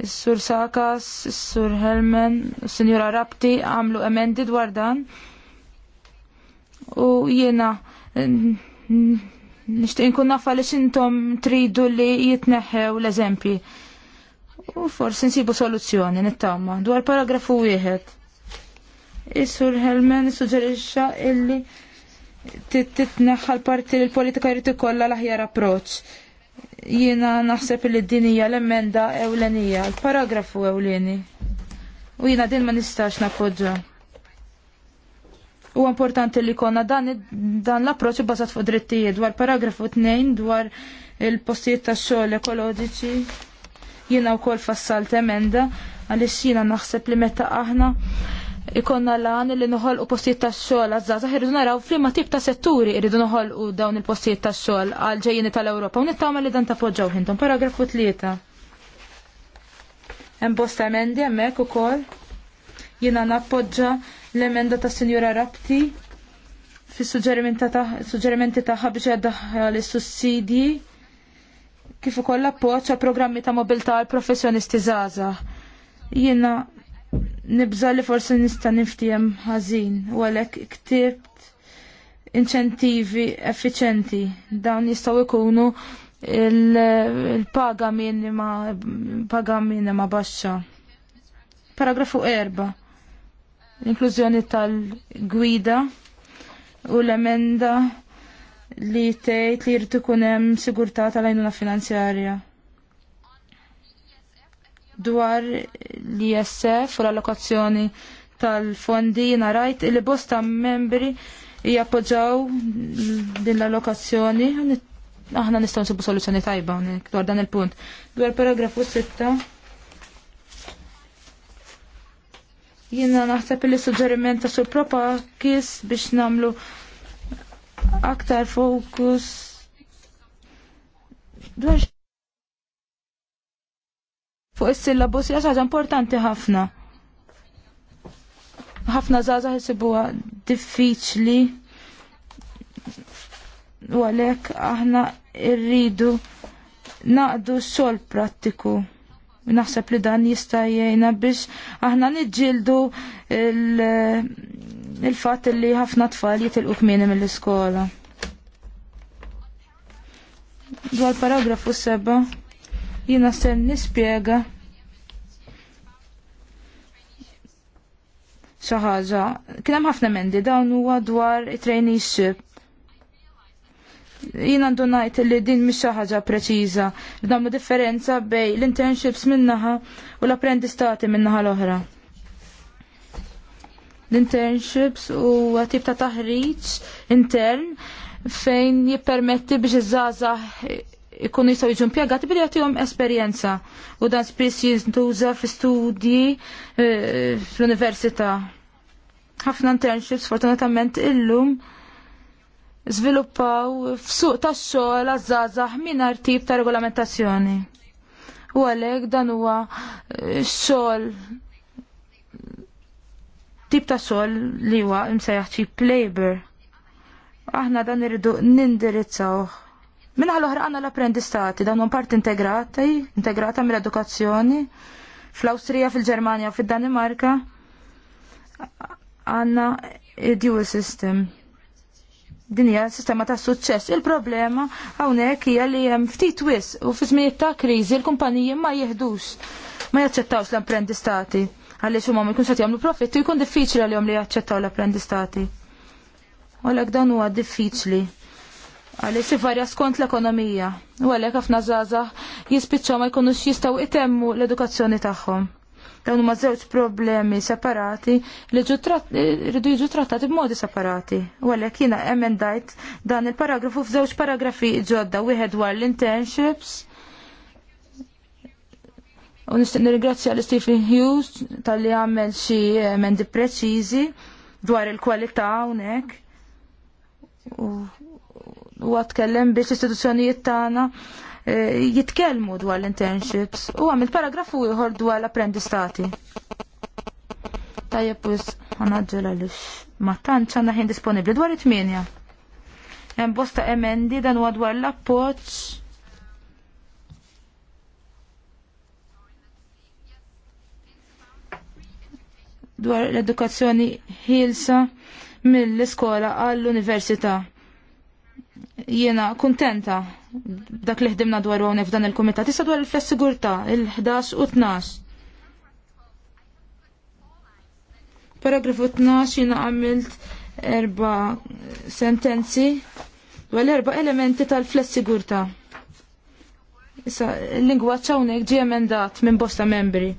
Is-Sur Sakas, is-Sur Helmen, is-Sinjura Rapti għamlu emendi dwar dan. U jiena nixtieq nkun nafa li x'intom tridu li jitneħħew l-eżempji. U forsi nsibu soluzzjoni nittama dwar paragrafu wieħed. Is-Sur Helmen suġġerixxa illi titneħħal parti l-politika jrid ikollha l-aħjar approċċ. Jiena naħseb li din hija l-emenda ewlenija, l-paragrafu ewleni. U jiena din ma nistax nappoġġa. U importanti li konna dan, dan l-approċċ bbażat fuq drittijiet dwar paragrafu 2 dwar il-postijiet tax-xogħol ekoloġiċi. Jiena wkoll fassalt emenda għaliex jiena naħseb li meta aħna ikonna lan li nħolqu postijiet tax-xogħol għaż-żgħażagħ irridu naraw flimma tip ta' setturi irridu noħolqu dawn il-postijiet tax-xogħol għal ġejjini tal-Ewropa u nittama li dan tappoġġaw ħintom. Paragrafu tlieta. Hemm bosta emendi hemmhekk ukoll. Jiena nappoġġa l-emenda tas Sinjura Rabti fis suġġerimenti tagħha biex jaddaħħal is-sussidji kif ukoll appoġġ programmi ta' mobilità għal professjonisti żgħażagħ. Jiena nibża li forsi nista' niftijem ħażin u għalhekk ktibt inċentivi effiċenti dawn jistgħu jkunu il-paga minima paga minima baxxa. Paragrafu 4. L-inklużjoni tal-gwida u l-emenda li tgħid li jrid ikun hemm sigurtà tal-għajnuna finanzjarja dwar l-ISF u l-allokazzjoni tal-fondi jina rajt li bosta membri jappoġġaw din l-allokazzjoni aħna nistgħu nsibu soluzzjoni tajba unik, dwar dan il-punt. Dwar paragrafu 6 jiena naħseb li suġġeriment ta' sur kis biex namlu aktar fokus dwar fuq is-syllabus hija ħaġa importanti ħafna. Ħafna żgħażagħ isibuha diffiċli u għalhekk aħna rridu naqdu x-xogħol prattiku. Naħseb li dan jista' jgħinna biex aħna niġġieldu il-fatt il li ħafna tfal jitilqu kmieni mill-iskola. Dwar paragrafu seba' Jina ser nispiega xaħġa. Kien hemm ħafna mendi dawn huwa dwar it traineeship. Jina għandu ngħid li din mhix xi ħaġa preċiża li nagħmlu differenza bejn l-internships min-naħa u l-apprendistati min-naħa l-oħra. L-internships huwa tip ta' taħriġ intern fejn jippermetti biex iż-żgħażagħ ikunu jistgħu jiġu impjegati billi jagħtihom esperjenza u dan spiss jintuża fi studji eh, fl-università. Ħafna internships fortunatament illum żviluppaw f'suq tax-xogħol għaż-żgħażagħ mingħajr tip ta' regolamentazzjoni. U għalhekk dan huwa eh, xogħol tip ta' xogħol li huwa msejjaħ cheap labor. Aħna dan irridu nindirizzawh Minna l-oħra għanna l-apprendistati, dan għon part integrati, integrata mill-edukazzjoni, fl-Awstrija, fil-Germania, fil-Danimarka, għanna dual system. Din hija sistema ta' suċċess. Il-problema hawnhekk hija li hemm ftit wis u fi żmien ta' kriżi l-kumpaniji ma jieħdux, ma jaċċettawx l-apprendistati għaliex huma ma jkunx qed jagħmlu profitt u jkun diffiċli għalihom li jaċċettaw l-apprendistati. Għalhekk dan huwa diffiċli si ivarja skont l-ekonomija. U għalhekk ħafna zaza jispiċċaw ma jkunux jistgħu itemmu l-edukazzjoni tagħhom. Dawn huma żewġ problemi separati li rridu jiġu trattati b'modi separati. U għalhekk jiena emendajt dan il-paragrafu f'żewġ paragrafi ġodda wieħed dwar l-internships. U nistin nirringrazzja l Stephen Hughes tal-li għamel xi emendi preċiżi dwar il-kwalità hawnhekk u għatkellem biex istituzzjonijiet tagħna e, jitkellmu dwar l-internships u għamil paragrafu ieħor dwar l-apprendistati. Tajjeb ma naġġel għaliex ma tantx għandna ħin disponibbli dwar it-tminja. Hemm bosta emendi dan huwa dwar l-appoġġ dwar l-edukazzjoni ħilsa mill-iskola għall-università. Jiena kuntenta dak li ħdimna dwar għawne f'dan il-komitat. Issa dwar il-flessigurta, il-11 u 12. Paragrafu 12 jiena għamilt erba sentenzi dwar l-erba elementi tal-flessigurta. Issa, l-lingwa ċawnek ġie emendat minn bosta membri.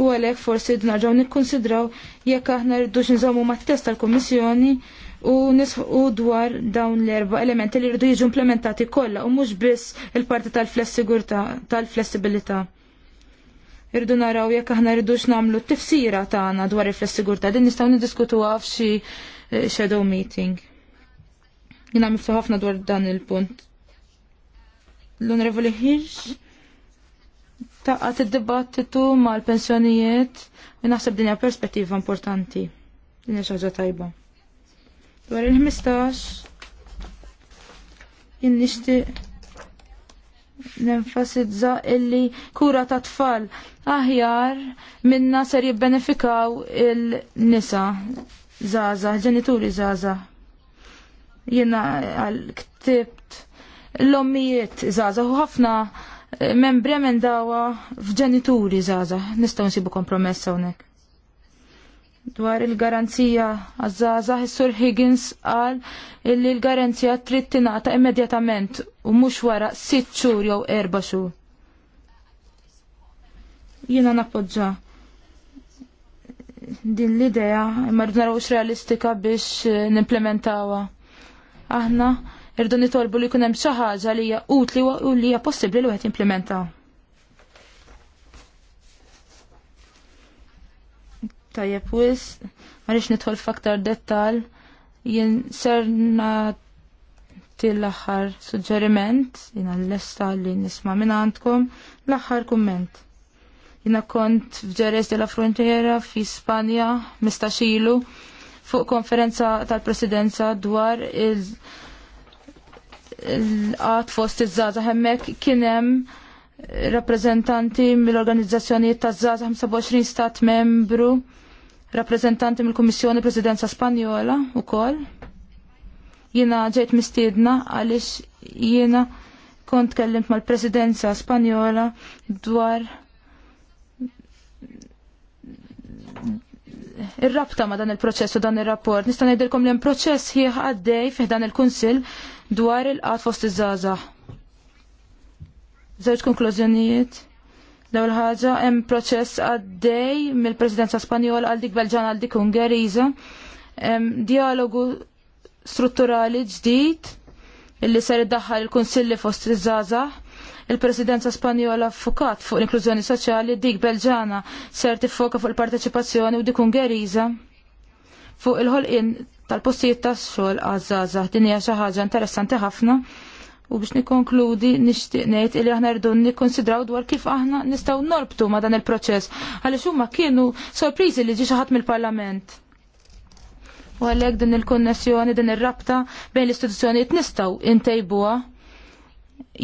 U għalek forsi dnaġaw nikkonsidraw jekk aħna rridux nżommu mat-test tal-Komissjoni u nisħu dwar dawn l-erba elementi li rridu jiġu implementati kollha u mhux biss il-parti tal-flessigurta tal-flessibilità. Irridu naraw jekk aħna rridux nagħmlu t-tifsira tagħna dwar il-flessigurta din nistgħu niddiskutuha f'xi eh, shadow meeting. Jien miftuħ ħafna dwar dan il-punt. L-Onorevoli Hirsch taqgħet id-dibattitu mal-pensjonijiet u naħseb din hija perspettiva importanti. Din hija xi ħaġa tajba. Dwar il-15 jien nixtieq nenfasizza illi kura ta' tfal aħjar minna ser jibbenefikaw il-nisa zaza, ġenituri zaza. Jena għal-ktibt l-ommijiet zaza u ħafna eh, membri emendawa f'ġenituri zaza. Nistaw nsibu kompromessa unek dwar il-garanzija għazzazah il-sur Higgins għal illi l-garanzija trid tingħata immedjatament u mhux wara sitt xhur jew erba' xhur. Jiena nappoġġa din l-idea imma rrid narawx realistika biex eh, nimplementawha. Aħna irdu nitolbu li jkun hemm xi ħaġa li hija utli u li hija possibbli li wieħed jimplementaw. Tajjeb wis, għaliex nidħol f'aktar dettal, jien ser nagħti l-aħħar suġġeriment, jiena l-lesta li nisma' minn għandkom, l-aħħar kumment. Jiena kont f'Ġeres de la Frontiera fi Spanja mistaxilu fuq konferenza tal-presidenza dwar il- l-qat fost iż-żaza hemmhekk kien hemm rappreżentanti mill-organizzazzjonijiet taż-żaza 25 stat membru rappresentanti mill-Kummissjoni Presidenza Spanjola u koll. Jina ġejt mistiedna għalix jina kont kellimt mal-Presidenza Spanjola dwar ir-rabta ma dan il-proċess u dan ir-rapport. Nista' ngħidilkom li hemm proċess ħieħ għaddej fih dan il-Kunsill dwar il-qat fost iż-żgħażagħ. Żewġ konklużjonijiet Daw il-ħaġa hemm proċess għaddej mill-Presidenza Spanjola għal dik Belġan għal dik Ungeriża. Dialogu strutturali ġdid illi ser iddaħħal il-Kunsilli fost iż-żgħażagħ. Il-Presidenza Spanjola fukat fuq l-inklużjoni soċjali dik Belġana ser tiffoka fuq il-parteċipazzjoni u dik Ungeriża fuq il-ħolqien tal-postijiet tax xogħol għaż-żgħażagħ. Din hija xi ħaġa interessanti ħafna. U biex nikonkludi nixtieq ngħid li aħna rridu nikkonsidraw dwar kif aħna nistgħu norbtu ma' dan il-proċess għaliex huma kienu sorpriżi li ġi xi ħadd mill-Parlament. U għalhekk din il-konnessjoni, din ir-rabta bejn l-istituzzjonijiet nistgħu intejbuha.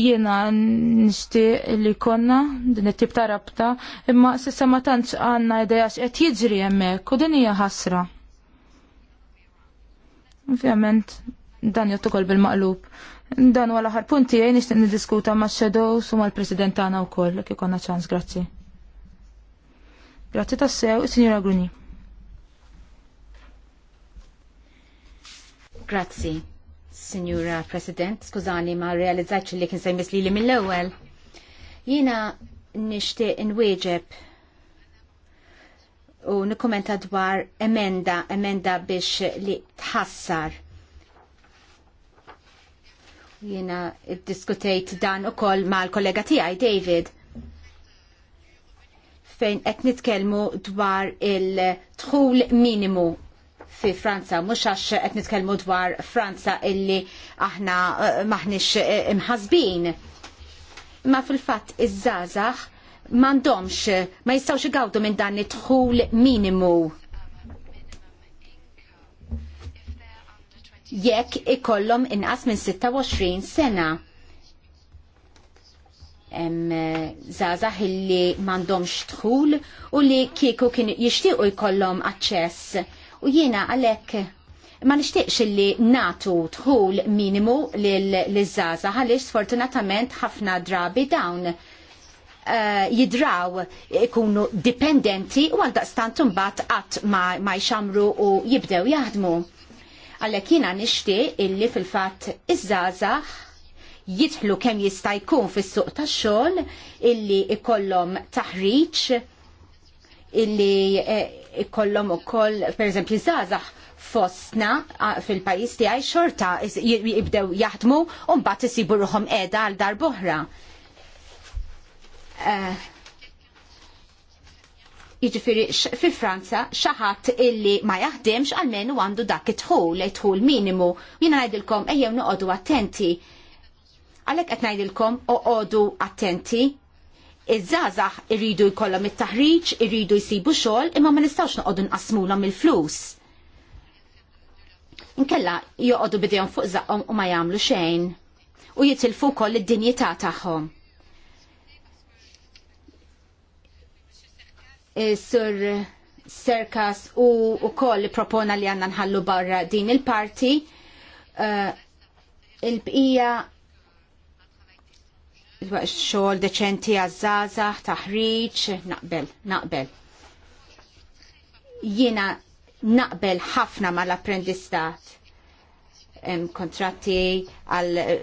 Jiena nixtieq li konna din it-tip ta' rabta, imma s'issa ma tantx għandna idea x'qed jiġri hemmhekk u din hija ħasra. Ovvjament, dan jottukol bil-maqlub. Dan huwa l-aħħar għaj tiegħi nixtieq niddiskuta max-shadows u l president tagħna wkoll jekk għanna ċans, grazzi. Grazzi tassew, is Gruni. Grazzi, Sinjura President, skużani ma realizzaċi li kien sejmis li mill-ewwel. Jiena nixtieq inwieġeb u nikkumenta dwar emenda, emenda biex li tħassar Jiena diskutejt dan ukoll mal-kollega tiegħi David fejn qed nitkellmu dwar il-dħul minimu fi Franza, mhux għax qed nitkellmu dwar Franza illi aħna eh, maħniex eh, imħazbin. Ma fil-fatt iż-żazax m'għandhomx ma jistgħux igawdu minn dan it-dħul minimu jekk ikollhom inqas minn 26 sena. Em eh, zazah illi m'għandhomx dħul u li kieku kien jixtiequ jkollhom aċċess. U jiena għalhekk ma nixtieqx illi natu dħul minimu liż-żaza għaliex sfortunatament ħafna drabi dawn eh, jidraw ikunu dipendenti u għaldaqstant mbagħad qatt ma jxamru u jibdew jaħdmu. Għalhekk jiena nixtieq illi fil-fatt iż-żgħażagħ jidħlu kemm jista' jkun fis-suq tax-xogħol illi ikollhom taħriġ illi eh, ikollhom ukoll pereżempju żgħażagħ fostna fil-pajjiż tiegħi xorta jibdew jaħdmu u mbagħad isibu ruħhom qiegħda għal dar boħra. Uh, eh, jiġifieri fi Franza xi ħadd illi ma jaħdimx għalmenu għandu dak it li it-tħul minimu. Jiena ngħidilkom ejjew nuqodu attenti. Għalhekk qed ngħidilkom oqogħdu attenti Iż-żazax irridu jkollhom it-taħriġ, irridu jsibu xogħol, imma ma nistgħux noqogħdu nqasmulhom il-flus. Inkella joqogħdu bidejhom fuq żaqhom u ma jagħmlu xejn u jitilfu koll id-dinjità tagħhom. Eh, sur Serkas u wkoll li propona li għandna nħallu barra din il-parti eh, il-bqija xogħol deċenti għazzazax, taħriġ, naqbel, naqbel. Jiena naqbel ħafna mal-apprendistat kontratti għal eh,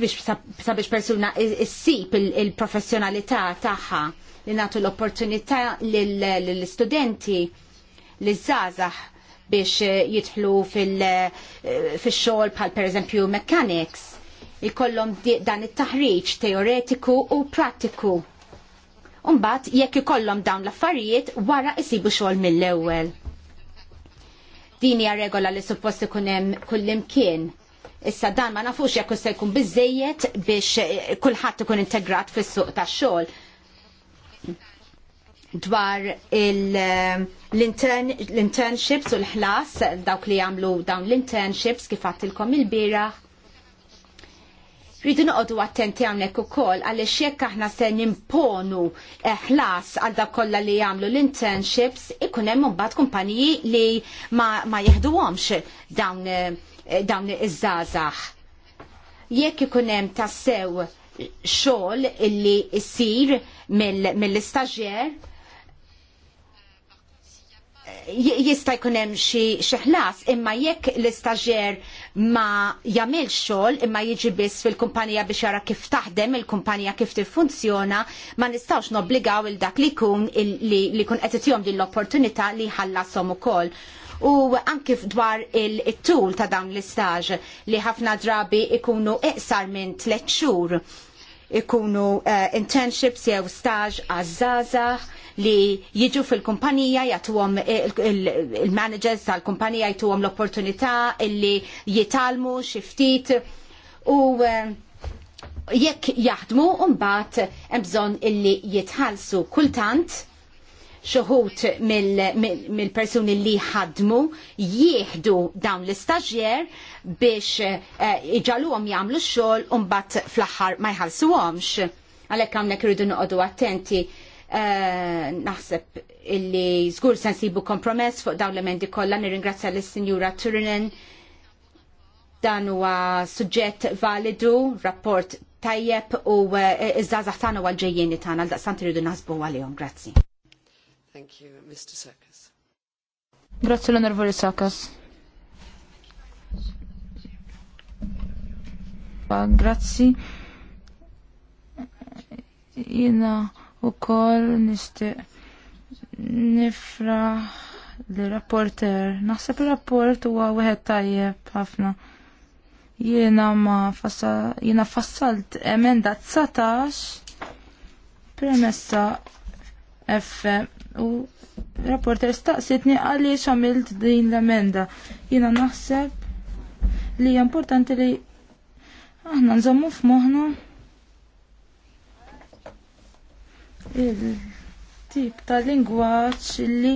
Biex sabiex persuna issib il-professjonalità tagħha li nagħtu l-opportunità lill-studenti li żgħażagħ biex eh, jidħlu fil-xogħol eh, bħal pereżempju mechanics jkollhom dan it-taħriġ teoretiku u pratiku. Umbat jekk ikollhom dawn l-affarijiet wara isibu xogħol mill-ewwel. Din hija regola li suppost ikun hemm kullimkien Issa dan ma nafux jekk se jkun biżejjed biex eh, kulħadd ikun integrat fis-suq tax-xogħol. Dwar eh, l-internships u l-ħlas dawk li jagħmlu dawn l-internships kif għattilkom il-bieraħ. Rridu noqogħdu attenti hawnhekk ukoll għaliex jekk aħna se nimponu eh, ħlas għal dak kollha li jagħmlu l-internships ikun hemm imbagħad kumpaniji li ma, ma jeħduhomx dawn Eh, dawn iż-żazax. Jekk ikun hemm tassew xogħol illi jsir mill-istaġġer, eh, jista' jkun hemm xi ħlas, imma jekk l-istaġġer ma jagħmel xogħol imma jiġi biss fil-kumpanija biex jara kif taħdem il-kumpanija kif tiffunzjona, ma nistgħux nobbligaw il dak li jkun li jkun qed itihom din l-opportunità li jħallasom ukoll u anki dwar il-tul ta' dawn l-istaġ li ħafna drabi ikunu iqsar minn tlet xhur ikunu uh, internships jew staġ għazzaza li jiġu fil-kumpanija jatuhom il-managers tal-kumpanija jatuhom l-opportunità illi jitalmu xiftit u eh, jekk jaħdmu mbagħad hemm bżonn illi jitħallsu kultant xoħut mill-persuni li ħadmu jieħdu dawn l-istagġjer biex eh, iġalu jagħmlu x-xogħol u mbagħad fl-aħħar ma jħallsuhomx. Għalhekk hawnhekk irridu noqogħdu attenti eh, naħseb illi żgur se nsibu kompromess fuq dawn l-emendi kollha nirringrazzja l sinjura Turinen dan huwa suġġett validu, rapport tajjeb u eh, iż-żgħażagħ tagħna għal ġejjieni tagħna għal daqstant irridu naħsbu għalihom. Grazzi. Thank you, Mr. Grazie l Sakas. Grazie. Jina u koll nishtiq nifra li rapporter Naħseb il-rapport u wieħed tajjeb ħafna. Jiena ma fassal, jiena fassalt emenda 19 premessa F u rapporter staqsitni għaliex għamilt din l-emenda. Jina naħseb li importanti li aħna nżommu f'moħna il-tip ta' lingwaġġ li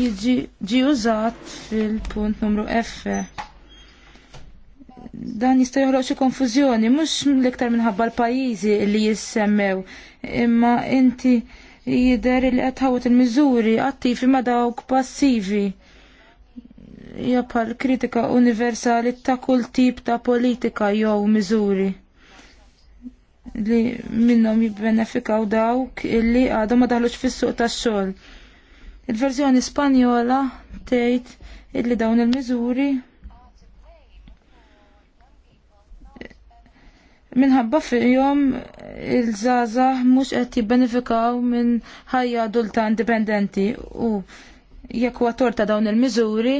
jiġi użat fil-punt numru F. Dan jista' joħloq xi konfużjoni, mhux l-iktar minħabba l-pajjiżi li jissemmew, imma inti jider li għetħawet il-mizuri attivi ma dawk passivi. Jappal kritika universali ta' kull tip ta' politika jew miżuri li minnom jibbenefikaw dawk illi għadhom ma daħlux fis-suq tax-xogħol. Il-verżjoni Spanjola tgħid illi dawn il-miżuri minħabba fihom il-żgħażagħ mhux qed jibbenefikaw minn ħajja adulta indipendenti u jekk huwa torta dawn il-miżuri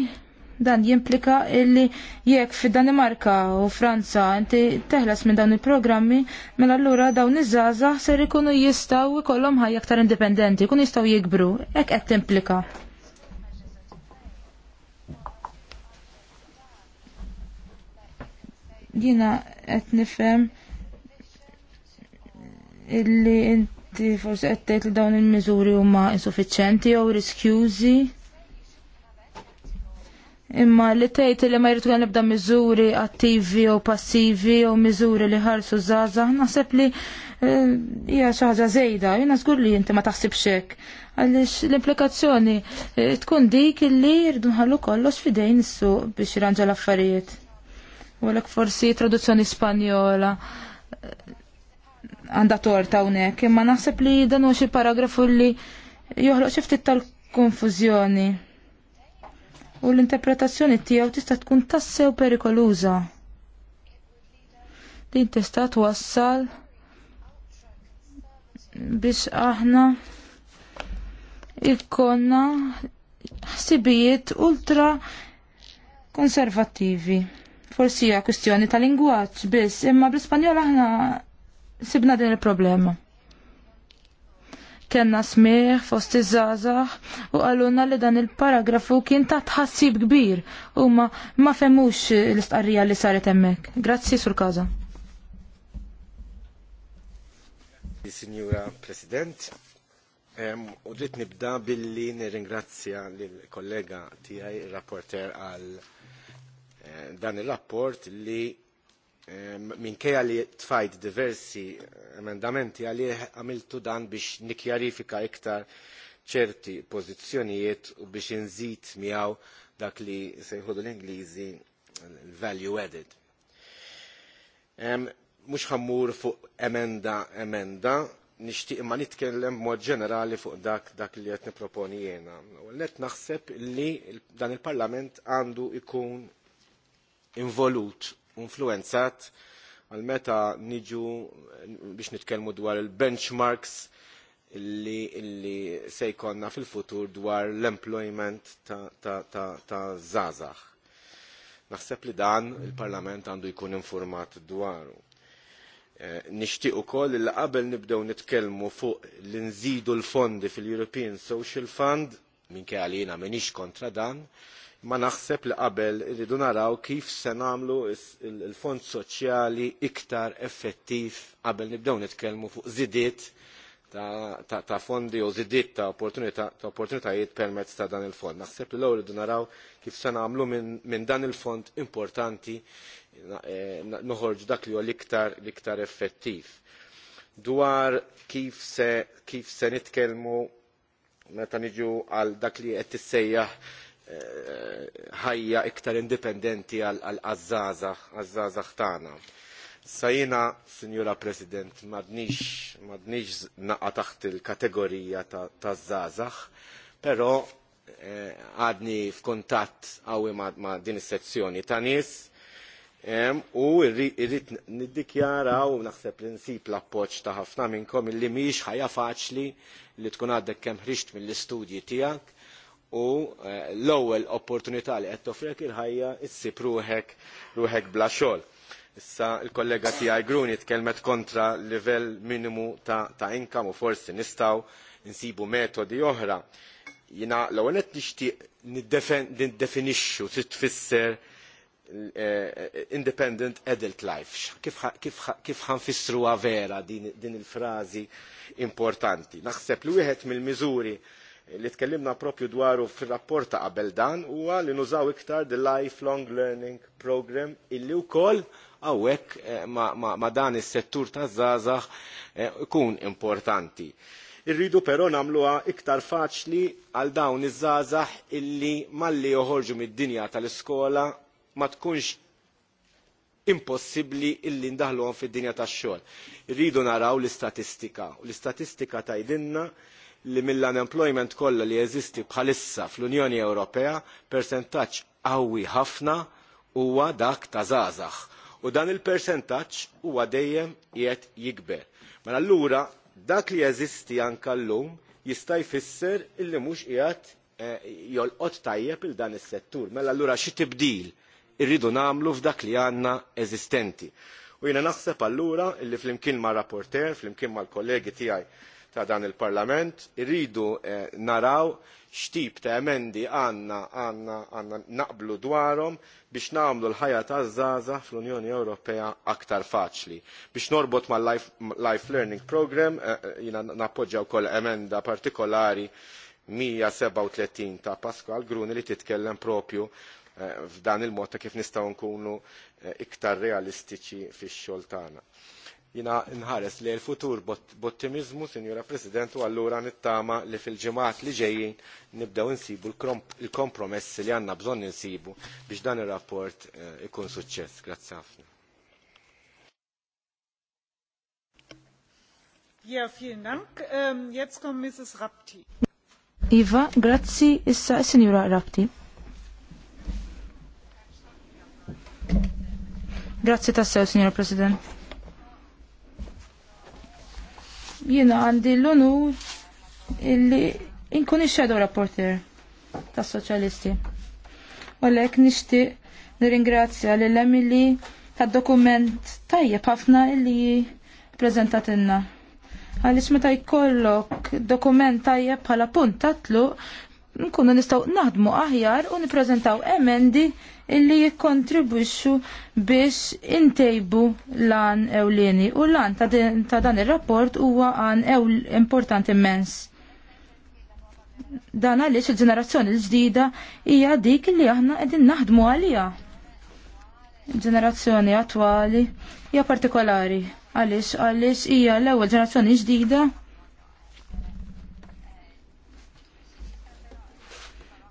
dan jimplika illi jekk fid-Danimarka u Franza inti teħles minn dawn il-programmi mela allura dawn iż-żgħażagħ ser ikunu jistgħu jkollhom ħajja aktar indipendenti, jkunu jistgħu jikbru, hekk qed timplika. jina qed nifhem illi inti forsi qed tgħid li dawn il-miżuri huma insuffiċenti jew riskjużi. Imma li tgħid li ma jrid tkun nibda miżuri attivi jew passivi jew miżuri li ħarsu żgħażagħ, naħseb li eh, hija xi ħaġa żejda, jiena żgur li inti ma taħsibx hekk. Għaliex l-implikazzjoni eh, tkun dik li jridu nħallu kollox fidejn issu biex jirranġa l-affarijiet. Walek forsi traduzzjoni Spanjola għandha torta hawnhekk, imma naħseb li dan u xie paragrafu li joħloq xi ftit tal-konfużjoni. U l-interpretazzjoni tiegħu tista' tkun tassew perikoluża. Din tista' twassal biex aħna ikkonna ħsibijiet ultra konservattivi. Forsi hija kwistjoni tal lingwaġġ biss, imma bl-Ispanjol aħna sibna din il-problema. Kenna smieħ fost iż-żazax u għalluna li dan il-paragrafu kien ta' tħassib kbir u ma, ma femmux l-istqarrija li saret hemmhekk. Grazzi sur kaza. Signora President, u dritt nibda billi nirringrazzja l-kollega tiegħi, il-rapporter għal eh, dan il-rapport li minkejja li tfajt diversi emendamenti għalih għamiltu dan biex nikjarifika iktar ċerti pożizzjonijiet u biex inżid miegħu dak li sejħodu l-Ingliżi l value added. Mhux ħammur fuq emenda emenda, nixtieq imma nitkellem b'mod ġenerali fuq dak dak li qed nipproponi jiena. Net naħseb li dan il-Parlament għandu jkun involut influenzat għal meta niġu biex nitkellmu dwar il-benchmarks li li se jkollna fil-futur dwar l-employment ta', ta, ta, ta zazax. Naħseb li dan il-Parlament għandu jkun informat dwaru. E, Nixtieq ukoll li qabel nibdew nitkellmu fuq l nżidu l-fondi fil-European Social Fund minn li jiena kontra dan, ma naħseb li qabel rridu naraw kif se nagħmlu il-fond soċjali iktar effettiv qabel nibdew nitkellmu fuq żidiet ta' fondi u żidiet ta' opportunitajiet permezz ta' dan il-fond. Naħseb li l-ewwel irridu naraw kif se nagħmlu minn dan il-fond importanti eh, noħorġu dak li huwa iktar, iktar effettiv. Dwar kif se nitkellmu meta niġu għal dak li qed tissejjaħ Eh, ħajja iktar indipendenti għal-żazax tagħna. Sa jiena, Sinjura President, madnix, madnix naqqa taħt il-kategorija ta' żazax, però eh, għadni f'kuntatt għawi ma' din is-sezzjoni ta' u irrit niddikjara u naħseb l-insib l-appoġġ ta' ħafna minnkom illi mhix ħajja faċli li tkun għaddek kemm ħriġt mill-istudji tiegħek u eh, l-ewwel opportunità li qed toffrek il-ħajja issib ruħek ruħek bla xogħol. Issa l kollega tiegħi Gruni tkellmet kontra livell minimu ta', ta income u forsi nistgħu nsibu metodi oħra. Jina l-ewwel qed nixtieq niddefinixxu titfisser eh, independent adult life. Kif ħanfissruha vera din, din il frażi importanti? Naħseb li wieħed mill-miżuri li tkellimna propju dwaru fil-rapport ta' qabel dan huwa li nużaw iktar the lifelong learning program illi wkoll hawnhekk eh, ma, ma, ma, dan is-settur taż-żgħażagħ eh, ikun eh, importanti. Irridu però nagħmluha iktar faċli għal dawn iż-żgħażagħ illi malli joħorġu mid-dinja tal-iskola ma tkunx impossibbli illi ndaħluhom fid-dinja tax-xogħol. Irridu naraw l-istatistika u l-istatistika tgħidilna li mill-unemployment kollha li jeżisti bħalissa fl-Unjoni Ewropea persentaġġ qawwi ħafna huwa dak ta' żgħażagħ u dan il-persentaġġ huwa dejjem qiegħed jikber. Mela allura dak li jeżisti anke llum jista' jfisser illi mhux qiegħed eh, jolqot tajjeb il dan is-settur. Mela allura xi tibdil irridu nagħmlu f'dak li għandna eżistenti. U jiena naħseb allura illi flimkien mar rapporter, flimkien mal-kollegi tiegħi ta' dan il-Parlament, irridu eh, naraw x'tip ta' emendi għandna għandna għandna naqblu dwarhom biex nagħmlu l-ħajja taż zaza fl-Unjoni Ewropea aktar faċli. Biex norbot mal life, life, Learning Program, eh, eh, jina jiena nappoġġja wkoll emenda partikolari 137 ta' Pasqual Gruni li titkellem propju f'dan il-mod ta' kif nistgħu nkunu iktar realistiċi fix-xogħol tagħna jina nħares li l-futur bottimizmu, Signora President, u allura nittama li fil-ġemat li ġejjin nibdew insibu l-kompromessi li għanna bżon insibu biex dan il-rapport eh, ikun suċċess. Grazie. għafna. Ja, vielen Dank. Ähm, jetzt kommt Mrs. Rapti. Iva, grazzi, issa, signora Rapti. Grazie tassew, Signora President. Jiena għandi l-onur illi inkun ix-shadow rapporter tas soċjalisti. U għalhekk nixtieq nirringrazzja lil illi tad-dokument tajjeb ħafna illi inna. Għalix meta jkollok dokument tajjeb bħala punt tatlu nkunu nistgħu naħdmu aħjar u nippreżentaw emendi illi jikkontribwixxu biex intejbu lan ewlieni u lan ta, ta' dan ir-rapport huwa għan importanti immens. Dan għaliex il-ġenerazzjoni l-ġdida hija dik li aħna qegħdin naħdmu għalija. Ġenerazzjoni attwali hija partikolari għaliex għaliex hija l-ewwel ġenerazzjoni ġdida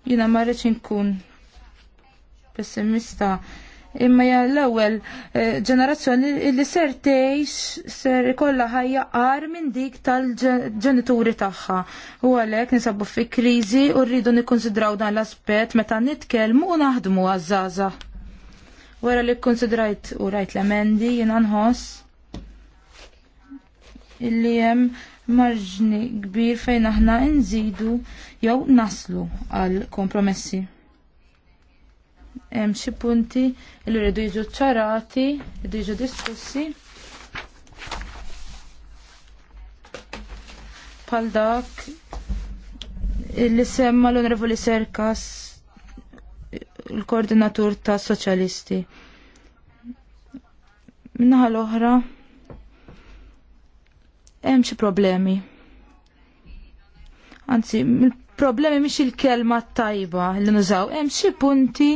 Jina marriċ nkun pessimista. Imma ja l-ewwel eh, ġenerazzjoni li ser tgħix ser kolla ħajja għar minn dik tal-ġenituri tagħha. U għalhekk nisabu fi kriżi u rridu nikkonsidraw dan l-aspett meta nitkellmu u naħdmu għaż-żgħażagħ. Wara li konsidrajt u rajt l-emendi jiena nħoss illi hemm marġni kbir fejn aħna nżidu jew naslu għal kompromessi. Hemm xi punti li rridu jiġu ċarati, rridu jiġu diskussi. Pal dak li semma l-Onorevoli Serkas il-koordinatur ta' soċjalisti. Minnaħa l-oħra, hemm xi problemi. Anzi, il-problemi mhix il-kelma tajba li nużaw, hemm xi punti,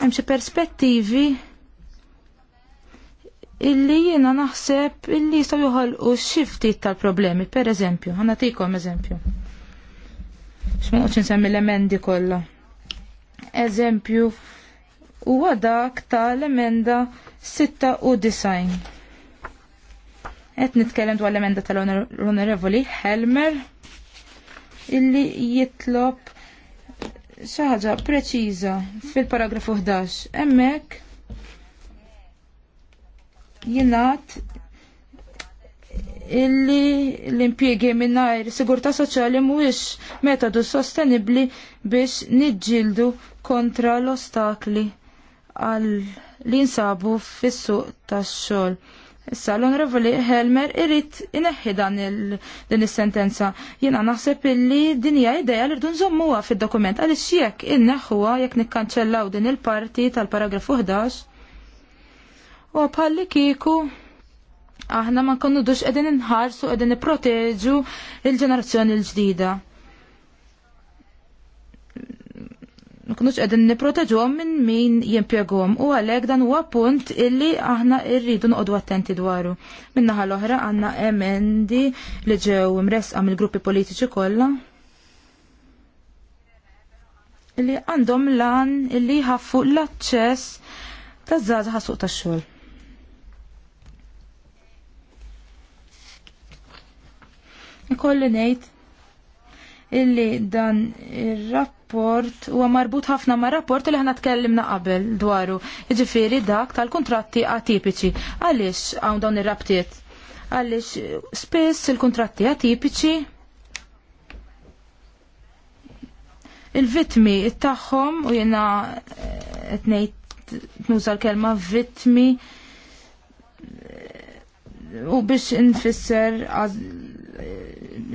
hemm xi perspettivi illi jiena naħseb illi jistgħu joħolqu xifti tal-problemi, pereżempju, ħa nagħtikom eżempju. X'moqgħodx insemmi l-emendi kollha. Eżempju huwa dak tal-emenda 96 Qed nitkellem dwar l-emenda tal-Onorevoli Helmer illi jitlob xi ħaġa preċiża fil-paragrafu 11. Hemmhekk jingħad illi l-impjiegi mingħajr sigurtà soċjali mhuwiex metodu sostenibbli biex niġġieldu kontra l-ostakli għal l-insabu fis-suq tax-xogħol Issa l-Onorevoli Helmer irrit ineħħi dan din is-sentenza. Jiena naħseb illi din hija idea li rdu nżommuha fid-dokument għaliex jekk inneħħuha jekk nikkanċellaw din il-parti tal-paragrafu 11. U bħalli kieku aħna ma nkunnu qegħdin inħarsu qegħdin nipproteġu il-ġenerazzjoni l-ġdida. il ġenerazzjoni l ġdida ma kunux qegħdin nipproteġuhom minn min jimpjegahom u għalhekk dan huwa punt illi aħna rridu noqogħdu attenti dwaru. Min-naħa l-oħra għandna emendi li ġew imresqa mill-gruppi politiċi kollha li għandhom lan illi ħaffu l-aċċess taż-żgħażagħ ħasuq tax-xogħol. Ikolli ngħid illi dan ir-rapport huwa marbut ħafna ma' rapport li ħna tkellimna qabel dwaru, jiġifieri dak tal-kuntratti atipiċi. Għaliex hawn dawn ir-rabtiet? Għaliex spiss il-kuntratti atipiċi il-vitmi tagħhom u jena eh, qed ngħid nuża l-kelma vitmi u biex nfisser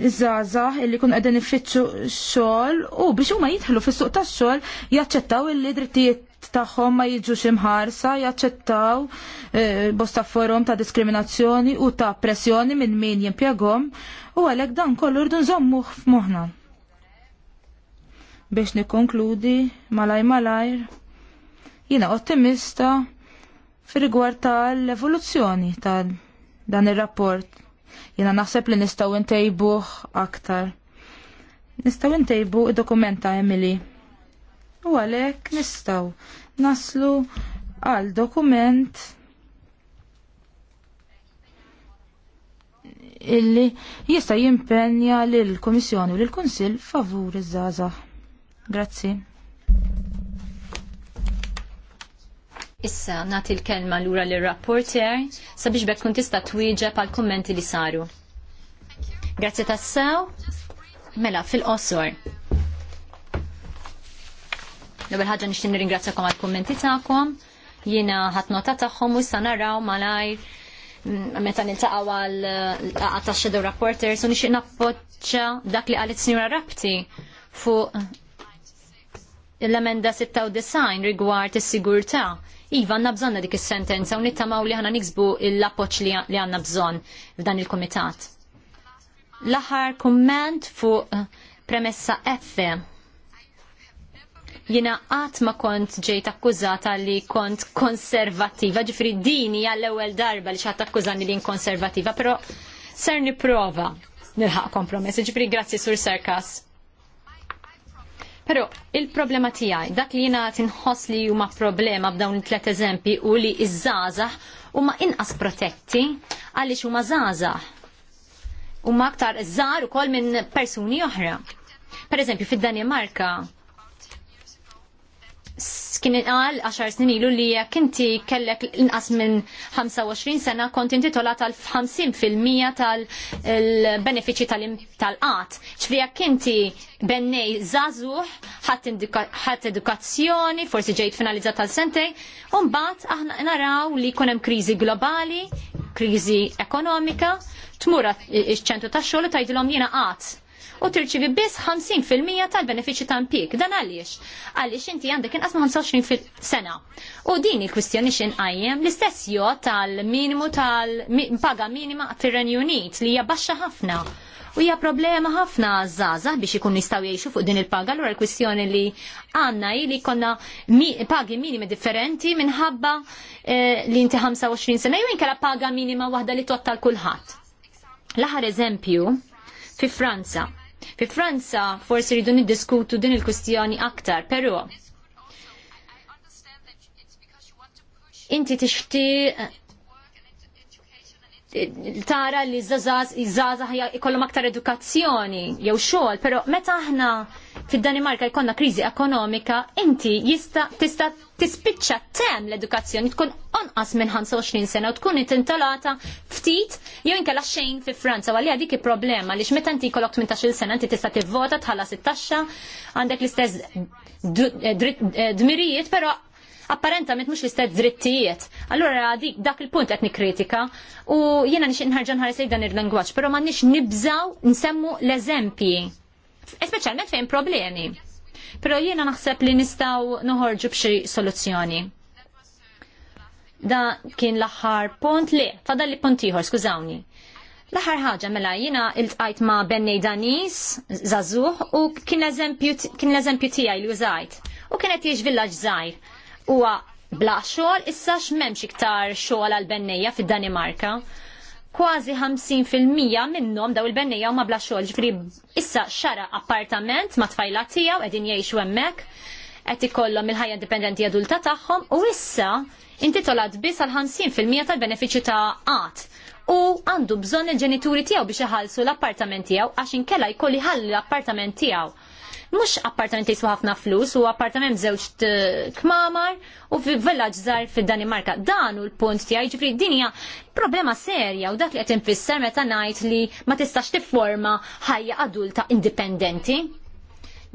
żgħażagħ illi kun qegħdin ifittxu xogħol u biex huma jidħlu fis-suq tax-xogħol jaċċettaw illi drittijiet tagħhom ma jiġux imħarsa, jaċċettaw eh, bosta forum ta' diskriminazzjoni u ta' pressjoni minn min jimpjegom u għalhekk dan kollu rdu nżommuh f'moħħna. Biex nikkonkludi malaj malajr, jiena ottimista fir-rigward tal-evoluzzjoni ta' dan ir-rapport Jena naħseb li nistaw intejbu aktar. Nistaw intejbu id-dokumenta Emily. U għalek nistaw naslu għal dokument illi jista jimpenja l-Komissjoni u l-Kunsil favur iż-żaza. Grazzi. Issa, nati l-kelma l-ura l-rapporter sabiex bekk kun tista twieġeb għal kommenti li saru. Grazie tassaw, mela fil-qosor. L-ewwel ħaġa nixtieq nirringrazzjakom għal kummenti tagħkom. Jiena ħadd nota tagħhom u issa naraw malajr mm, meta niltaqgħu għal laqgħa eh, tax shadow reporters u nixtieq nappoġġja dak li qalet Sinjura Rabti fuq l-emenda 96 rigward is-sigurtà Iva, għanna bżonna dik is-sentenza u nittamaw li għanna niksbu l-appoċ li għanna bżon f'dan il-komitat. L-aħar komment fuq eh, premessa F. Jina għat ma kont ġejt akkużata li kont konservativa, ġifri dini għall ewwel darba li xħat akkużani li konservativa, pero ser niprofa nilħaq kompromess, ġifri grazzi sur sarkas. Pero il-problema tijaj, dak li jina tinħos li huma problema b'dawn tlet eżempi u li iż-żazax huma inqas protetti għaliex huma żazax. Huma aktar żgħar ukoll minn persuni oħra. Per eżempju, fid-Danimarka kien inqal 10 snin ilu li jekk inti kellek inqas minn 25 sena kont inti tola tal-50% tal-benefiċi tal-qat. ċfri jekk inti bennej zazuħ, ħat edukazzjoni, forsi ġejt finalizzat tal-sentej, un-bat aħna naraw li kunem krizi globali, krizi ekonomika, tmura iċ-ċentru tax-xogħol u tgħidilhom jiena qatt u tirċivi biss 50% tal-benefiċi ta' impik. Dan għaliex? Għaliex inti għandek inqas ma' 25 sena. U din il-kwistjoni għajjem, l-istess jo tal-minimu tal-paga minima fir-Renju Unit li hija baxxa ħafna. U hija problema ħafna żgħażagħ biex ikun jistgħu jgħixu fuq din il-paga, allura l-kwistjoni li għandna hi li konna pagi minimi differenti minħabba eh, li inti 25 sena jew inkella paga minima waħda li tottal kulħadd. L-aħħar eżempju fi Franza Fi Franza forsi rridu niddiskutu din il-kustjoni aktar, però inti tixtieq tara li zaza jkollhom aktar edukazzjoni jew xogħol, però meta aħna fid-Danimarka jkollna kriżi ekonomika, inti jista' tista' tispiċċa tem l-edukazzjoni tkun onqas minn 25 sena u tkun intintalata ftit jew inkella xejn fi Franza għalli dik il-problema li meta inti jkollok 18 sena inti tista' tivvota tħallas it-taxxa għandek l-istess eh, dmirijiet, però apparentament mhux l-istess drittijiet. Allura dik dak il-punt qed nikkritika u jiena nix inħarġa nħares dan il-lingwaġġ, però m'għandniex nibżaw nsemmu l-eżempji. Speċjalment fejn problemi. Però jiena naħseb li nistgħu noħorġu b'xi soluzzjoni. Da kien l-aħħar punt li, fadal li punt ieħor, skużawni. L-aħħar ħaġa mela jiena tqajt ma' Bennej Danis, Zazuh, u kien l-eżempju tiegħi li użajt. U kienet jiex villaġ żgħir huwa bla xogħol issa x'memx iktar xogħol għal bennejja fid-Danimarka. Kważi 50% minnhom daw il-bennejja huma bla xogħol, ġifri issa xara appartament ma' tfajla tiegħu qegħdin jgħixu hemmhekk, qed ikollhom il-ħajja indipendenti adulta tagħhom u issa intitolat biss għal 50% tal-benefiċċju ta' qatt u għandu bżonn il-ġenituri tiegħu biex iħallsu l-appartament tiegħu għax inkella jkolli ħalli l-appartament tiegħu mhux appartamenti jiswa ħafna flus, u appartament żewġ kmamar u fi villaġġ żgħar fid-Danimarka. Dan hu l-punt tiegħi ġifri din hija problema serja u dak li qed infisser meta ngħid li ma tistax tifforma ħajja adulta indipendenti.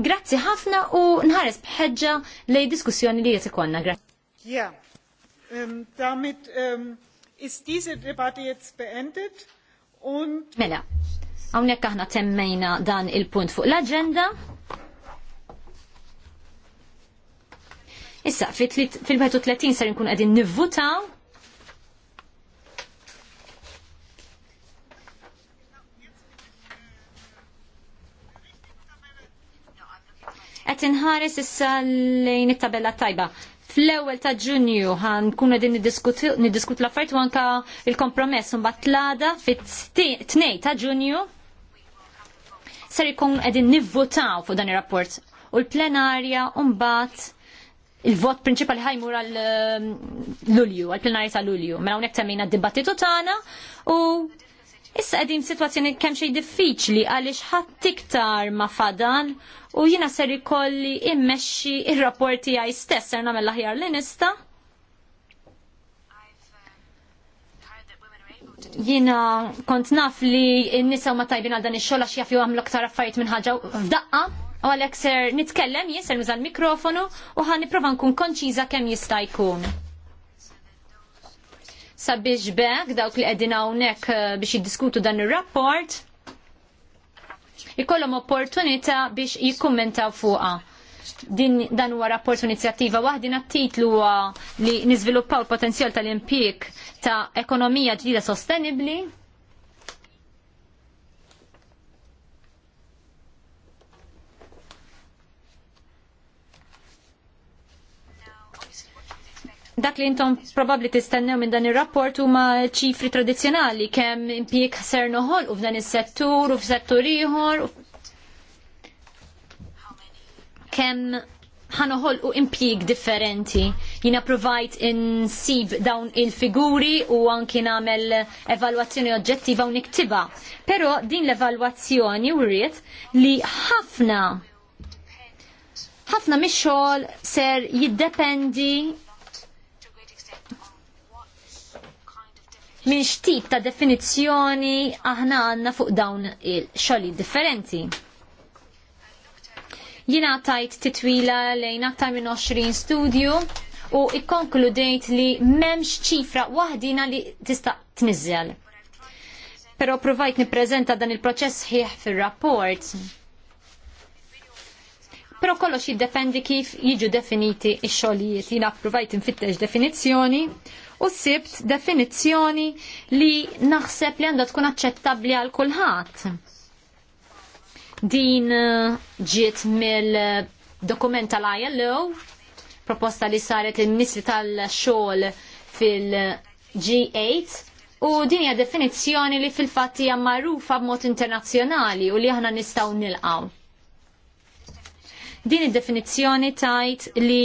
Grazzi ħafna u nħares bħeġġa li diskussjoni li qed ikollna. Grazzi. Ja, ähm, damit ähm, is diese Debatte jetzt beendet und Mela, hawnhekk aħna temmejna dan il-punt fuq l agenda Issa, fil-31 ser nkun qegħdin nivvuta. Qed inħares issa lejn it-tabella tajba. Fl-ewwel ta' Ġunju għan nkunu qegħdin nidiskut l-affarijiet u anke il-kompromess mbagħad tlada fit-tnej ta' Ġunju ser ikun qegħdin nivvutaw fuq dan ir-rapport u l-plenarja bat il-vot prinċipali ħajmur għal ehm, lulju, għal plenari ta' lulju. Mela unek temmina d-dibattitu tagħna u issa qegħdin situazzjoni kemm xejn diffiċli għaliex ħadd iktar ma fadan u jiena ser ikolli immexxi ir rapporti għaj stess ser nagħmel l-aħjar li nista. Jiena kont naf li n-nisa ma tajbin għal dan ix-xogħol għax jafu għamlu aktar affarijiet minn ħaġa f'daqqa. U għalek ser nitkellem jien ser nuża l-mikrofonu u ħan nipprova nkun konċiża kemm jista' jkun. Sabiex bek dawk li qegħdin hawnhekk eh, biex jiddiskutu dan ir-rapport ikollhom opportunità biex jikkummentaw fuqha din dan huwa rapport u inizjattiva waħdina titlu li niżviluppaw il-potenzjal tal impjieg ta' ekonomija ġdida sostenibbli dak li intom probabli tistennew minn dan ir-rapport huma ċifri tradizzjonali kemm impjieg ser noħol u f'dan is-settur u f'settur ieħor kemm ħanoħol u impjieg differenti. Jina provajt insib dawn il-figuri u anki namel evalwazzjoni oġġettiva u niktiba. Pero din l-evalwazzjoni u rrit li ħafna ħafna mix-xogħol ser jiddependi Min xtip ta' definizzjoni aħna għanna fuq dawn il-xoli differenti. Jina tajt titwila lejn aktar minn 20 studju u ikkonkludejt li memx ċifra wahdina li tista' tniżżel. Pero provajt niprezenta dan il-proċess ħieħ fil-rapport. Pero kollox jiddefendi kif jiġu definiti x-xogħlijiet. Jina provajt infittex definizzjoni u sibt definizzjoni li naħseb li għandha tkun aċċettabbli għal kulħadd. Din eh, ġiet mill-dokument tal-ILO, proposta li saret il-Ministri tal-Xogħol fil-G8, u din hija definizzjoni li fil-fatt hija magħrufa b'mod internazzjonali u li aħna nistgħu nilqgħu din id-definizzjoni tajt li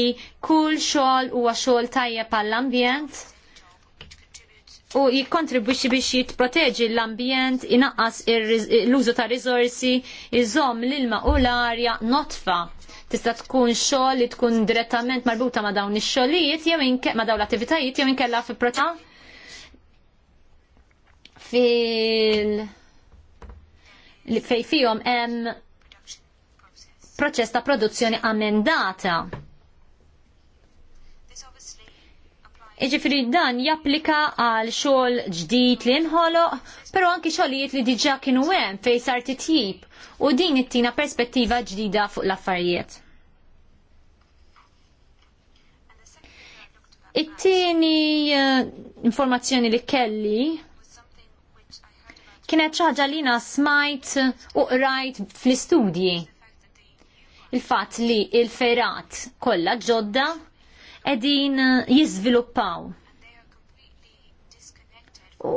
kull xogħol huwa xogħol tajjeb għall-ambjent u jikkontribwixxi biex jitproteġi l-ambjent, inaqqas l-użu ta' rizorsi, iżomm l-ilma u l-arja notfa. Tista' tkun xogħol li tkun direttament marbuta ma' dawn ix-xogħlijiet jew ma' dawn l-attivitajiet jew inkella fi proċa fil fej fihom hemm proċess ta' produzzjoni amendata Iġifri dan japplika għal xogħol ġdid li nħoloq, però anki xogħlijiet li diġà kienu hemm fejn sar titjib u din ittina perspettiva ġdida fuq l-affarijiet. It-tieni eh, informazzjoni li kelli kienet ċaġa li smajt u qrajt fl-istudji. Il-fat li il-ferat kollha ġodda edin eh, jizviluppaw. U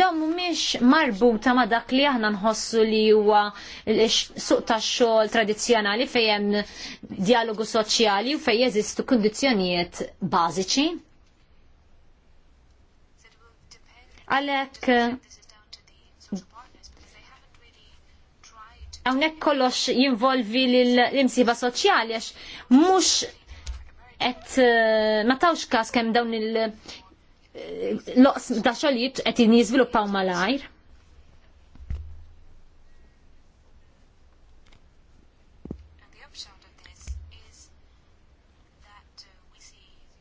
dawn mhumiex marbuta ma' dak li aħna nħossu li huwa suq tax-xogħol tradizzjonali fejn hemm dialogu soċjali u fejn jeżistu kundizzjonijiet bażiċi. Għalhekk hawnhekk kollox jinvolvi l-imsiba soċjali għax mhux et eh, ma tawx każ kemm dawn il- eh, loqs da xogħlijiet qed jizviluppaw malajr.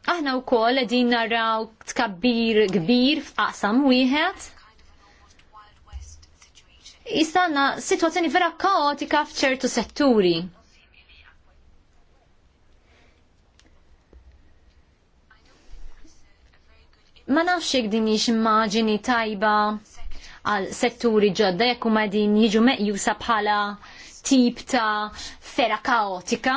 Aħna wkoll qegħdin naraw tkabbir kbir f'qasam wieħed. Istanna situazzjoni vera kaotika f'ċertu setturi. ma nafx jekk din hix immaġini tajba għal setturi ġodda jekk huma din jiġu meqjusa bħala tip ta' fera kaotika.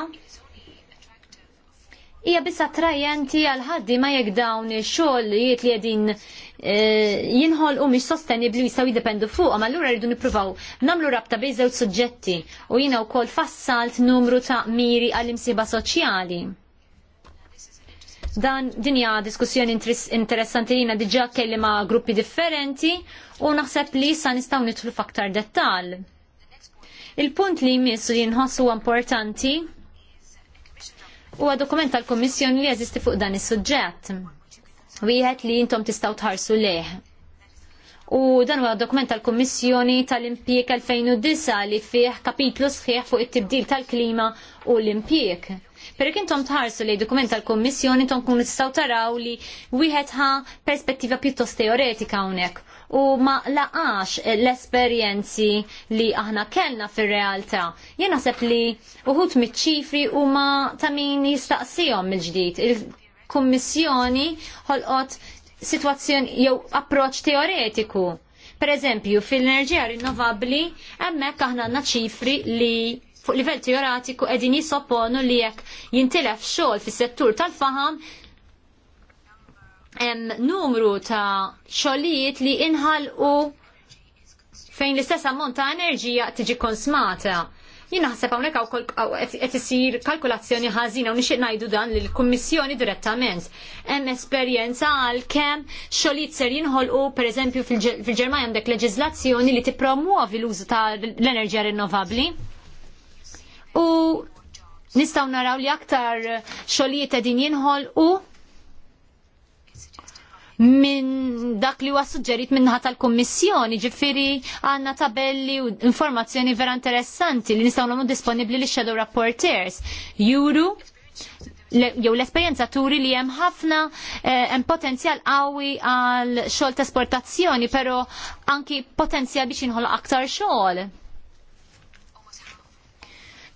Hija biss attrajenti għal ħaddi ma jekk dawn ix jiet li qegħdin eh, jinħol u mhix sostenibbli jistgħu jiddependu fuq, ma allura rridu nippruvaw nagħmlu rabta bejn żewġ suġġetti u u wkoll fassalt numru ta' miri għall-imsiba soċjali Dan dinja diskussjoni interessanti jina diġa kelli ma' gruppi differenti u naħseb li sa' nistaw nitlu faktar dettal. Il-punt li jmissu jinħossu importanti huwa dokument tal kummissjoni li jeżisti fuq dan is-suġġett. Wieħed li jintom tistaw tħarsu leħ. U dan huwa dokument tal-Kummissjoni tal-Impjek 2009 li fih kapitlu sħiħ fuq it-tibdil tal-klima u l impjieg Perek intom tħarsu li dokument tal-Kommissjoni tom kun nistaw taraw li wieħed ha perspettiva pjuttost teoretika hawnhekk u ma laqax l-esperjenzi li aħna kellna fir-realtà. Jien naħseb li uħut miċ-ċifri huma ta' min jistaqsihom mill-ġdid. Il-Kummissjoni ħolqot situazzjoni jew approċ teoretiku. Per eżempju, fil-enerġija rinnovabli, hemmhekk aħna għandna ċifri li fuq livell teoratiku qegħdin jisopponu li jekk jintilef xogħol fis-settur tal-faham hemm numru ta' xogħlijiet li inħalqu fejn l-istess ammont ta' enerġija tiġi konsmata. Jien naħseb hawnhekk qed isir kalkulazzjoni ħażina u nixtieq ngħidu dan lill-Kummissjoni direttament. Hemm esperjenza għal kemm xogħlijiet ser jinħolqu pereżempju fil-Ġermanja għandek leġiżlazzjoni li tippromuovi l-użu ta' l-enerġija rinnovabbli u nistaw naraw li aktar xogħlijiet qegħdin jinħolqu minn dak li huwa suġġerit minnaħa tal-Kummissjoni, ġifiri għandna tabelli u informazzjoni vera interessanti li nistgħu nagħmlu disponibbli li shadow rapporteurs. Juru jew l-esperjenza turi li hemm ħafna eh, hemm potenzjal qawwi għal xogħol ta' esportazzjoni, però anki potenzjal biex inħol aktar xogħol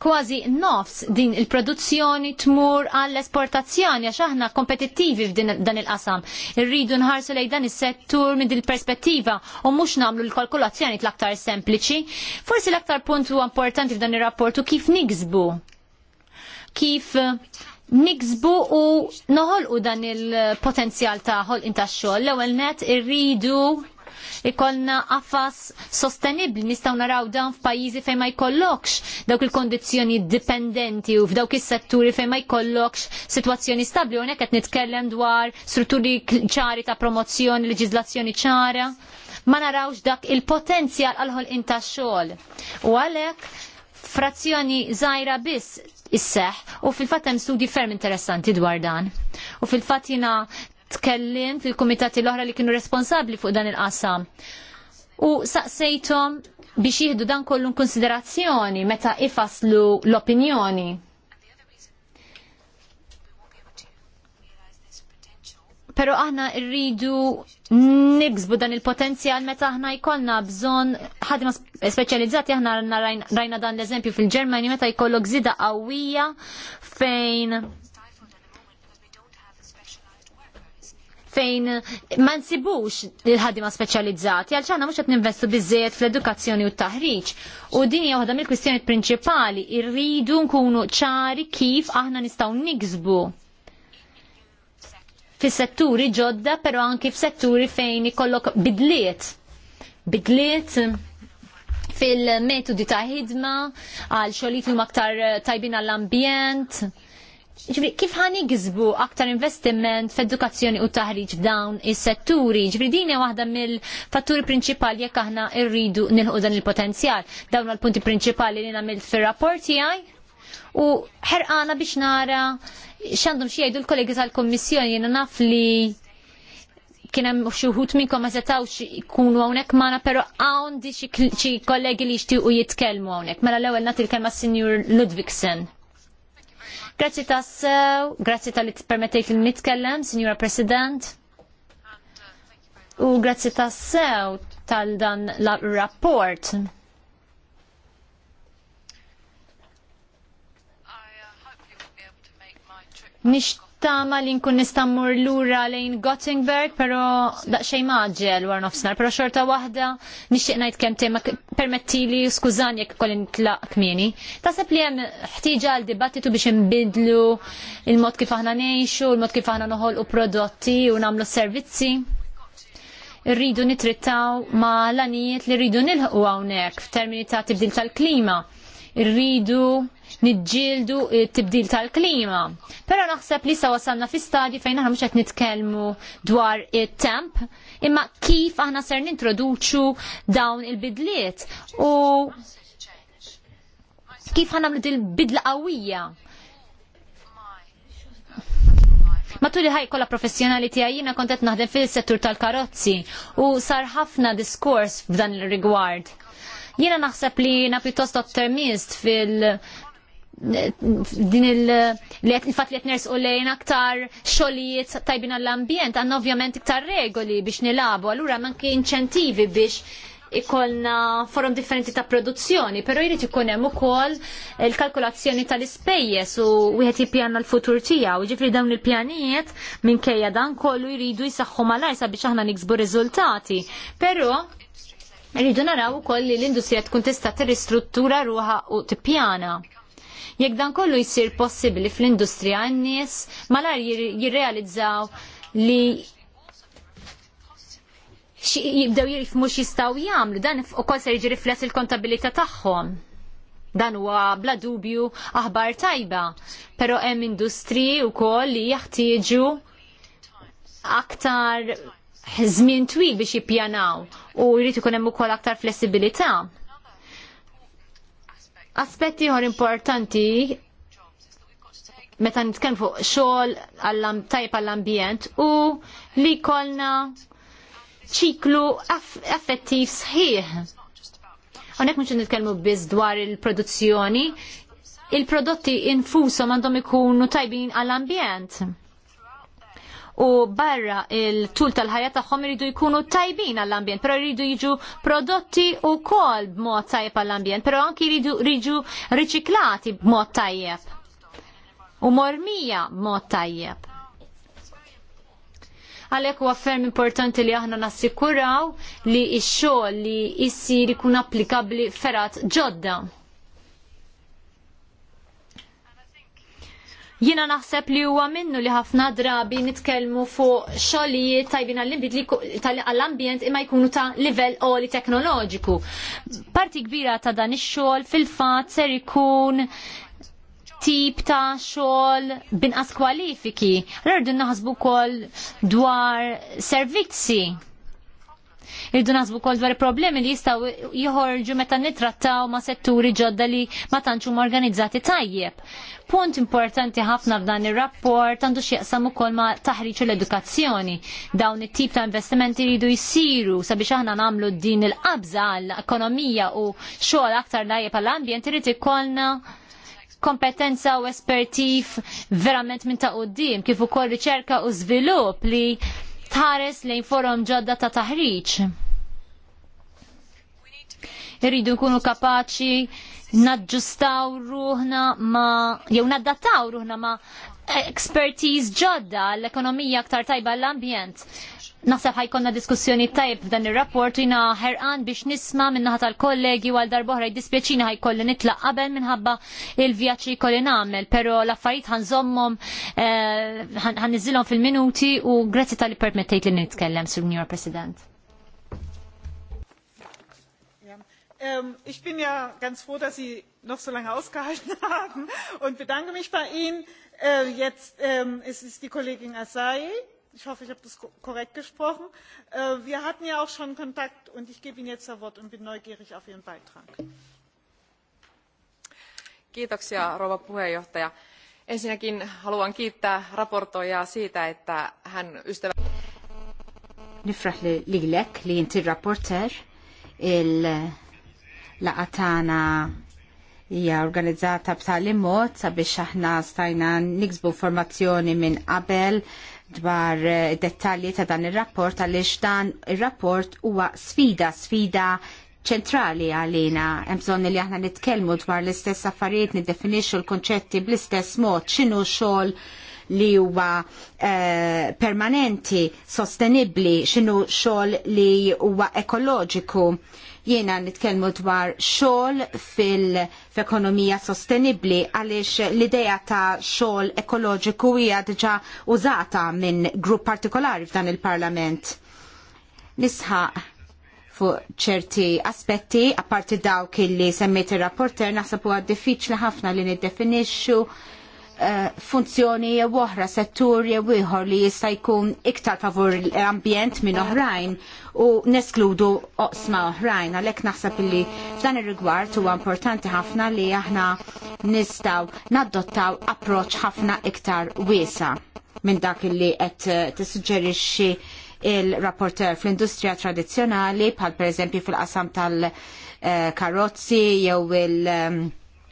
kważi nofs din il-produzzjoni tmur għall-esportazzjoni għax aħna kompetittivi f'dan il-qasam. Irridu nħarsu lejn dan is-settur minn din il-perspettiva u mhux nagħmlu l-kalkulazzjoni l-aktar sempliċi. Forsi l-aktar punt huwa importanti f'dan ir rapportu kif niksbu. Kif eh, niksbu u noħolqu dan il-potenzjal ta' ħolqin tax-xogħol. L-ewwel net irridu ikollna affas sostenibli nistgħu naraw dan f'pajjiżi fejn ma jkollokx dawk il-kondizzjoni dipendenti u f'dawk is-setturi fejn ma jkollokx sitwazzjoni stabbli u hekk qed nitkellem dwar strutturi ċari ta' promozzjoni, leġiżlazzjoni ċara. Ma narawx dak il-potenzjal għal inta xogħol. U għalhekk frazzjoni żgħira biss isseħ u fil fatt hemm studji ferm interessanti dwar dan. U fil fatt jiena tkellimt il-kumitati l-oħra li kienu responsabbli fuq dan il-qasam. U saqsejtom biex jieħdu dan kollu konsiderazzjoni meta ifaslu l-opinjoni. Pero aħna rridu niksbu dan il-potenzjal meta aħna jkollna bżon ħadima speċjalizzati aħna rajna dan l-eżempju fil-Ġermani meta jkollok zida qawwija fejn fejn ma nsibux il-ħadima speċjalizzati għal ċana mhux qed ninvestu biżejjed fl-edukazzjoni u t-taħriġ. U din hija waħda mill-kwistjoni prinċipali irridu nkunu ċari kif aħna nistgħu niksbu fis-setturi ġodda, però anki f'setturi fejn ikollok bidliet. Bidliet fil-metodi ta' ħidma, għal xogħlijiet huma aktar tajbin għall-ambjent ġifri, kif ħani gizbu aktar investiment f'edukazzjoni u taħriġ f'dawn is-setturi? Ġifri, din hija waħda mill-fatturi prinċipali jekk aħna rridu nilħu dan il-potenzjal. Dawn l-punti prinċipali li nagħmel fir-rapport tiegħi u ħerqana biex nara x'għandhom xi jgħidu l-kollegi tal-Kummissjoni jena naf li kien hemm xi wħud minnkom ma setgħux ikunu hawnhekk magħna, però di xi kollegi li jixtiequ jitkellmu hawnhekk. Mela l-ewwel nagħti l-kelma Sinjur Ludvigsen. Grazzi tassew, grazzi tal-li permettejt li nitkellem, Signora President. U grazzi tassew tal-dan rapport. Nix nittama li nkun nistammur l lura lejn Gothenburg, però daqsxejn maġġel war nofsnar, però xorta waħda nixtieq ngħid kemm tema permettili skużani jekk kolli tlaq kmieni. Taseb li hemm ħtieġa għal dibattitu biex inbidlu il-mod kif aħna ngħixu, il-mod kif aħna noħolqu prodotti u nagħmlu servizzi. Irridu nitrittaw ma' l-anijiet li rridu nilħu hawnhekk f'termini ta' tibdil tal-klima. rridu niġġieldu t-tibdil tal-klima. Però naħseb li sa wasalna fi stadji fejn aħna mhux qed nitkellmu dwar it-temp, imma kif aħna ser nintroduċu dawn il-bidliet u kif ħanamlu il bidla qawwija Matul ħaj kolla professjonali tiegħi jiena kont qed naħdem fil-settur tal-karozzi u sar ħafna diskors f'dan il-rigward. Jiena naħseb li na pjuttost ottermist fil din il-fat li jtners u lejn aktar xolijiet tajbin għall-ambjent, għanna ovvjament iktar regoli biex nilabu, għallura manki inċentivi biex ikolna forum differenti ta' produzzjoni, pero jrid ikun hemm ukoll il-kalkulazzjoni tal-ispejjeż u wieħed jippjanna l-futur tiegħu. Jiġifieri dawn il-pjanijiet minkejja dan kollu jridu jsaħħu malajr sabiex aħna niksbu riżultati. Però jridu naraw ukoll li l-industrija tkun tista' tirristruttura ruħa u tippjana. Jekk dan kollu jsir possibbli fl-industrija, n-nies malar jirrealizzaw li jibdew jirifmu x'jistgħu jagħmlu dan ukoll se jiġi rifless il-kontabilità tagħhom. Dan huwa bla dubju aħbar tajba, però hemm industriji wkoll li jaħtieġu aktar żmien twil biex jippjanaw u jrid ikun hemm ukoll aktar flessibilità. Aspetti ieħor importanti meta nitkellmu fuq xogħol għall tajb għall-ambjent u li jkollna ċiklu affettiv sħiħ. Hawnhekk mhux nitkellmu biss dwar il-produzzjoni, il-prodotti infushom għandhom ikunu tajbin għall-ambjent u barra il-tul tal-ħajja tagħhom iridu jkunu tajbin għall-ambjent, però jridu jiġu prodotti u kol b'mod tajjeb għall-ambjent, però anki jridu jiġu riċiklati b'mod tajjeb u mormija b'mod tajjeb għalek u għaffer importanti li aħna nassikuraw li x-xogħol li jissir ikun applikabli ferat ġodda. Jiena naħseb li huwa minnu li ħafna drabi nitkellmu fuq xogħlijiet tajbin għall-ambjent imma jkunu ta' livell oli teknoloġiku. Parti kbira ta' dan ix-xogħol fil-fatt ser ikun tip ta' xogħol binqas kwalifiki. Rridu naħsbu wkoll dwar servizzi Irridu nasbu kol dwar problemi li jistaw jħorġu meta nitrattaw ma' setturi ġodda li ma tantxu ma organizzati tajjeb. Punt importanti ħafna f'dan ir-rapport għandu x'jaqsam ukoll ma' taħriġ l-edukazzjoni. Dawn it-tip ta' investimenti jridu jsiru sabiex aħna nagħmlu din il-qabża għall-ekonomija u xogħol aktar tajjeb għall-ambjent irid ikollna kompetenza u espertif verament minn ta' qoddim, kif ukoll riċerka u żvilupp li tħares lejn forum ġodda ta' taħriġ. Irridu nkunu kapaċi nadġustaw ruħna ma jew naddattaw ruħna ma expertise ġodda l-ekonomija aktar tajba l-ambjent. Naħseb ħajkonna diskussjoni tajb f'dan ir-rapport jina ħerqan biex nisma minnaħat tal-kollegi għal darbohra jiddispjaċina ħajkolli nitlaq qabel minħabba il-vjaċċi kolli nagħmel, però l-affarijiet ħanżommhom eh, ħanniżilhom fil-minuti u grazzi tal-li permettejt li nitkellem sur New President. Ähm, ich bin ja ganz froh, dass Sie noch so lange ausgehalten haben und bedanke mich bei Ihnen. Äh, jetzt ähm, ist es die Kollegin Asai Ich hoffe, ich habe das korrekt gesprochen. Äh, wir hatten ja auch schon Kontakt und ich gebe Ihnen jetzt das Wort und bin neugierig auf Ihren Beitrag. Kiitoksia, rouva puheenjohtaja. Ensinnäkin haluan kiittää raportoijaa siitä, että hän ystävä... Nifrah lilek liinti raporter, rapporter il-laqatana hija organizzata b'tali mod sabiex aħna stajna niksbu formazzjoni minn qabel dwar eh, dettalji ta' dan il-rapport għaliex dan il-rapport huwa sfida, sfida ċentrali għalina. Hemm bżonn li aħna nitkellmu dwar l-istess affarijiet niddefinixxu l-konċetti bl-istess mod x'inhu xogħol li huwa eh, permanenti, sostenibbli, x'inhu xogħol li huwa ekoloġiku Jiena nitkellmu dwar xogħol fil-ekonomija sostenibbli għaliex l-idea ta' xogħol ekoloġiku hija diġà użata minn grupp partikolari f'dan il-Parlament. Nisħaq fuq ċerti aspetti, apparti dawk li semmejt ir rapporter naħseb huwa diffiċli ħafna li niddefinixxu Eh, funzjoni jew oħra settur jew ieħor li jista' jkun iktar favur l-ambjent minn oħrajn u neskludu oqsma oħrajn għalhekk naħseb illi f'dan ir-rigward huwa importanti ħafna li aħna nistgħu nadottaw approċċ ħafna iktar wiesa minn dak li qed eh, tissuġġerixxi il-rapporter fl-industrija tradizzjonali bħal pereżempju fil-qasam tal-karozzi eh, jew il- ehm,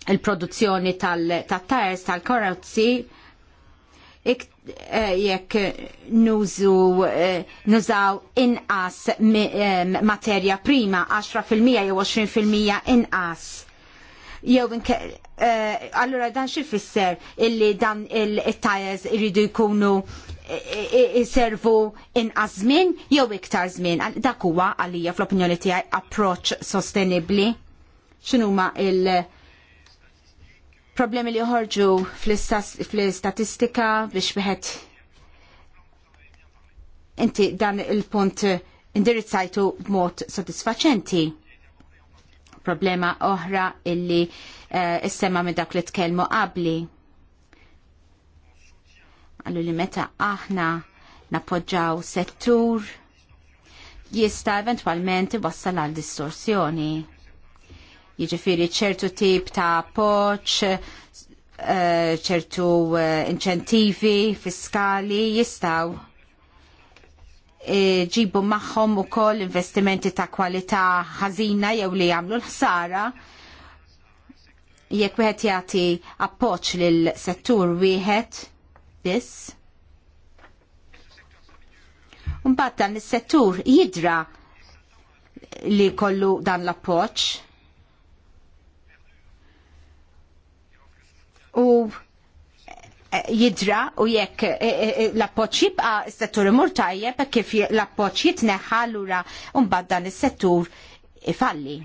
il-produzzjoni tal-tires, tal-karozzi, eh, jekk nużu eh, nużaw inqas eh, materja prima 10% jew 20% inqas. Jew allura dan xi fisser illi dan il-tires iridu jkunu iservu inqas żmien jew iktar żmien. Dak huwa għalija fl-opinjoni tiegħi approċċ sostenibbli. X'inhuma il- problemi li joħorġu fl-istatistika biex biħet inti dan il-punt indirizzajtu b'mod sodisfaċenti. Problema oħra illi uh, minn dak li tkellmu qabli. Għallu li meta aħna napoġġaw settur jista' eventwalment iwassal għal distorsjoni jiġifieri ċertu tip ta' poċ, eh, ċertu eh, inċentivi fiskali jistgħu eh, ġibu magħhom ukoll investimenti ta' kwalità ħażina jew li jagħmlu l-ħsara jekk wieħed jagħti appoġġ lil settur wieħed biss. Mbagħad dan is-settur jidra li kollu dan l-appoġġ u eh, jidra u jekk eh, eh, l-appoċ jibqa s-settur imur tajjeb kif l-appoċ jitneħħa lura mbagħad dan is-settur ifalli.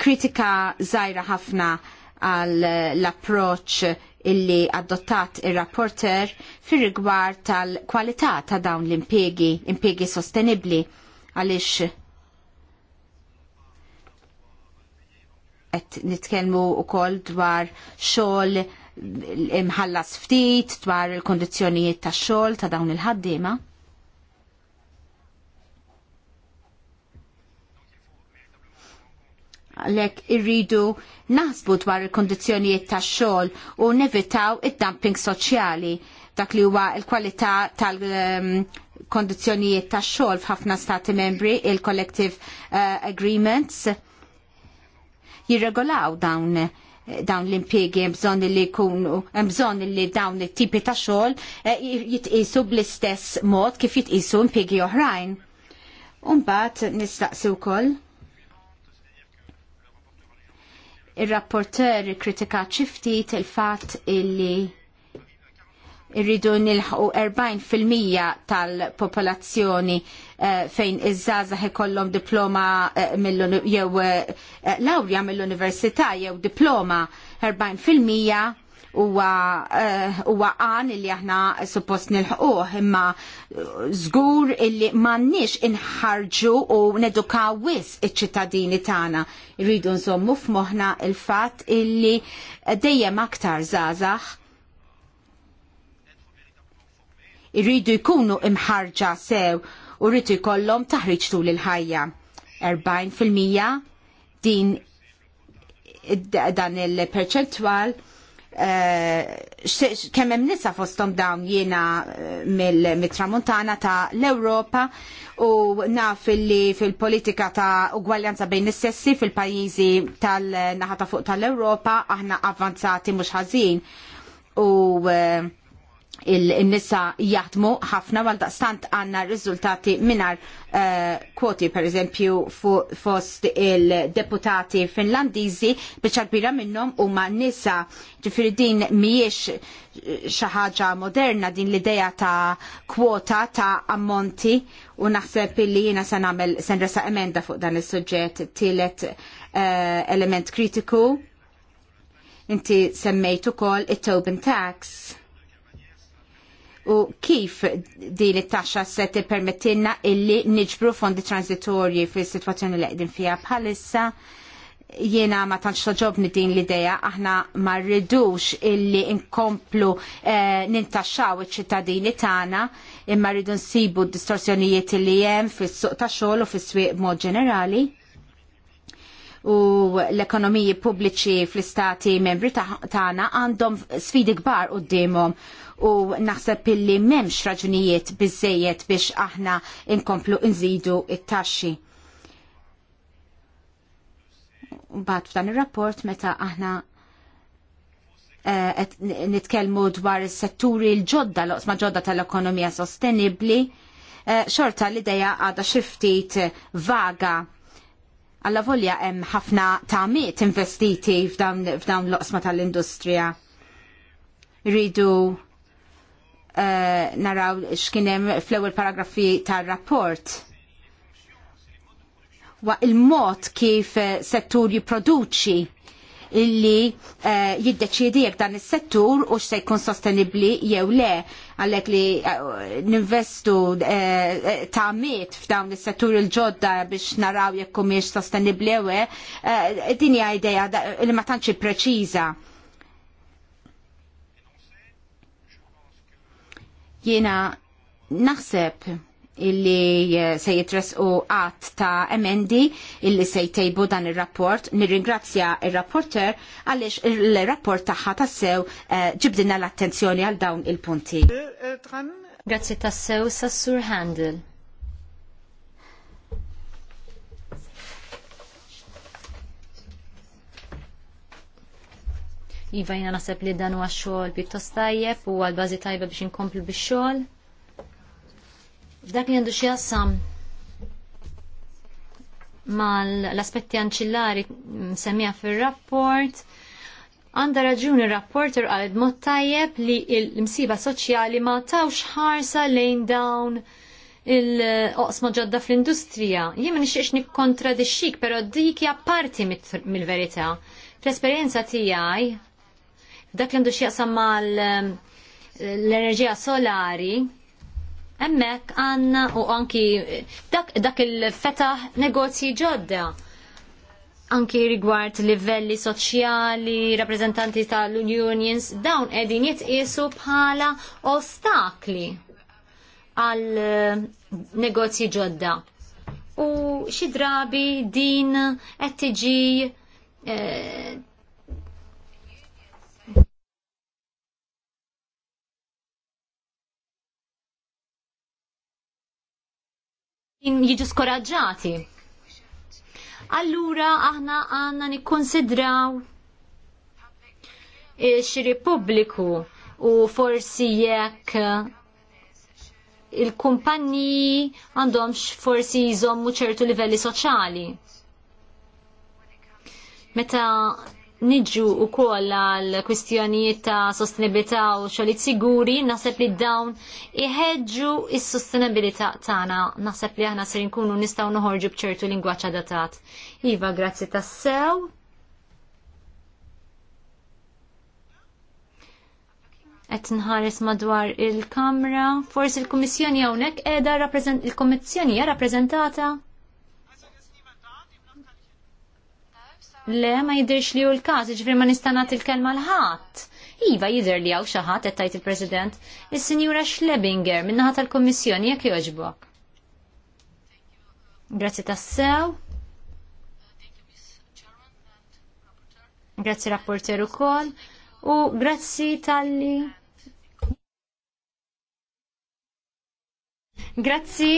Kritika żgħira ħafna għal l-approċ illi adottat ir-rapporter fir rigward tal-kwalità ta' dawn l-impiegi, impiegi sostenibli għaliex qed nitkellmu wkoll dwar xogħol imħallas ftit dwar il-kondizzjonijiet tax-xogħol ta' dawn il-ħaddiema. lek irridu naħsbu dwar il-kondizjonijiet ta' xogħol u nevitaw id-dumping soċjali dak li huwa l-kwalità tal-kondizjonijiet ta' xogħol f'ħafna stati membri il-collective uh, agreements jirregolaw dawn eh, dawn l-impiegi bżon li jkunu bżon li dawn it-tipi ta' xogħol eh, jitqisu bl-istess mod kif jitqisu impiegi oħrajn. Umbat nistaqsi wkoll. Ir-rapporter kritika ċiftit il-fatt illi irridu nilħu 40% tal-popolazzjoni Eh, fejn iż-żazaħ ikollhom diploma eh, jew eh, lawrja mill-università jew diploma 40% huwa għan illi aħna suppost nilħquh imma żgur illi m'għandniex inħarġu u nedukaw wis iċ-ċittadini tagħna. Irridu nżommu f'moħħna il-fatt illi dejjem aktar żgħażagħ irridu jkunu imħarġa sew u rritu jkollhom taħriġ tul il-ħajja. 40% din dan il-perċentwal eh, kemm hemm nisa fosthom dawn jiena eh, mit-tramuntana ta' l-Ewropa u naf li fil-politika ta' ugwaljanza bejn is-sessi fil-pajjiżi tal-naħa ta' fuq tal-Ewropa aħna avvanzati mhux ħażin u eh, il-nisa jaħdmu ħafna għal daqstant għanna rizultati minar eh, kwoti per eżempju fost il-deputati finlandizi biex kbira minnom u ma nisa ġifiri din miex eh, xaħġa moderna din l-ideja ta' kwota ta' ammonti u naħseb li jina sen għamil sen resa emenda fuq dan il-sujġet tielet eh, element kritiku inti semmejtu kol it-Tobin Tax u kif din it-taxxa se tippermettilna illi niġbru fondi transitorji fis-sitwazzjoni li qegħdin fiha bħalissa jiena ma tantx toġobni din l-idea aħna ma rridux illi nkomplu eh, nintaxxaw iċ-ċittadini tagħna imma rridu nsibu d-distorsjonijiet li hemm fis-suq tax-xogħol u fis-swieq mod ġenerali u l-ekonomiji pubbliċi fl-istati membri tagħna għandhom sfidi kbar d-demom u naħseb illi m'hemmx raġunijiet biżejjed biex aħna inkomplu nżidu it-taxxi. Mbagħad f'dan ir-rapport meta aħna uh, nitkellmu dwar is-setturi l-ġodda l-oqsma ġodda tal-ekonomija sostenibbli, uh, xorta l-ideja għadha xi ftit vaga Alla volja hemm ħafna tagħmiet investiti f'dawn l-oqsma tal-industrija. Ridu uh, eh, naraw x'kien hemm fl-ewwel paragrafi tar-rapport wa il-mod kif eh, settur jipproduċi illi jiddeċidi eh, jiddeċiedi jekk dan is-settur u se jkun sostenibbli jew le għalhekk li eh, ninvestu eh, ta' miet f'dawn is-settur il-ġodda biex naraw jekk humiex sostenibbli jew le, din hija idea li ma tantx preċiża. Jiena naħseb illi eh, se jitresqu għat ta' emendi illi se jtejbu dan il-rapport. Nirringrazzja il-rapporter għalix il-rapport taħħa tassew eh, ġibdina l-attenzjoni għal dawn il-punti. Grazzi tassew sassur Handel. Iva jina nasab li dan huwa xogħol pjuttost tajjeb u għal bażi tajba biex inkomplu bix-xogħol. Dak li għandu xjassam mal l-aspetti anċillari semija fil-rapport, għanda raġuni rapporter għal mod tajjeb li l-msiba soċjali ma tawx ħarsa lejn dawn il-oqsma ġodda fl-industrija. Jien ma nixtiex nikkontradixxik, però dik hija parti mill-verità. Fl-esperjenza tiegħi dak li għandu x'jaqsam mal eh, l-enerġija solari Emmek għanna u anki dak, il-fetaħ negozji ġodda. Anki rigward livelli soċjali, rappresentanti tal-unions, dawn edin jitqisu bħala ostakli għal eh, negozji ġodda. U xi drabi din qed tiġi eh, jiġu skoraġġati. Allura aħna għanna nikkonsidraw xiri pubbliku u forsi jekk il-kumpanji għandhom forsi jżommu ċertu livelli soċjali. Meta niġu u koll għal kwistjonijiet ta' sostenibilità u xolit siguri, naħseb li dawn iħedġu is sostenibilità tagħna. Naħseb li aħna ser nkunu nistgħu noħorġu bċertu lingwaċ adatat. Iva, grazzi tassew. Qed nħares madwar il-kamra, forsi il-Kummissjoni hawnhekk qiegħda il-Kummissjoni hija rappreżentata. Le, ma jidirx li u l kaz ġifir ma nistanat il-kelma l-ħat. Iva jidir li għaw xaħat, ettajt il-President, il-Sinjura Schlebinger, minnaħat tal-Kommissjoni, jek joġbok. Grazzi tassew. Grazzi rapporteru kol. U grazie tal-li. Grazzi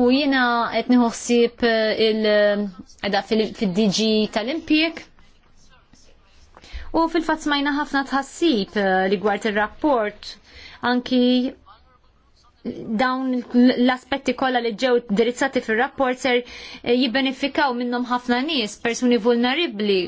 U jina qed nħossib eh, il-għada fil-DG tal-impjek. U fil-fatt smajna ħafna tħassib eh, rigward ir-rapport anki dawn l-aspetti kollha li ġew dirizzati fir-rapport ser eh, jibbenefikaw minnhom ħafna nies, persuni vulnerabli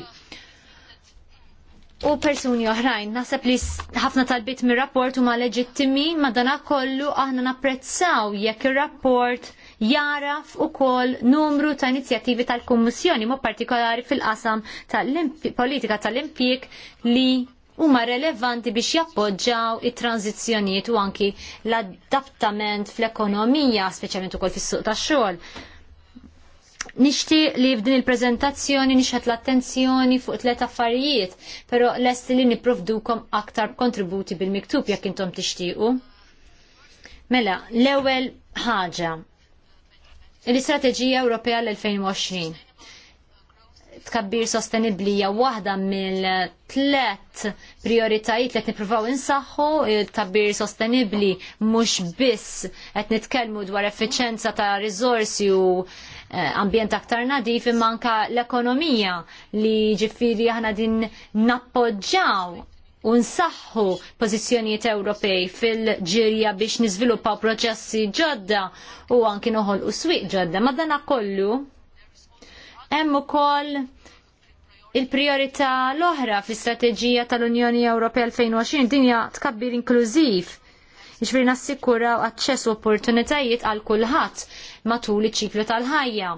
u persuni oħrajn. Naħseb li ħafna talbit mir rapport huma leġittimi dana kollu aħna napprezzaw jekk ir-rapport jaraf ukoll numru ta' inizjattivi tal-Kummissjoni, mo partikolari fil-qasam tal-politika tal-impjek li huma relevanti biex jappoġġaw it-tranzizzjonijiet u anki l-adattament fl-ekonomija, speċjalment ukoll fis-suq tax-xogħol. Nishti li f'din il-prezentazzjoni nixħat l-attenzjoni fuq tlet affarijiet, però lest li nipprovdukom aktar kontributi bil-miktub jekk intom tixtiequ. Mela, l-ewwel ħaġa. L-Istrateġija Ewropea l-2020. Tkabbir sostenibbli hija waħda mill-tlet prioritajiet li qed insaħħu, il-tkabbir sostenibbli mhux biss qed nitkellmu dwar effiċenza ta' riżorsi u Eh, ambjent aktar nadif imma anka l-ekonomija li ġifiri aħna din nappoġġaw u nsaħħu pożizzjonijiet Ewropej fil-ġirja biex niżviluppaw proċessi ġodda u anki noħolqu swieq ġodda. Ma dana kollu hemm ukoll il-priorità l-oħra fl-istrateġija tal-Unjoni Ewropea 2020 dinja tkabbir inklużiv ġifri nassikuraw aċċess u opportunitajiet għal kulħadd matul iċ-ċiklu tal-ħajja.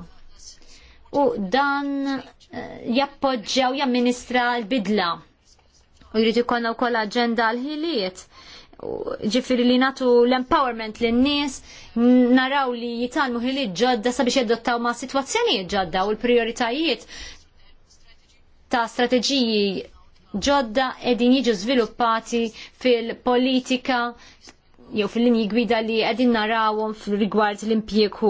U dan eh, jappoġġjaw jamministra l-bidla. U jrid ikollna wkoll aġenda l-ħiliet ġifiri li natu l-empowerment l nies naraw li jitalmu ħiliet ġodda sabiex jaddottaw ma' situazzjoni ġodda u l-prioritajiet ta' strategiji ġodda edin jiġu sviluppati fil-politika jew fil-linji gwida li qegħdin narawhom rigward l-impjieku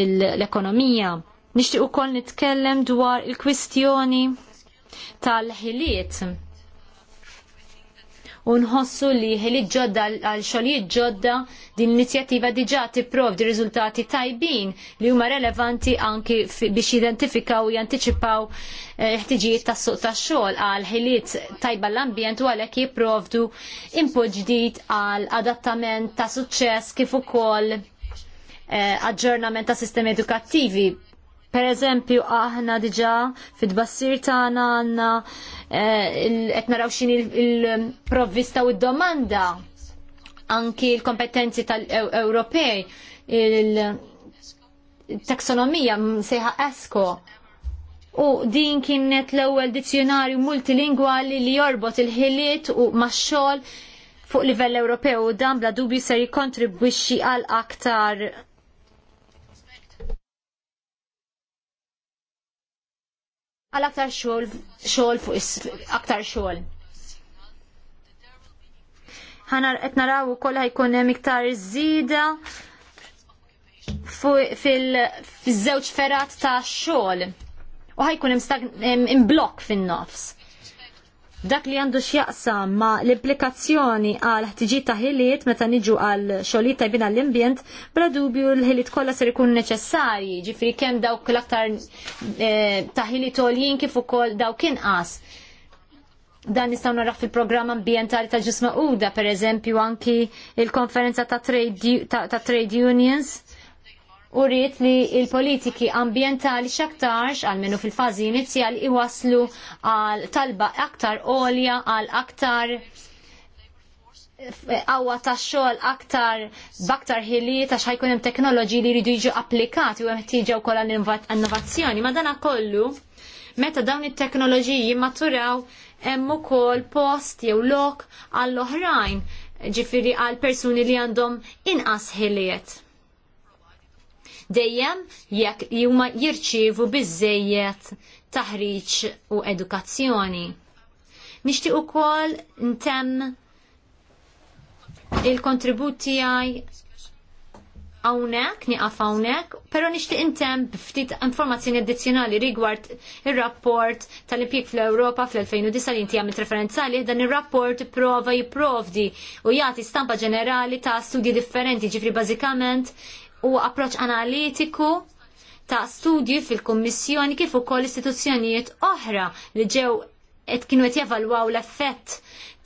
l-ekonomija. Nixtieq ukoll nitkellem dwar il-kwistjoni tal-ħiliet u nħossu li ġodda għal xogħlijiet ġodda din l-inizjattiva tipprov tipprovdi riżultati tajbin li huma relevanti anki biex jidentifikaw u jantiċipaw eh, ħtiġijiet tas-suq tax-xogħol għal ħiliet tajba l-ambjent u għalhekk jipprovdu input ġdid għal adattament ta' suċċess kif ukoll eh, aġġornament ta' sistemi edukattivi per eżempju, aħna diġa fid-bassir tagħna għandna etna eh, naraw x'in il-provvista u d-domanda anki l-kompetenzi tal-Ewropej il-taksonomija seħa ESCO u din kienet l-ewwel dizzjonarju multilingwali li jorbot il-ħiliet u max-xogħol fuq livell Ewropew u dan bla dubju ser jikkontribwixxi għal aktar għal aktar xogħol xogħol fuq is aktar xogħol. Ħana qed naraw ukoll ħajkun hemm iktar żida fil-żewġ ferat ta' xogħol u ħajkun hemm imblok fin-nofs dak li għandu x'jaqsam ma l-implikazzjoni għal ħtiġi ta' ħiliet meta niġu għal xogħlijiet tajbin għall-ambjent, bla dubju l-ħiliet kollha ser ikun neċessarji, ġifri kemm dawk l-aktar eh, ta' ħiliet għoljien kif ukoll dawk inqas. Dan nistgħu naraw fil-programm ambjentali ta' ġisma' Uda, pereżempju anki il-konferenza ta' trade unions u rrit li il-politiki ambientali xaktarx, għalmenu fil-fazi inizjali, iwaslu għal talba aktar olja, għal aktar għawa ta' xol aktar baktar hili ta' xajkun hemm teknoloġi li jridu jiġu applikati u hemm tiġi wkoll innovazzjoni Ma dana kollu, meta dawn it-teknoloġiji maturaw hemm ukoll post jew lok għall-oħrajn ġifiri għal persuni li għandhom inqas ħiliet dejjem jekk huma jirċievu biżejjed taħriġ u edukazzjoni. Nixtieq ukoll ntemm il-kontribut tiegħi hawnhekk, nieqaf hawnhekk, però nixtieq intemm b'ftit informazzjoni addizzjonali rigward ir-rapport tal-impjieg fl-Ewropa fl-2009 li inti għamilt referenza li dan ir-rapport prova jipprovdi u jagħti stampa ġenerali ta' studji differenti, ġifri bażikament u approċ analitiku ta' studju fil-Kommissjoni kif ukoll istituzzjonijiet oħra li ġew qed kienu qed jevalwaw l-effett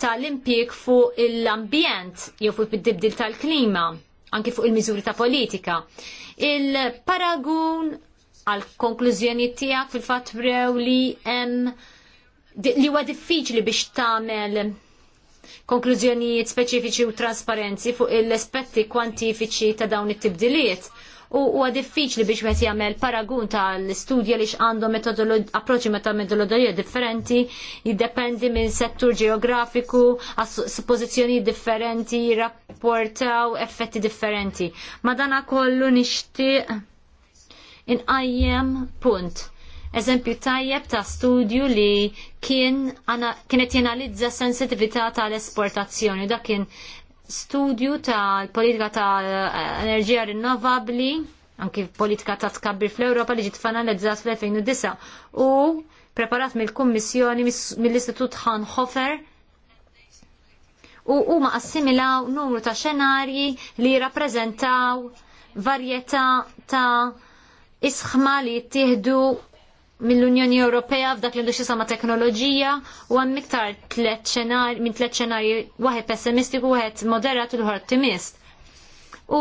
tal-impjieg fuq l-ambjent jew fuq id-dibdil tal-klima, anke fuq il-miżuri ta' politika. Il-paragun għal konklużjoni tiegħek fil-fatt brew li hemm li huwa diffiċli biex tagħmel konklużjonijiet speċifiċi u trasparenzi fuq l-aspetti kwantifiċi ta' dawn it-tibdiliet u huwa diffiċli biex wieħed jagħmel paragun tal-istudja li għandhom approċċi meta metodoloġija differenti, jiddependi minn settur ġeografiku, suppożizzjoni differenti, jirrapportaw effetti differenti. Ma dan kollu nixtieq inqajjem punt eżempju tajjeb ta' studju li kien ana, kienet jenalizza sensitività tal-esportazzjoni. Da kien studju tal-politika tal-enerġija rinnovabli, anki politika ta' tkabbir fl-Europa li ġiet fanalizzat fl-2009 u preparat mill-Kummissjoni mill-Istitut Hanhofer u huma assimilaw numru ta' xenarji li rappreżentaw varjetà ta' isħma li jittieħdu mill-Unjoni Ewropea f'dak li nduxi sama teknoloġija u għan miktar minn tlet ċenarji waħed pessimistiku, waħed moderat u l-ħor ottimist. U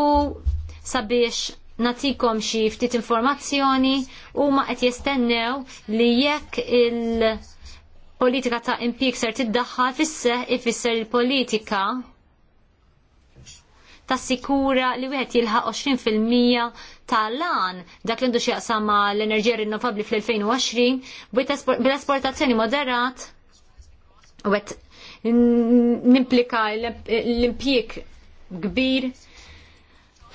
sabiex natikom xi ftit informazzjoni u ma qed jistennew li jekk il- politika ta' impik ser tiddaħħal fisseħ ifisser il-politika sikura li wieħed jilħaq 20% tal-lan dak li għandu xieqsam l-enerġija rinnovabli fl-2020 bil-esportazzjoni moderat u għet nimplika l-impjek kbir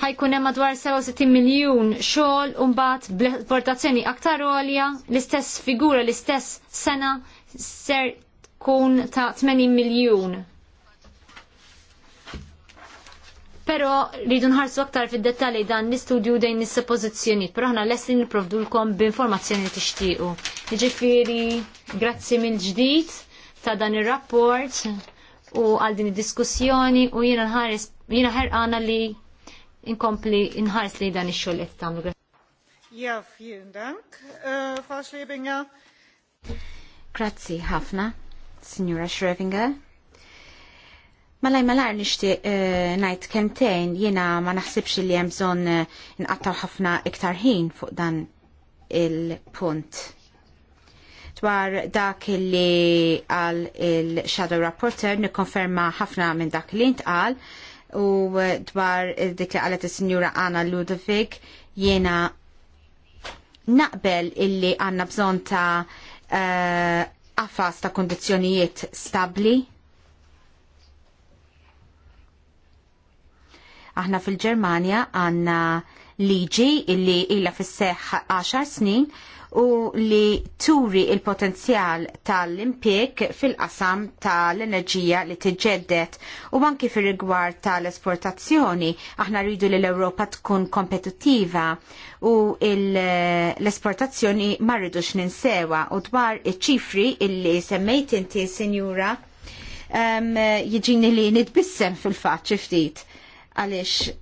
ħajkun hemm madwar 67 miljun xogħol u mbagħad bl-esportazzjoni aktar għolja, l-istess figura, l-istess sena ser tkun ta' 80 miljun Pero rridu nħarsu aktar fid dettalji dan l-istudju dejn is-suppożizzjonijiet, però aħna lesin niprovdulkom b'informazzjoni li tixtiequ. Jiġifieri, grazzi mill-ġdid ta' dan ir-rapport u għal din id-diskussjoni u jiena nħares jiena ħerqana li inkompli nħares li dan ix-xogħol qed tagħmlu. Ja, vielen Dank, äh, Frau Schrebinger. Grazzi ħafna, Signora Schrebinger. Malaj malar nishti eh, najt kemtejn jena ma naħsibx li hemm bżonn eh, nqattaw ħafna iktar ħin fuq dan il-punt. Dwar dak li għal il-Shadow Rapporter nikkonferma ħafna minn dak li ntqal u dwar dik li qalet is-Sinjura Anna Ludovic jena naqbel illi għanna bżon ta' uh, ta' kondizjonijiet stabli Aħna fil-Ġermanja għanna liġi illi illa fis-seħħ 10 snin u li turi il-potenzjal tal impiek fil-qasam tal-enerġija li tiġġeddet u anki fir rigward tal-esportazzjoni. Aħna rridu li l-Ewropa tkun kompetittiva u l-esportazzjoni ma rridux ninsewa u dwar iċ-ċifri illi semmejt inti, Sinjura, um, jiġini li nitbissem fil-faċ ftit għaliex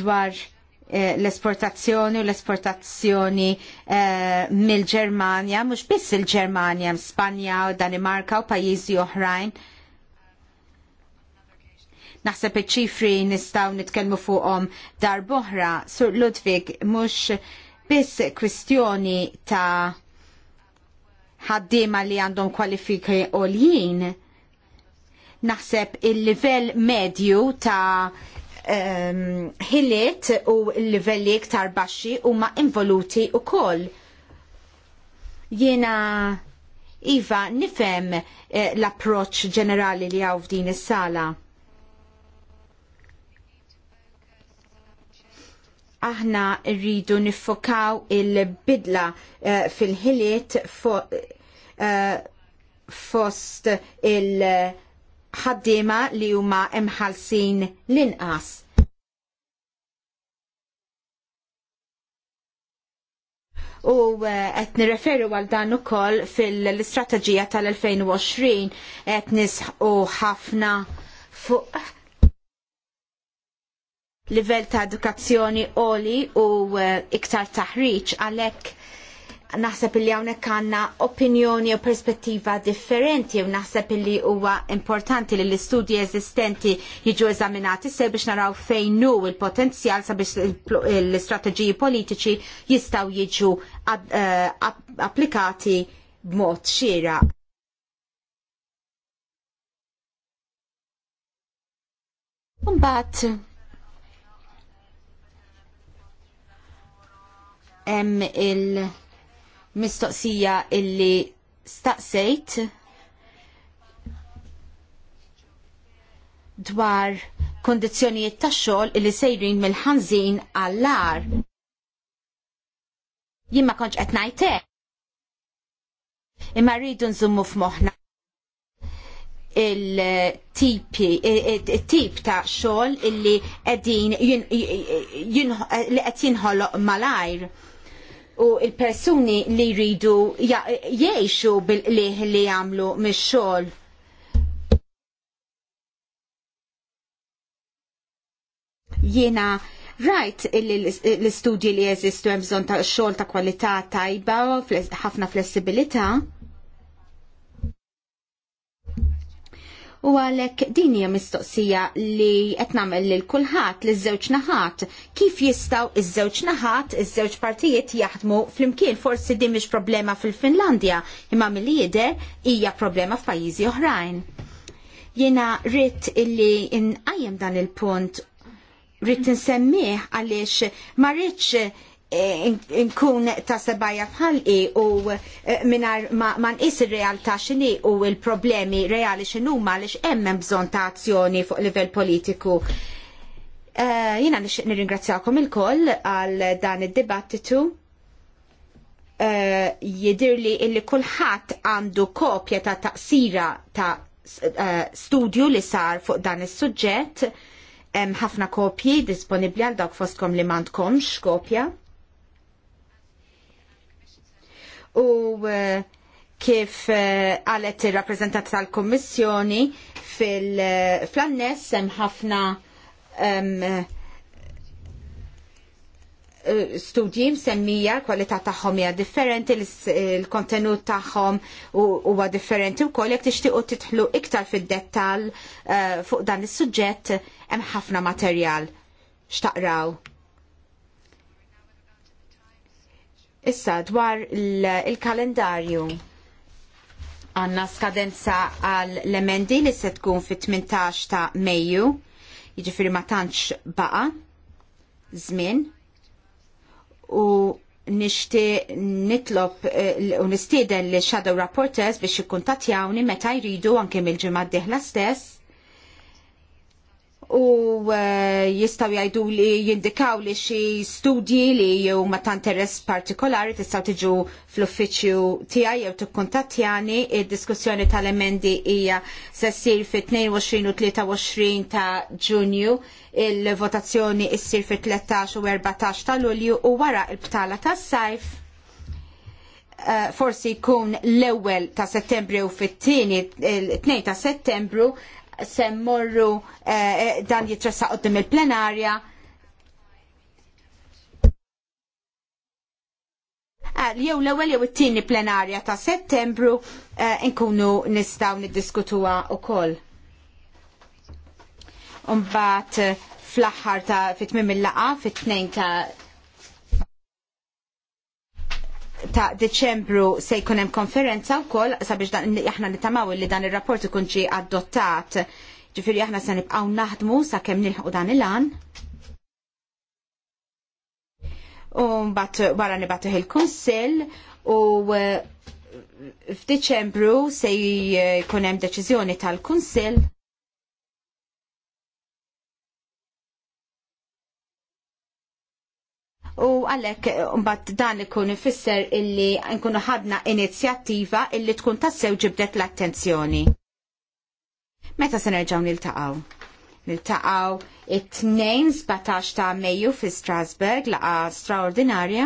dwar eh, l-esportazzjoni u l-esportazzjoni eh, mill-Germania, mhux biss il-Germania, Spanja u Danimarka u pajjiżi oħrajn. Naħseb iċ-ċifri nistgħu nitkellmu fuqhom dar boħra, Sur Ludwig, mhux biss kwistjoni ta' ħaddiema li għandhom kwalifiki għoljien, naħseb il-livell medju ta' ehm, ħiliet um, u l-livelli iktar baxxi huma involuti wkoll. Jiena Iva nifhem eh, l approċċ ġenerali li hawn f'din is-sala. aħna rridu niffokaw il-bidla eh, fil-ħiliet fuq Eh, fost il-ħaddima li huma imħalsin l-inqas. U eh, qed nirreferu għal dan ukoll fil-istrateġija tal-2020 qed nisħu ħafna fuq livell ta' edukazzjoni oli u eh, iktar taħriġ għalhekk naħseb li hawnhekk għandna opinjoni u perspettiva differenti u naħseb illi huwa importanti li l-istudji eżistenti jiġu eżaminati se biex naraw fejn hu il-potenzjal sabiex l-istrateġiji politiċi jistgħu jiġu eh, applikati b'mod xira. Mbagħad il- mistoqsija illi staqsejt dwar kondizjonijiet tax xogħol illi sejrin mill-ħanżin għall-ar. Jien ma kontx qed ngħidlek. Imma rridu nżummu f'moħħna il-tipi, il-tip ta' xogħol illi qegħdin li qed jinħoloq malajr u il-persuni li jridu jgħixu bil-qliħ li jagħmlu mix-xogħol. Jiena Right, l-istudji li jeżistu hemm bżonn ta' xogħol ta' kwalità tajba, ħafna flessibilità. U għalek din hija mistoqsija li qed nagħmel lil kulħadd li żewġ naħat. Kif jistgħu iż-żewġ naħat, iż-żewġ partijiet jaħdmu flimkien forsi din mhix problema fil-Finlandja, imma mill jide hija problema f'pajjiżi oħrajn. Jiena rrit illi inqajjem dan il-punt rrit insemmih għaliex ma rridx Eh, nkun ta' sebajja fħalqi u eh, minar ma' nqis ir-realtà xini u il problemi reali x'inhuma għaliex hemm bżonn ta' azzjoni fuq livell politiku. Eh, Jiena nixtieq nirringrazzjakom ilkoll għal dan id-dibattitu. Jidirli illi kulħadd għandu kopja ta' taqsira ta' studju li sar fuq dan is-suġġett hemm ħafna kopji disponibbli għal dawk fostkom li mandkomx kopja. u eh, kif għalet eh, il-rappresentant tal-Kommissjoni fil-annes eh, hemm ħafna studji msemmija kwalità tagħhom hija differenti, il-kontenut tagħhom huwa differenti wkoll jekk tixtiequ titħlu iktar fid-dettall fuq dan is-suġġett hemm ħafna materjal xtaqraw. Issa dwar il-kalendarju għanna skadenza għal l-emendi li se tkun fit-18 ta' Mejju, jiġifieri ma tantx baqa żmien u nixtieq nitlob eh, u nistieden li shadow rapporters biex jawni meta jridu anke mill-ġimgħa d-dieħla stess u eh, jistaw jajdu li jindikaw li xi studji li jew ma ta' interess partikolari tistaw tiġu fl-uffiċju tiegħi jew tikkuntattjani id-diskussjoni tal-emendi hija se ssir fit-22 u 23 ta' Ġunju, il-votazzjoni ssir fit-13 u 14 ta' Lulju u wara l-btala tas-sajf eh, forsi jkun l-ewwel ta' Settembru u fit-tieni 2 ta' Settembru se eh, eh, dan jitressa qoddim il-plenarja. Eh, jew l-ewwel jew it-tieni plenarja ta' Settembru eh, nkunu nistgħu niddiskutuha wkoll. Mbagħad eh, fl-aħħar ta' fit-tmiem il-laqa fit-tnejn ta' ta' Deċembru se jkun hemm konferenza wkoll sabiex aħna nitamaw li dan ir-rapport ikun ġie adottat. Ġifieri aħna se nibqgħu naħdmu sakemm nilħu dan il għan U mbagħad wara nibatuh il-Kunsill u e, f'Diċembru se jkun hemm deċiżjoni tal-Kunsill u għalek mbatt dan ikun ifisser illi nkunu ħadna inizjattiva illi tkun tassew ġibdet l-attenzjoni. Meta se nerġaw Nil-taqaw it-tnejn 17 ta' Mejju fi Strasburg laqa straordinarja.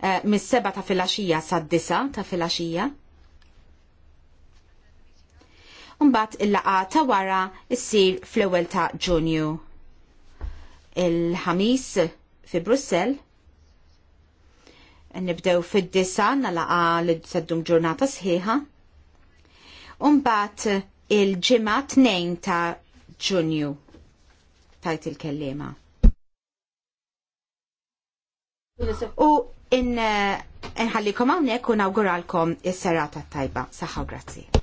Uh, Mis-seba ta' filaxija sa' disa ta' filaxija. Umbat il-laqa ta' wara issir fl-ewwel ta' Ġunju il-ħamis fi Brussel. Nibdew fid-disa nalaqa li seddum ġurnata sħiħa. Umbat il-ġimgħa tnejn ta' Ġunju tajt il-kellima. U in għawnek hawnhekk u nawguralkom is-serata tajba. Saħħa grazzi.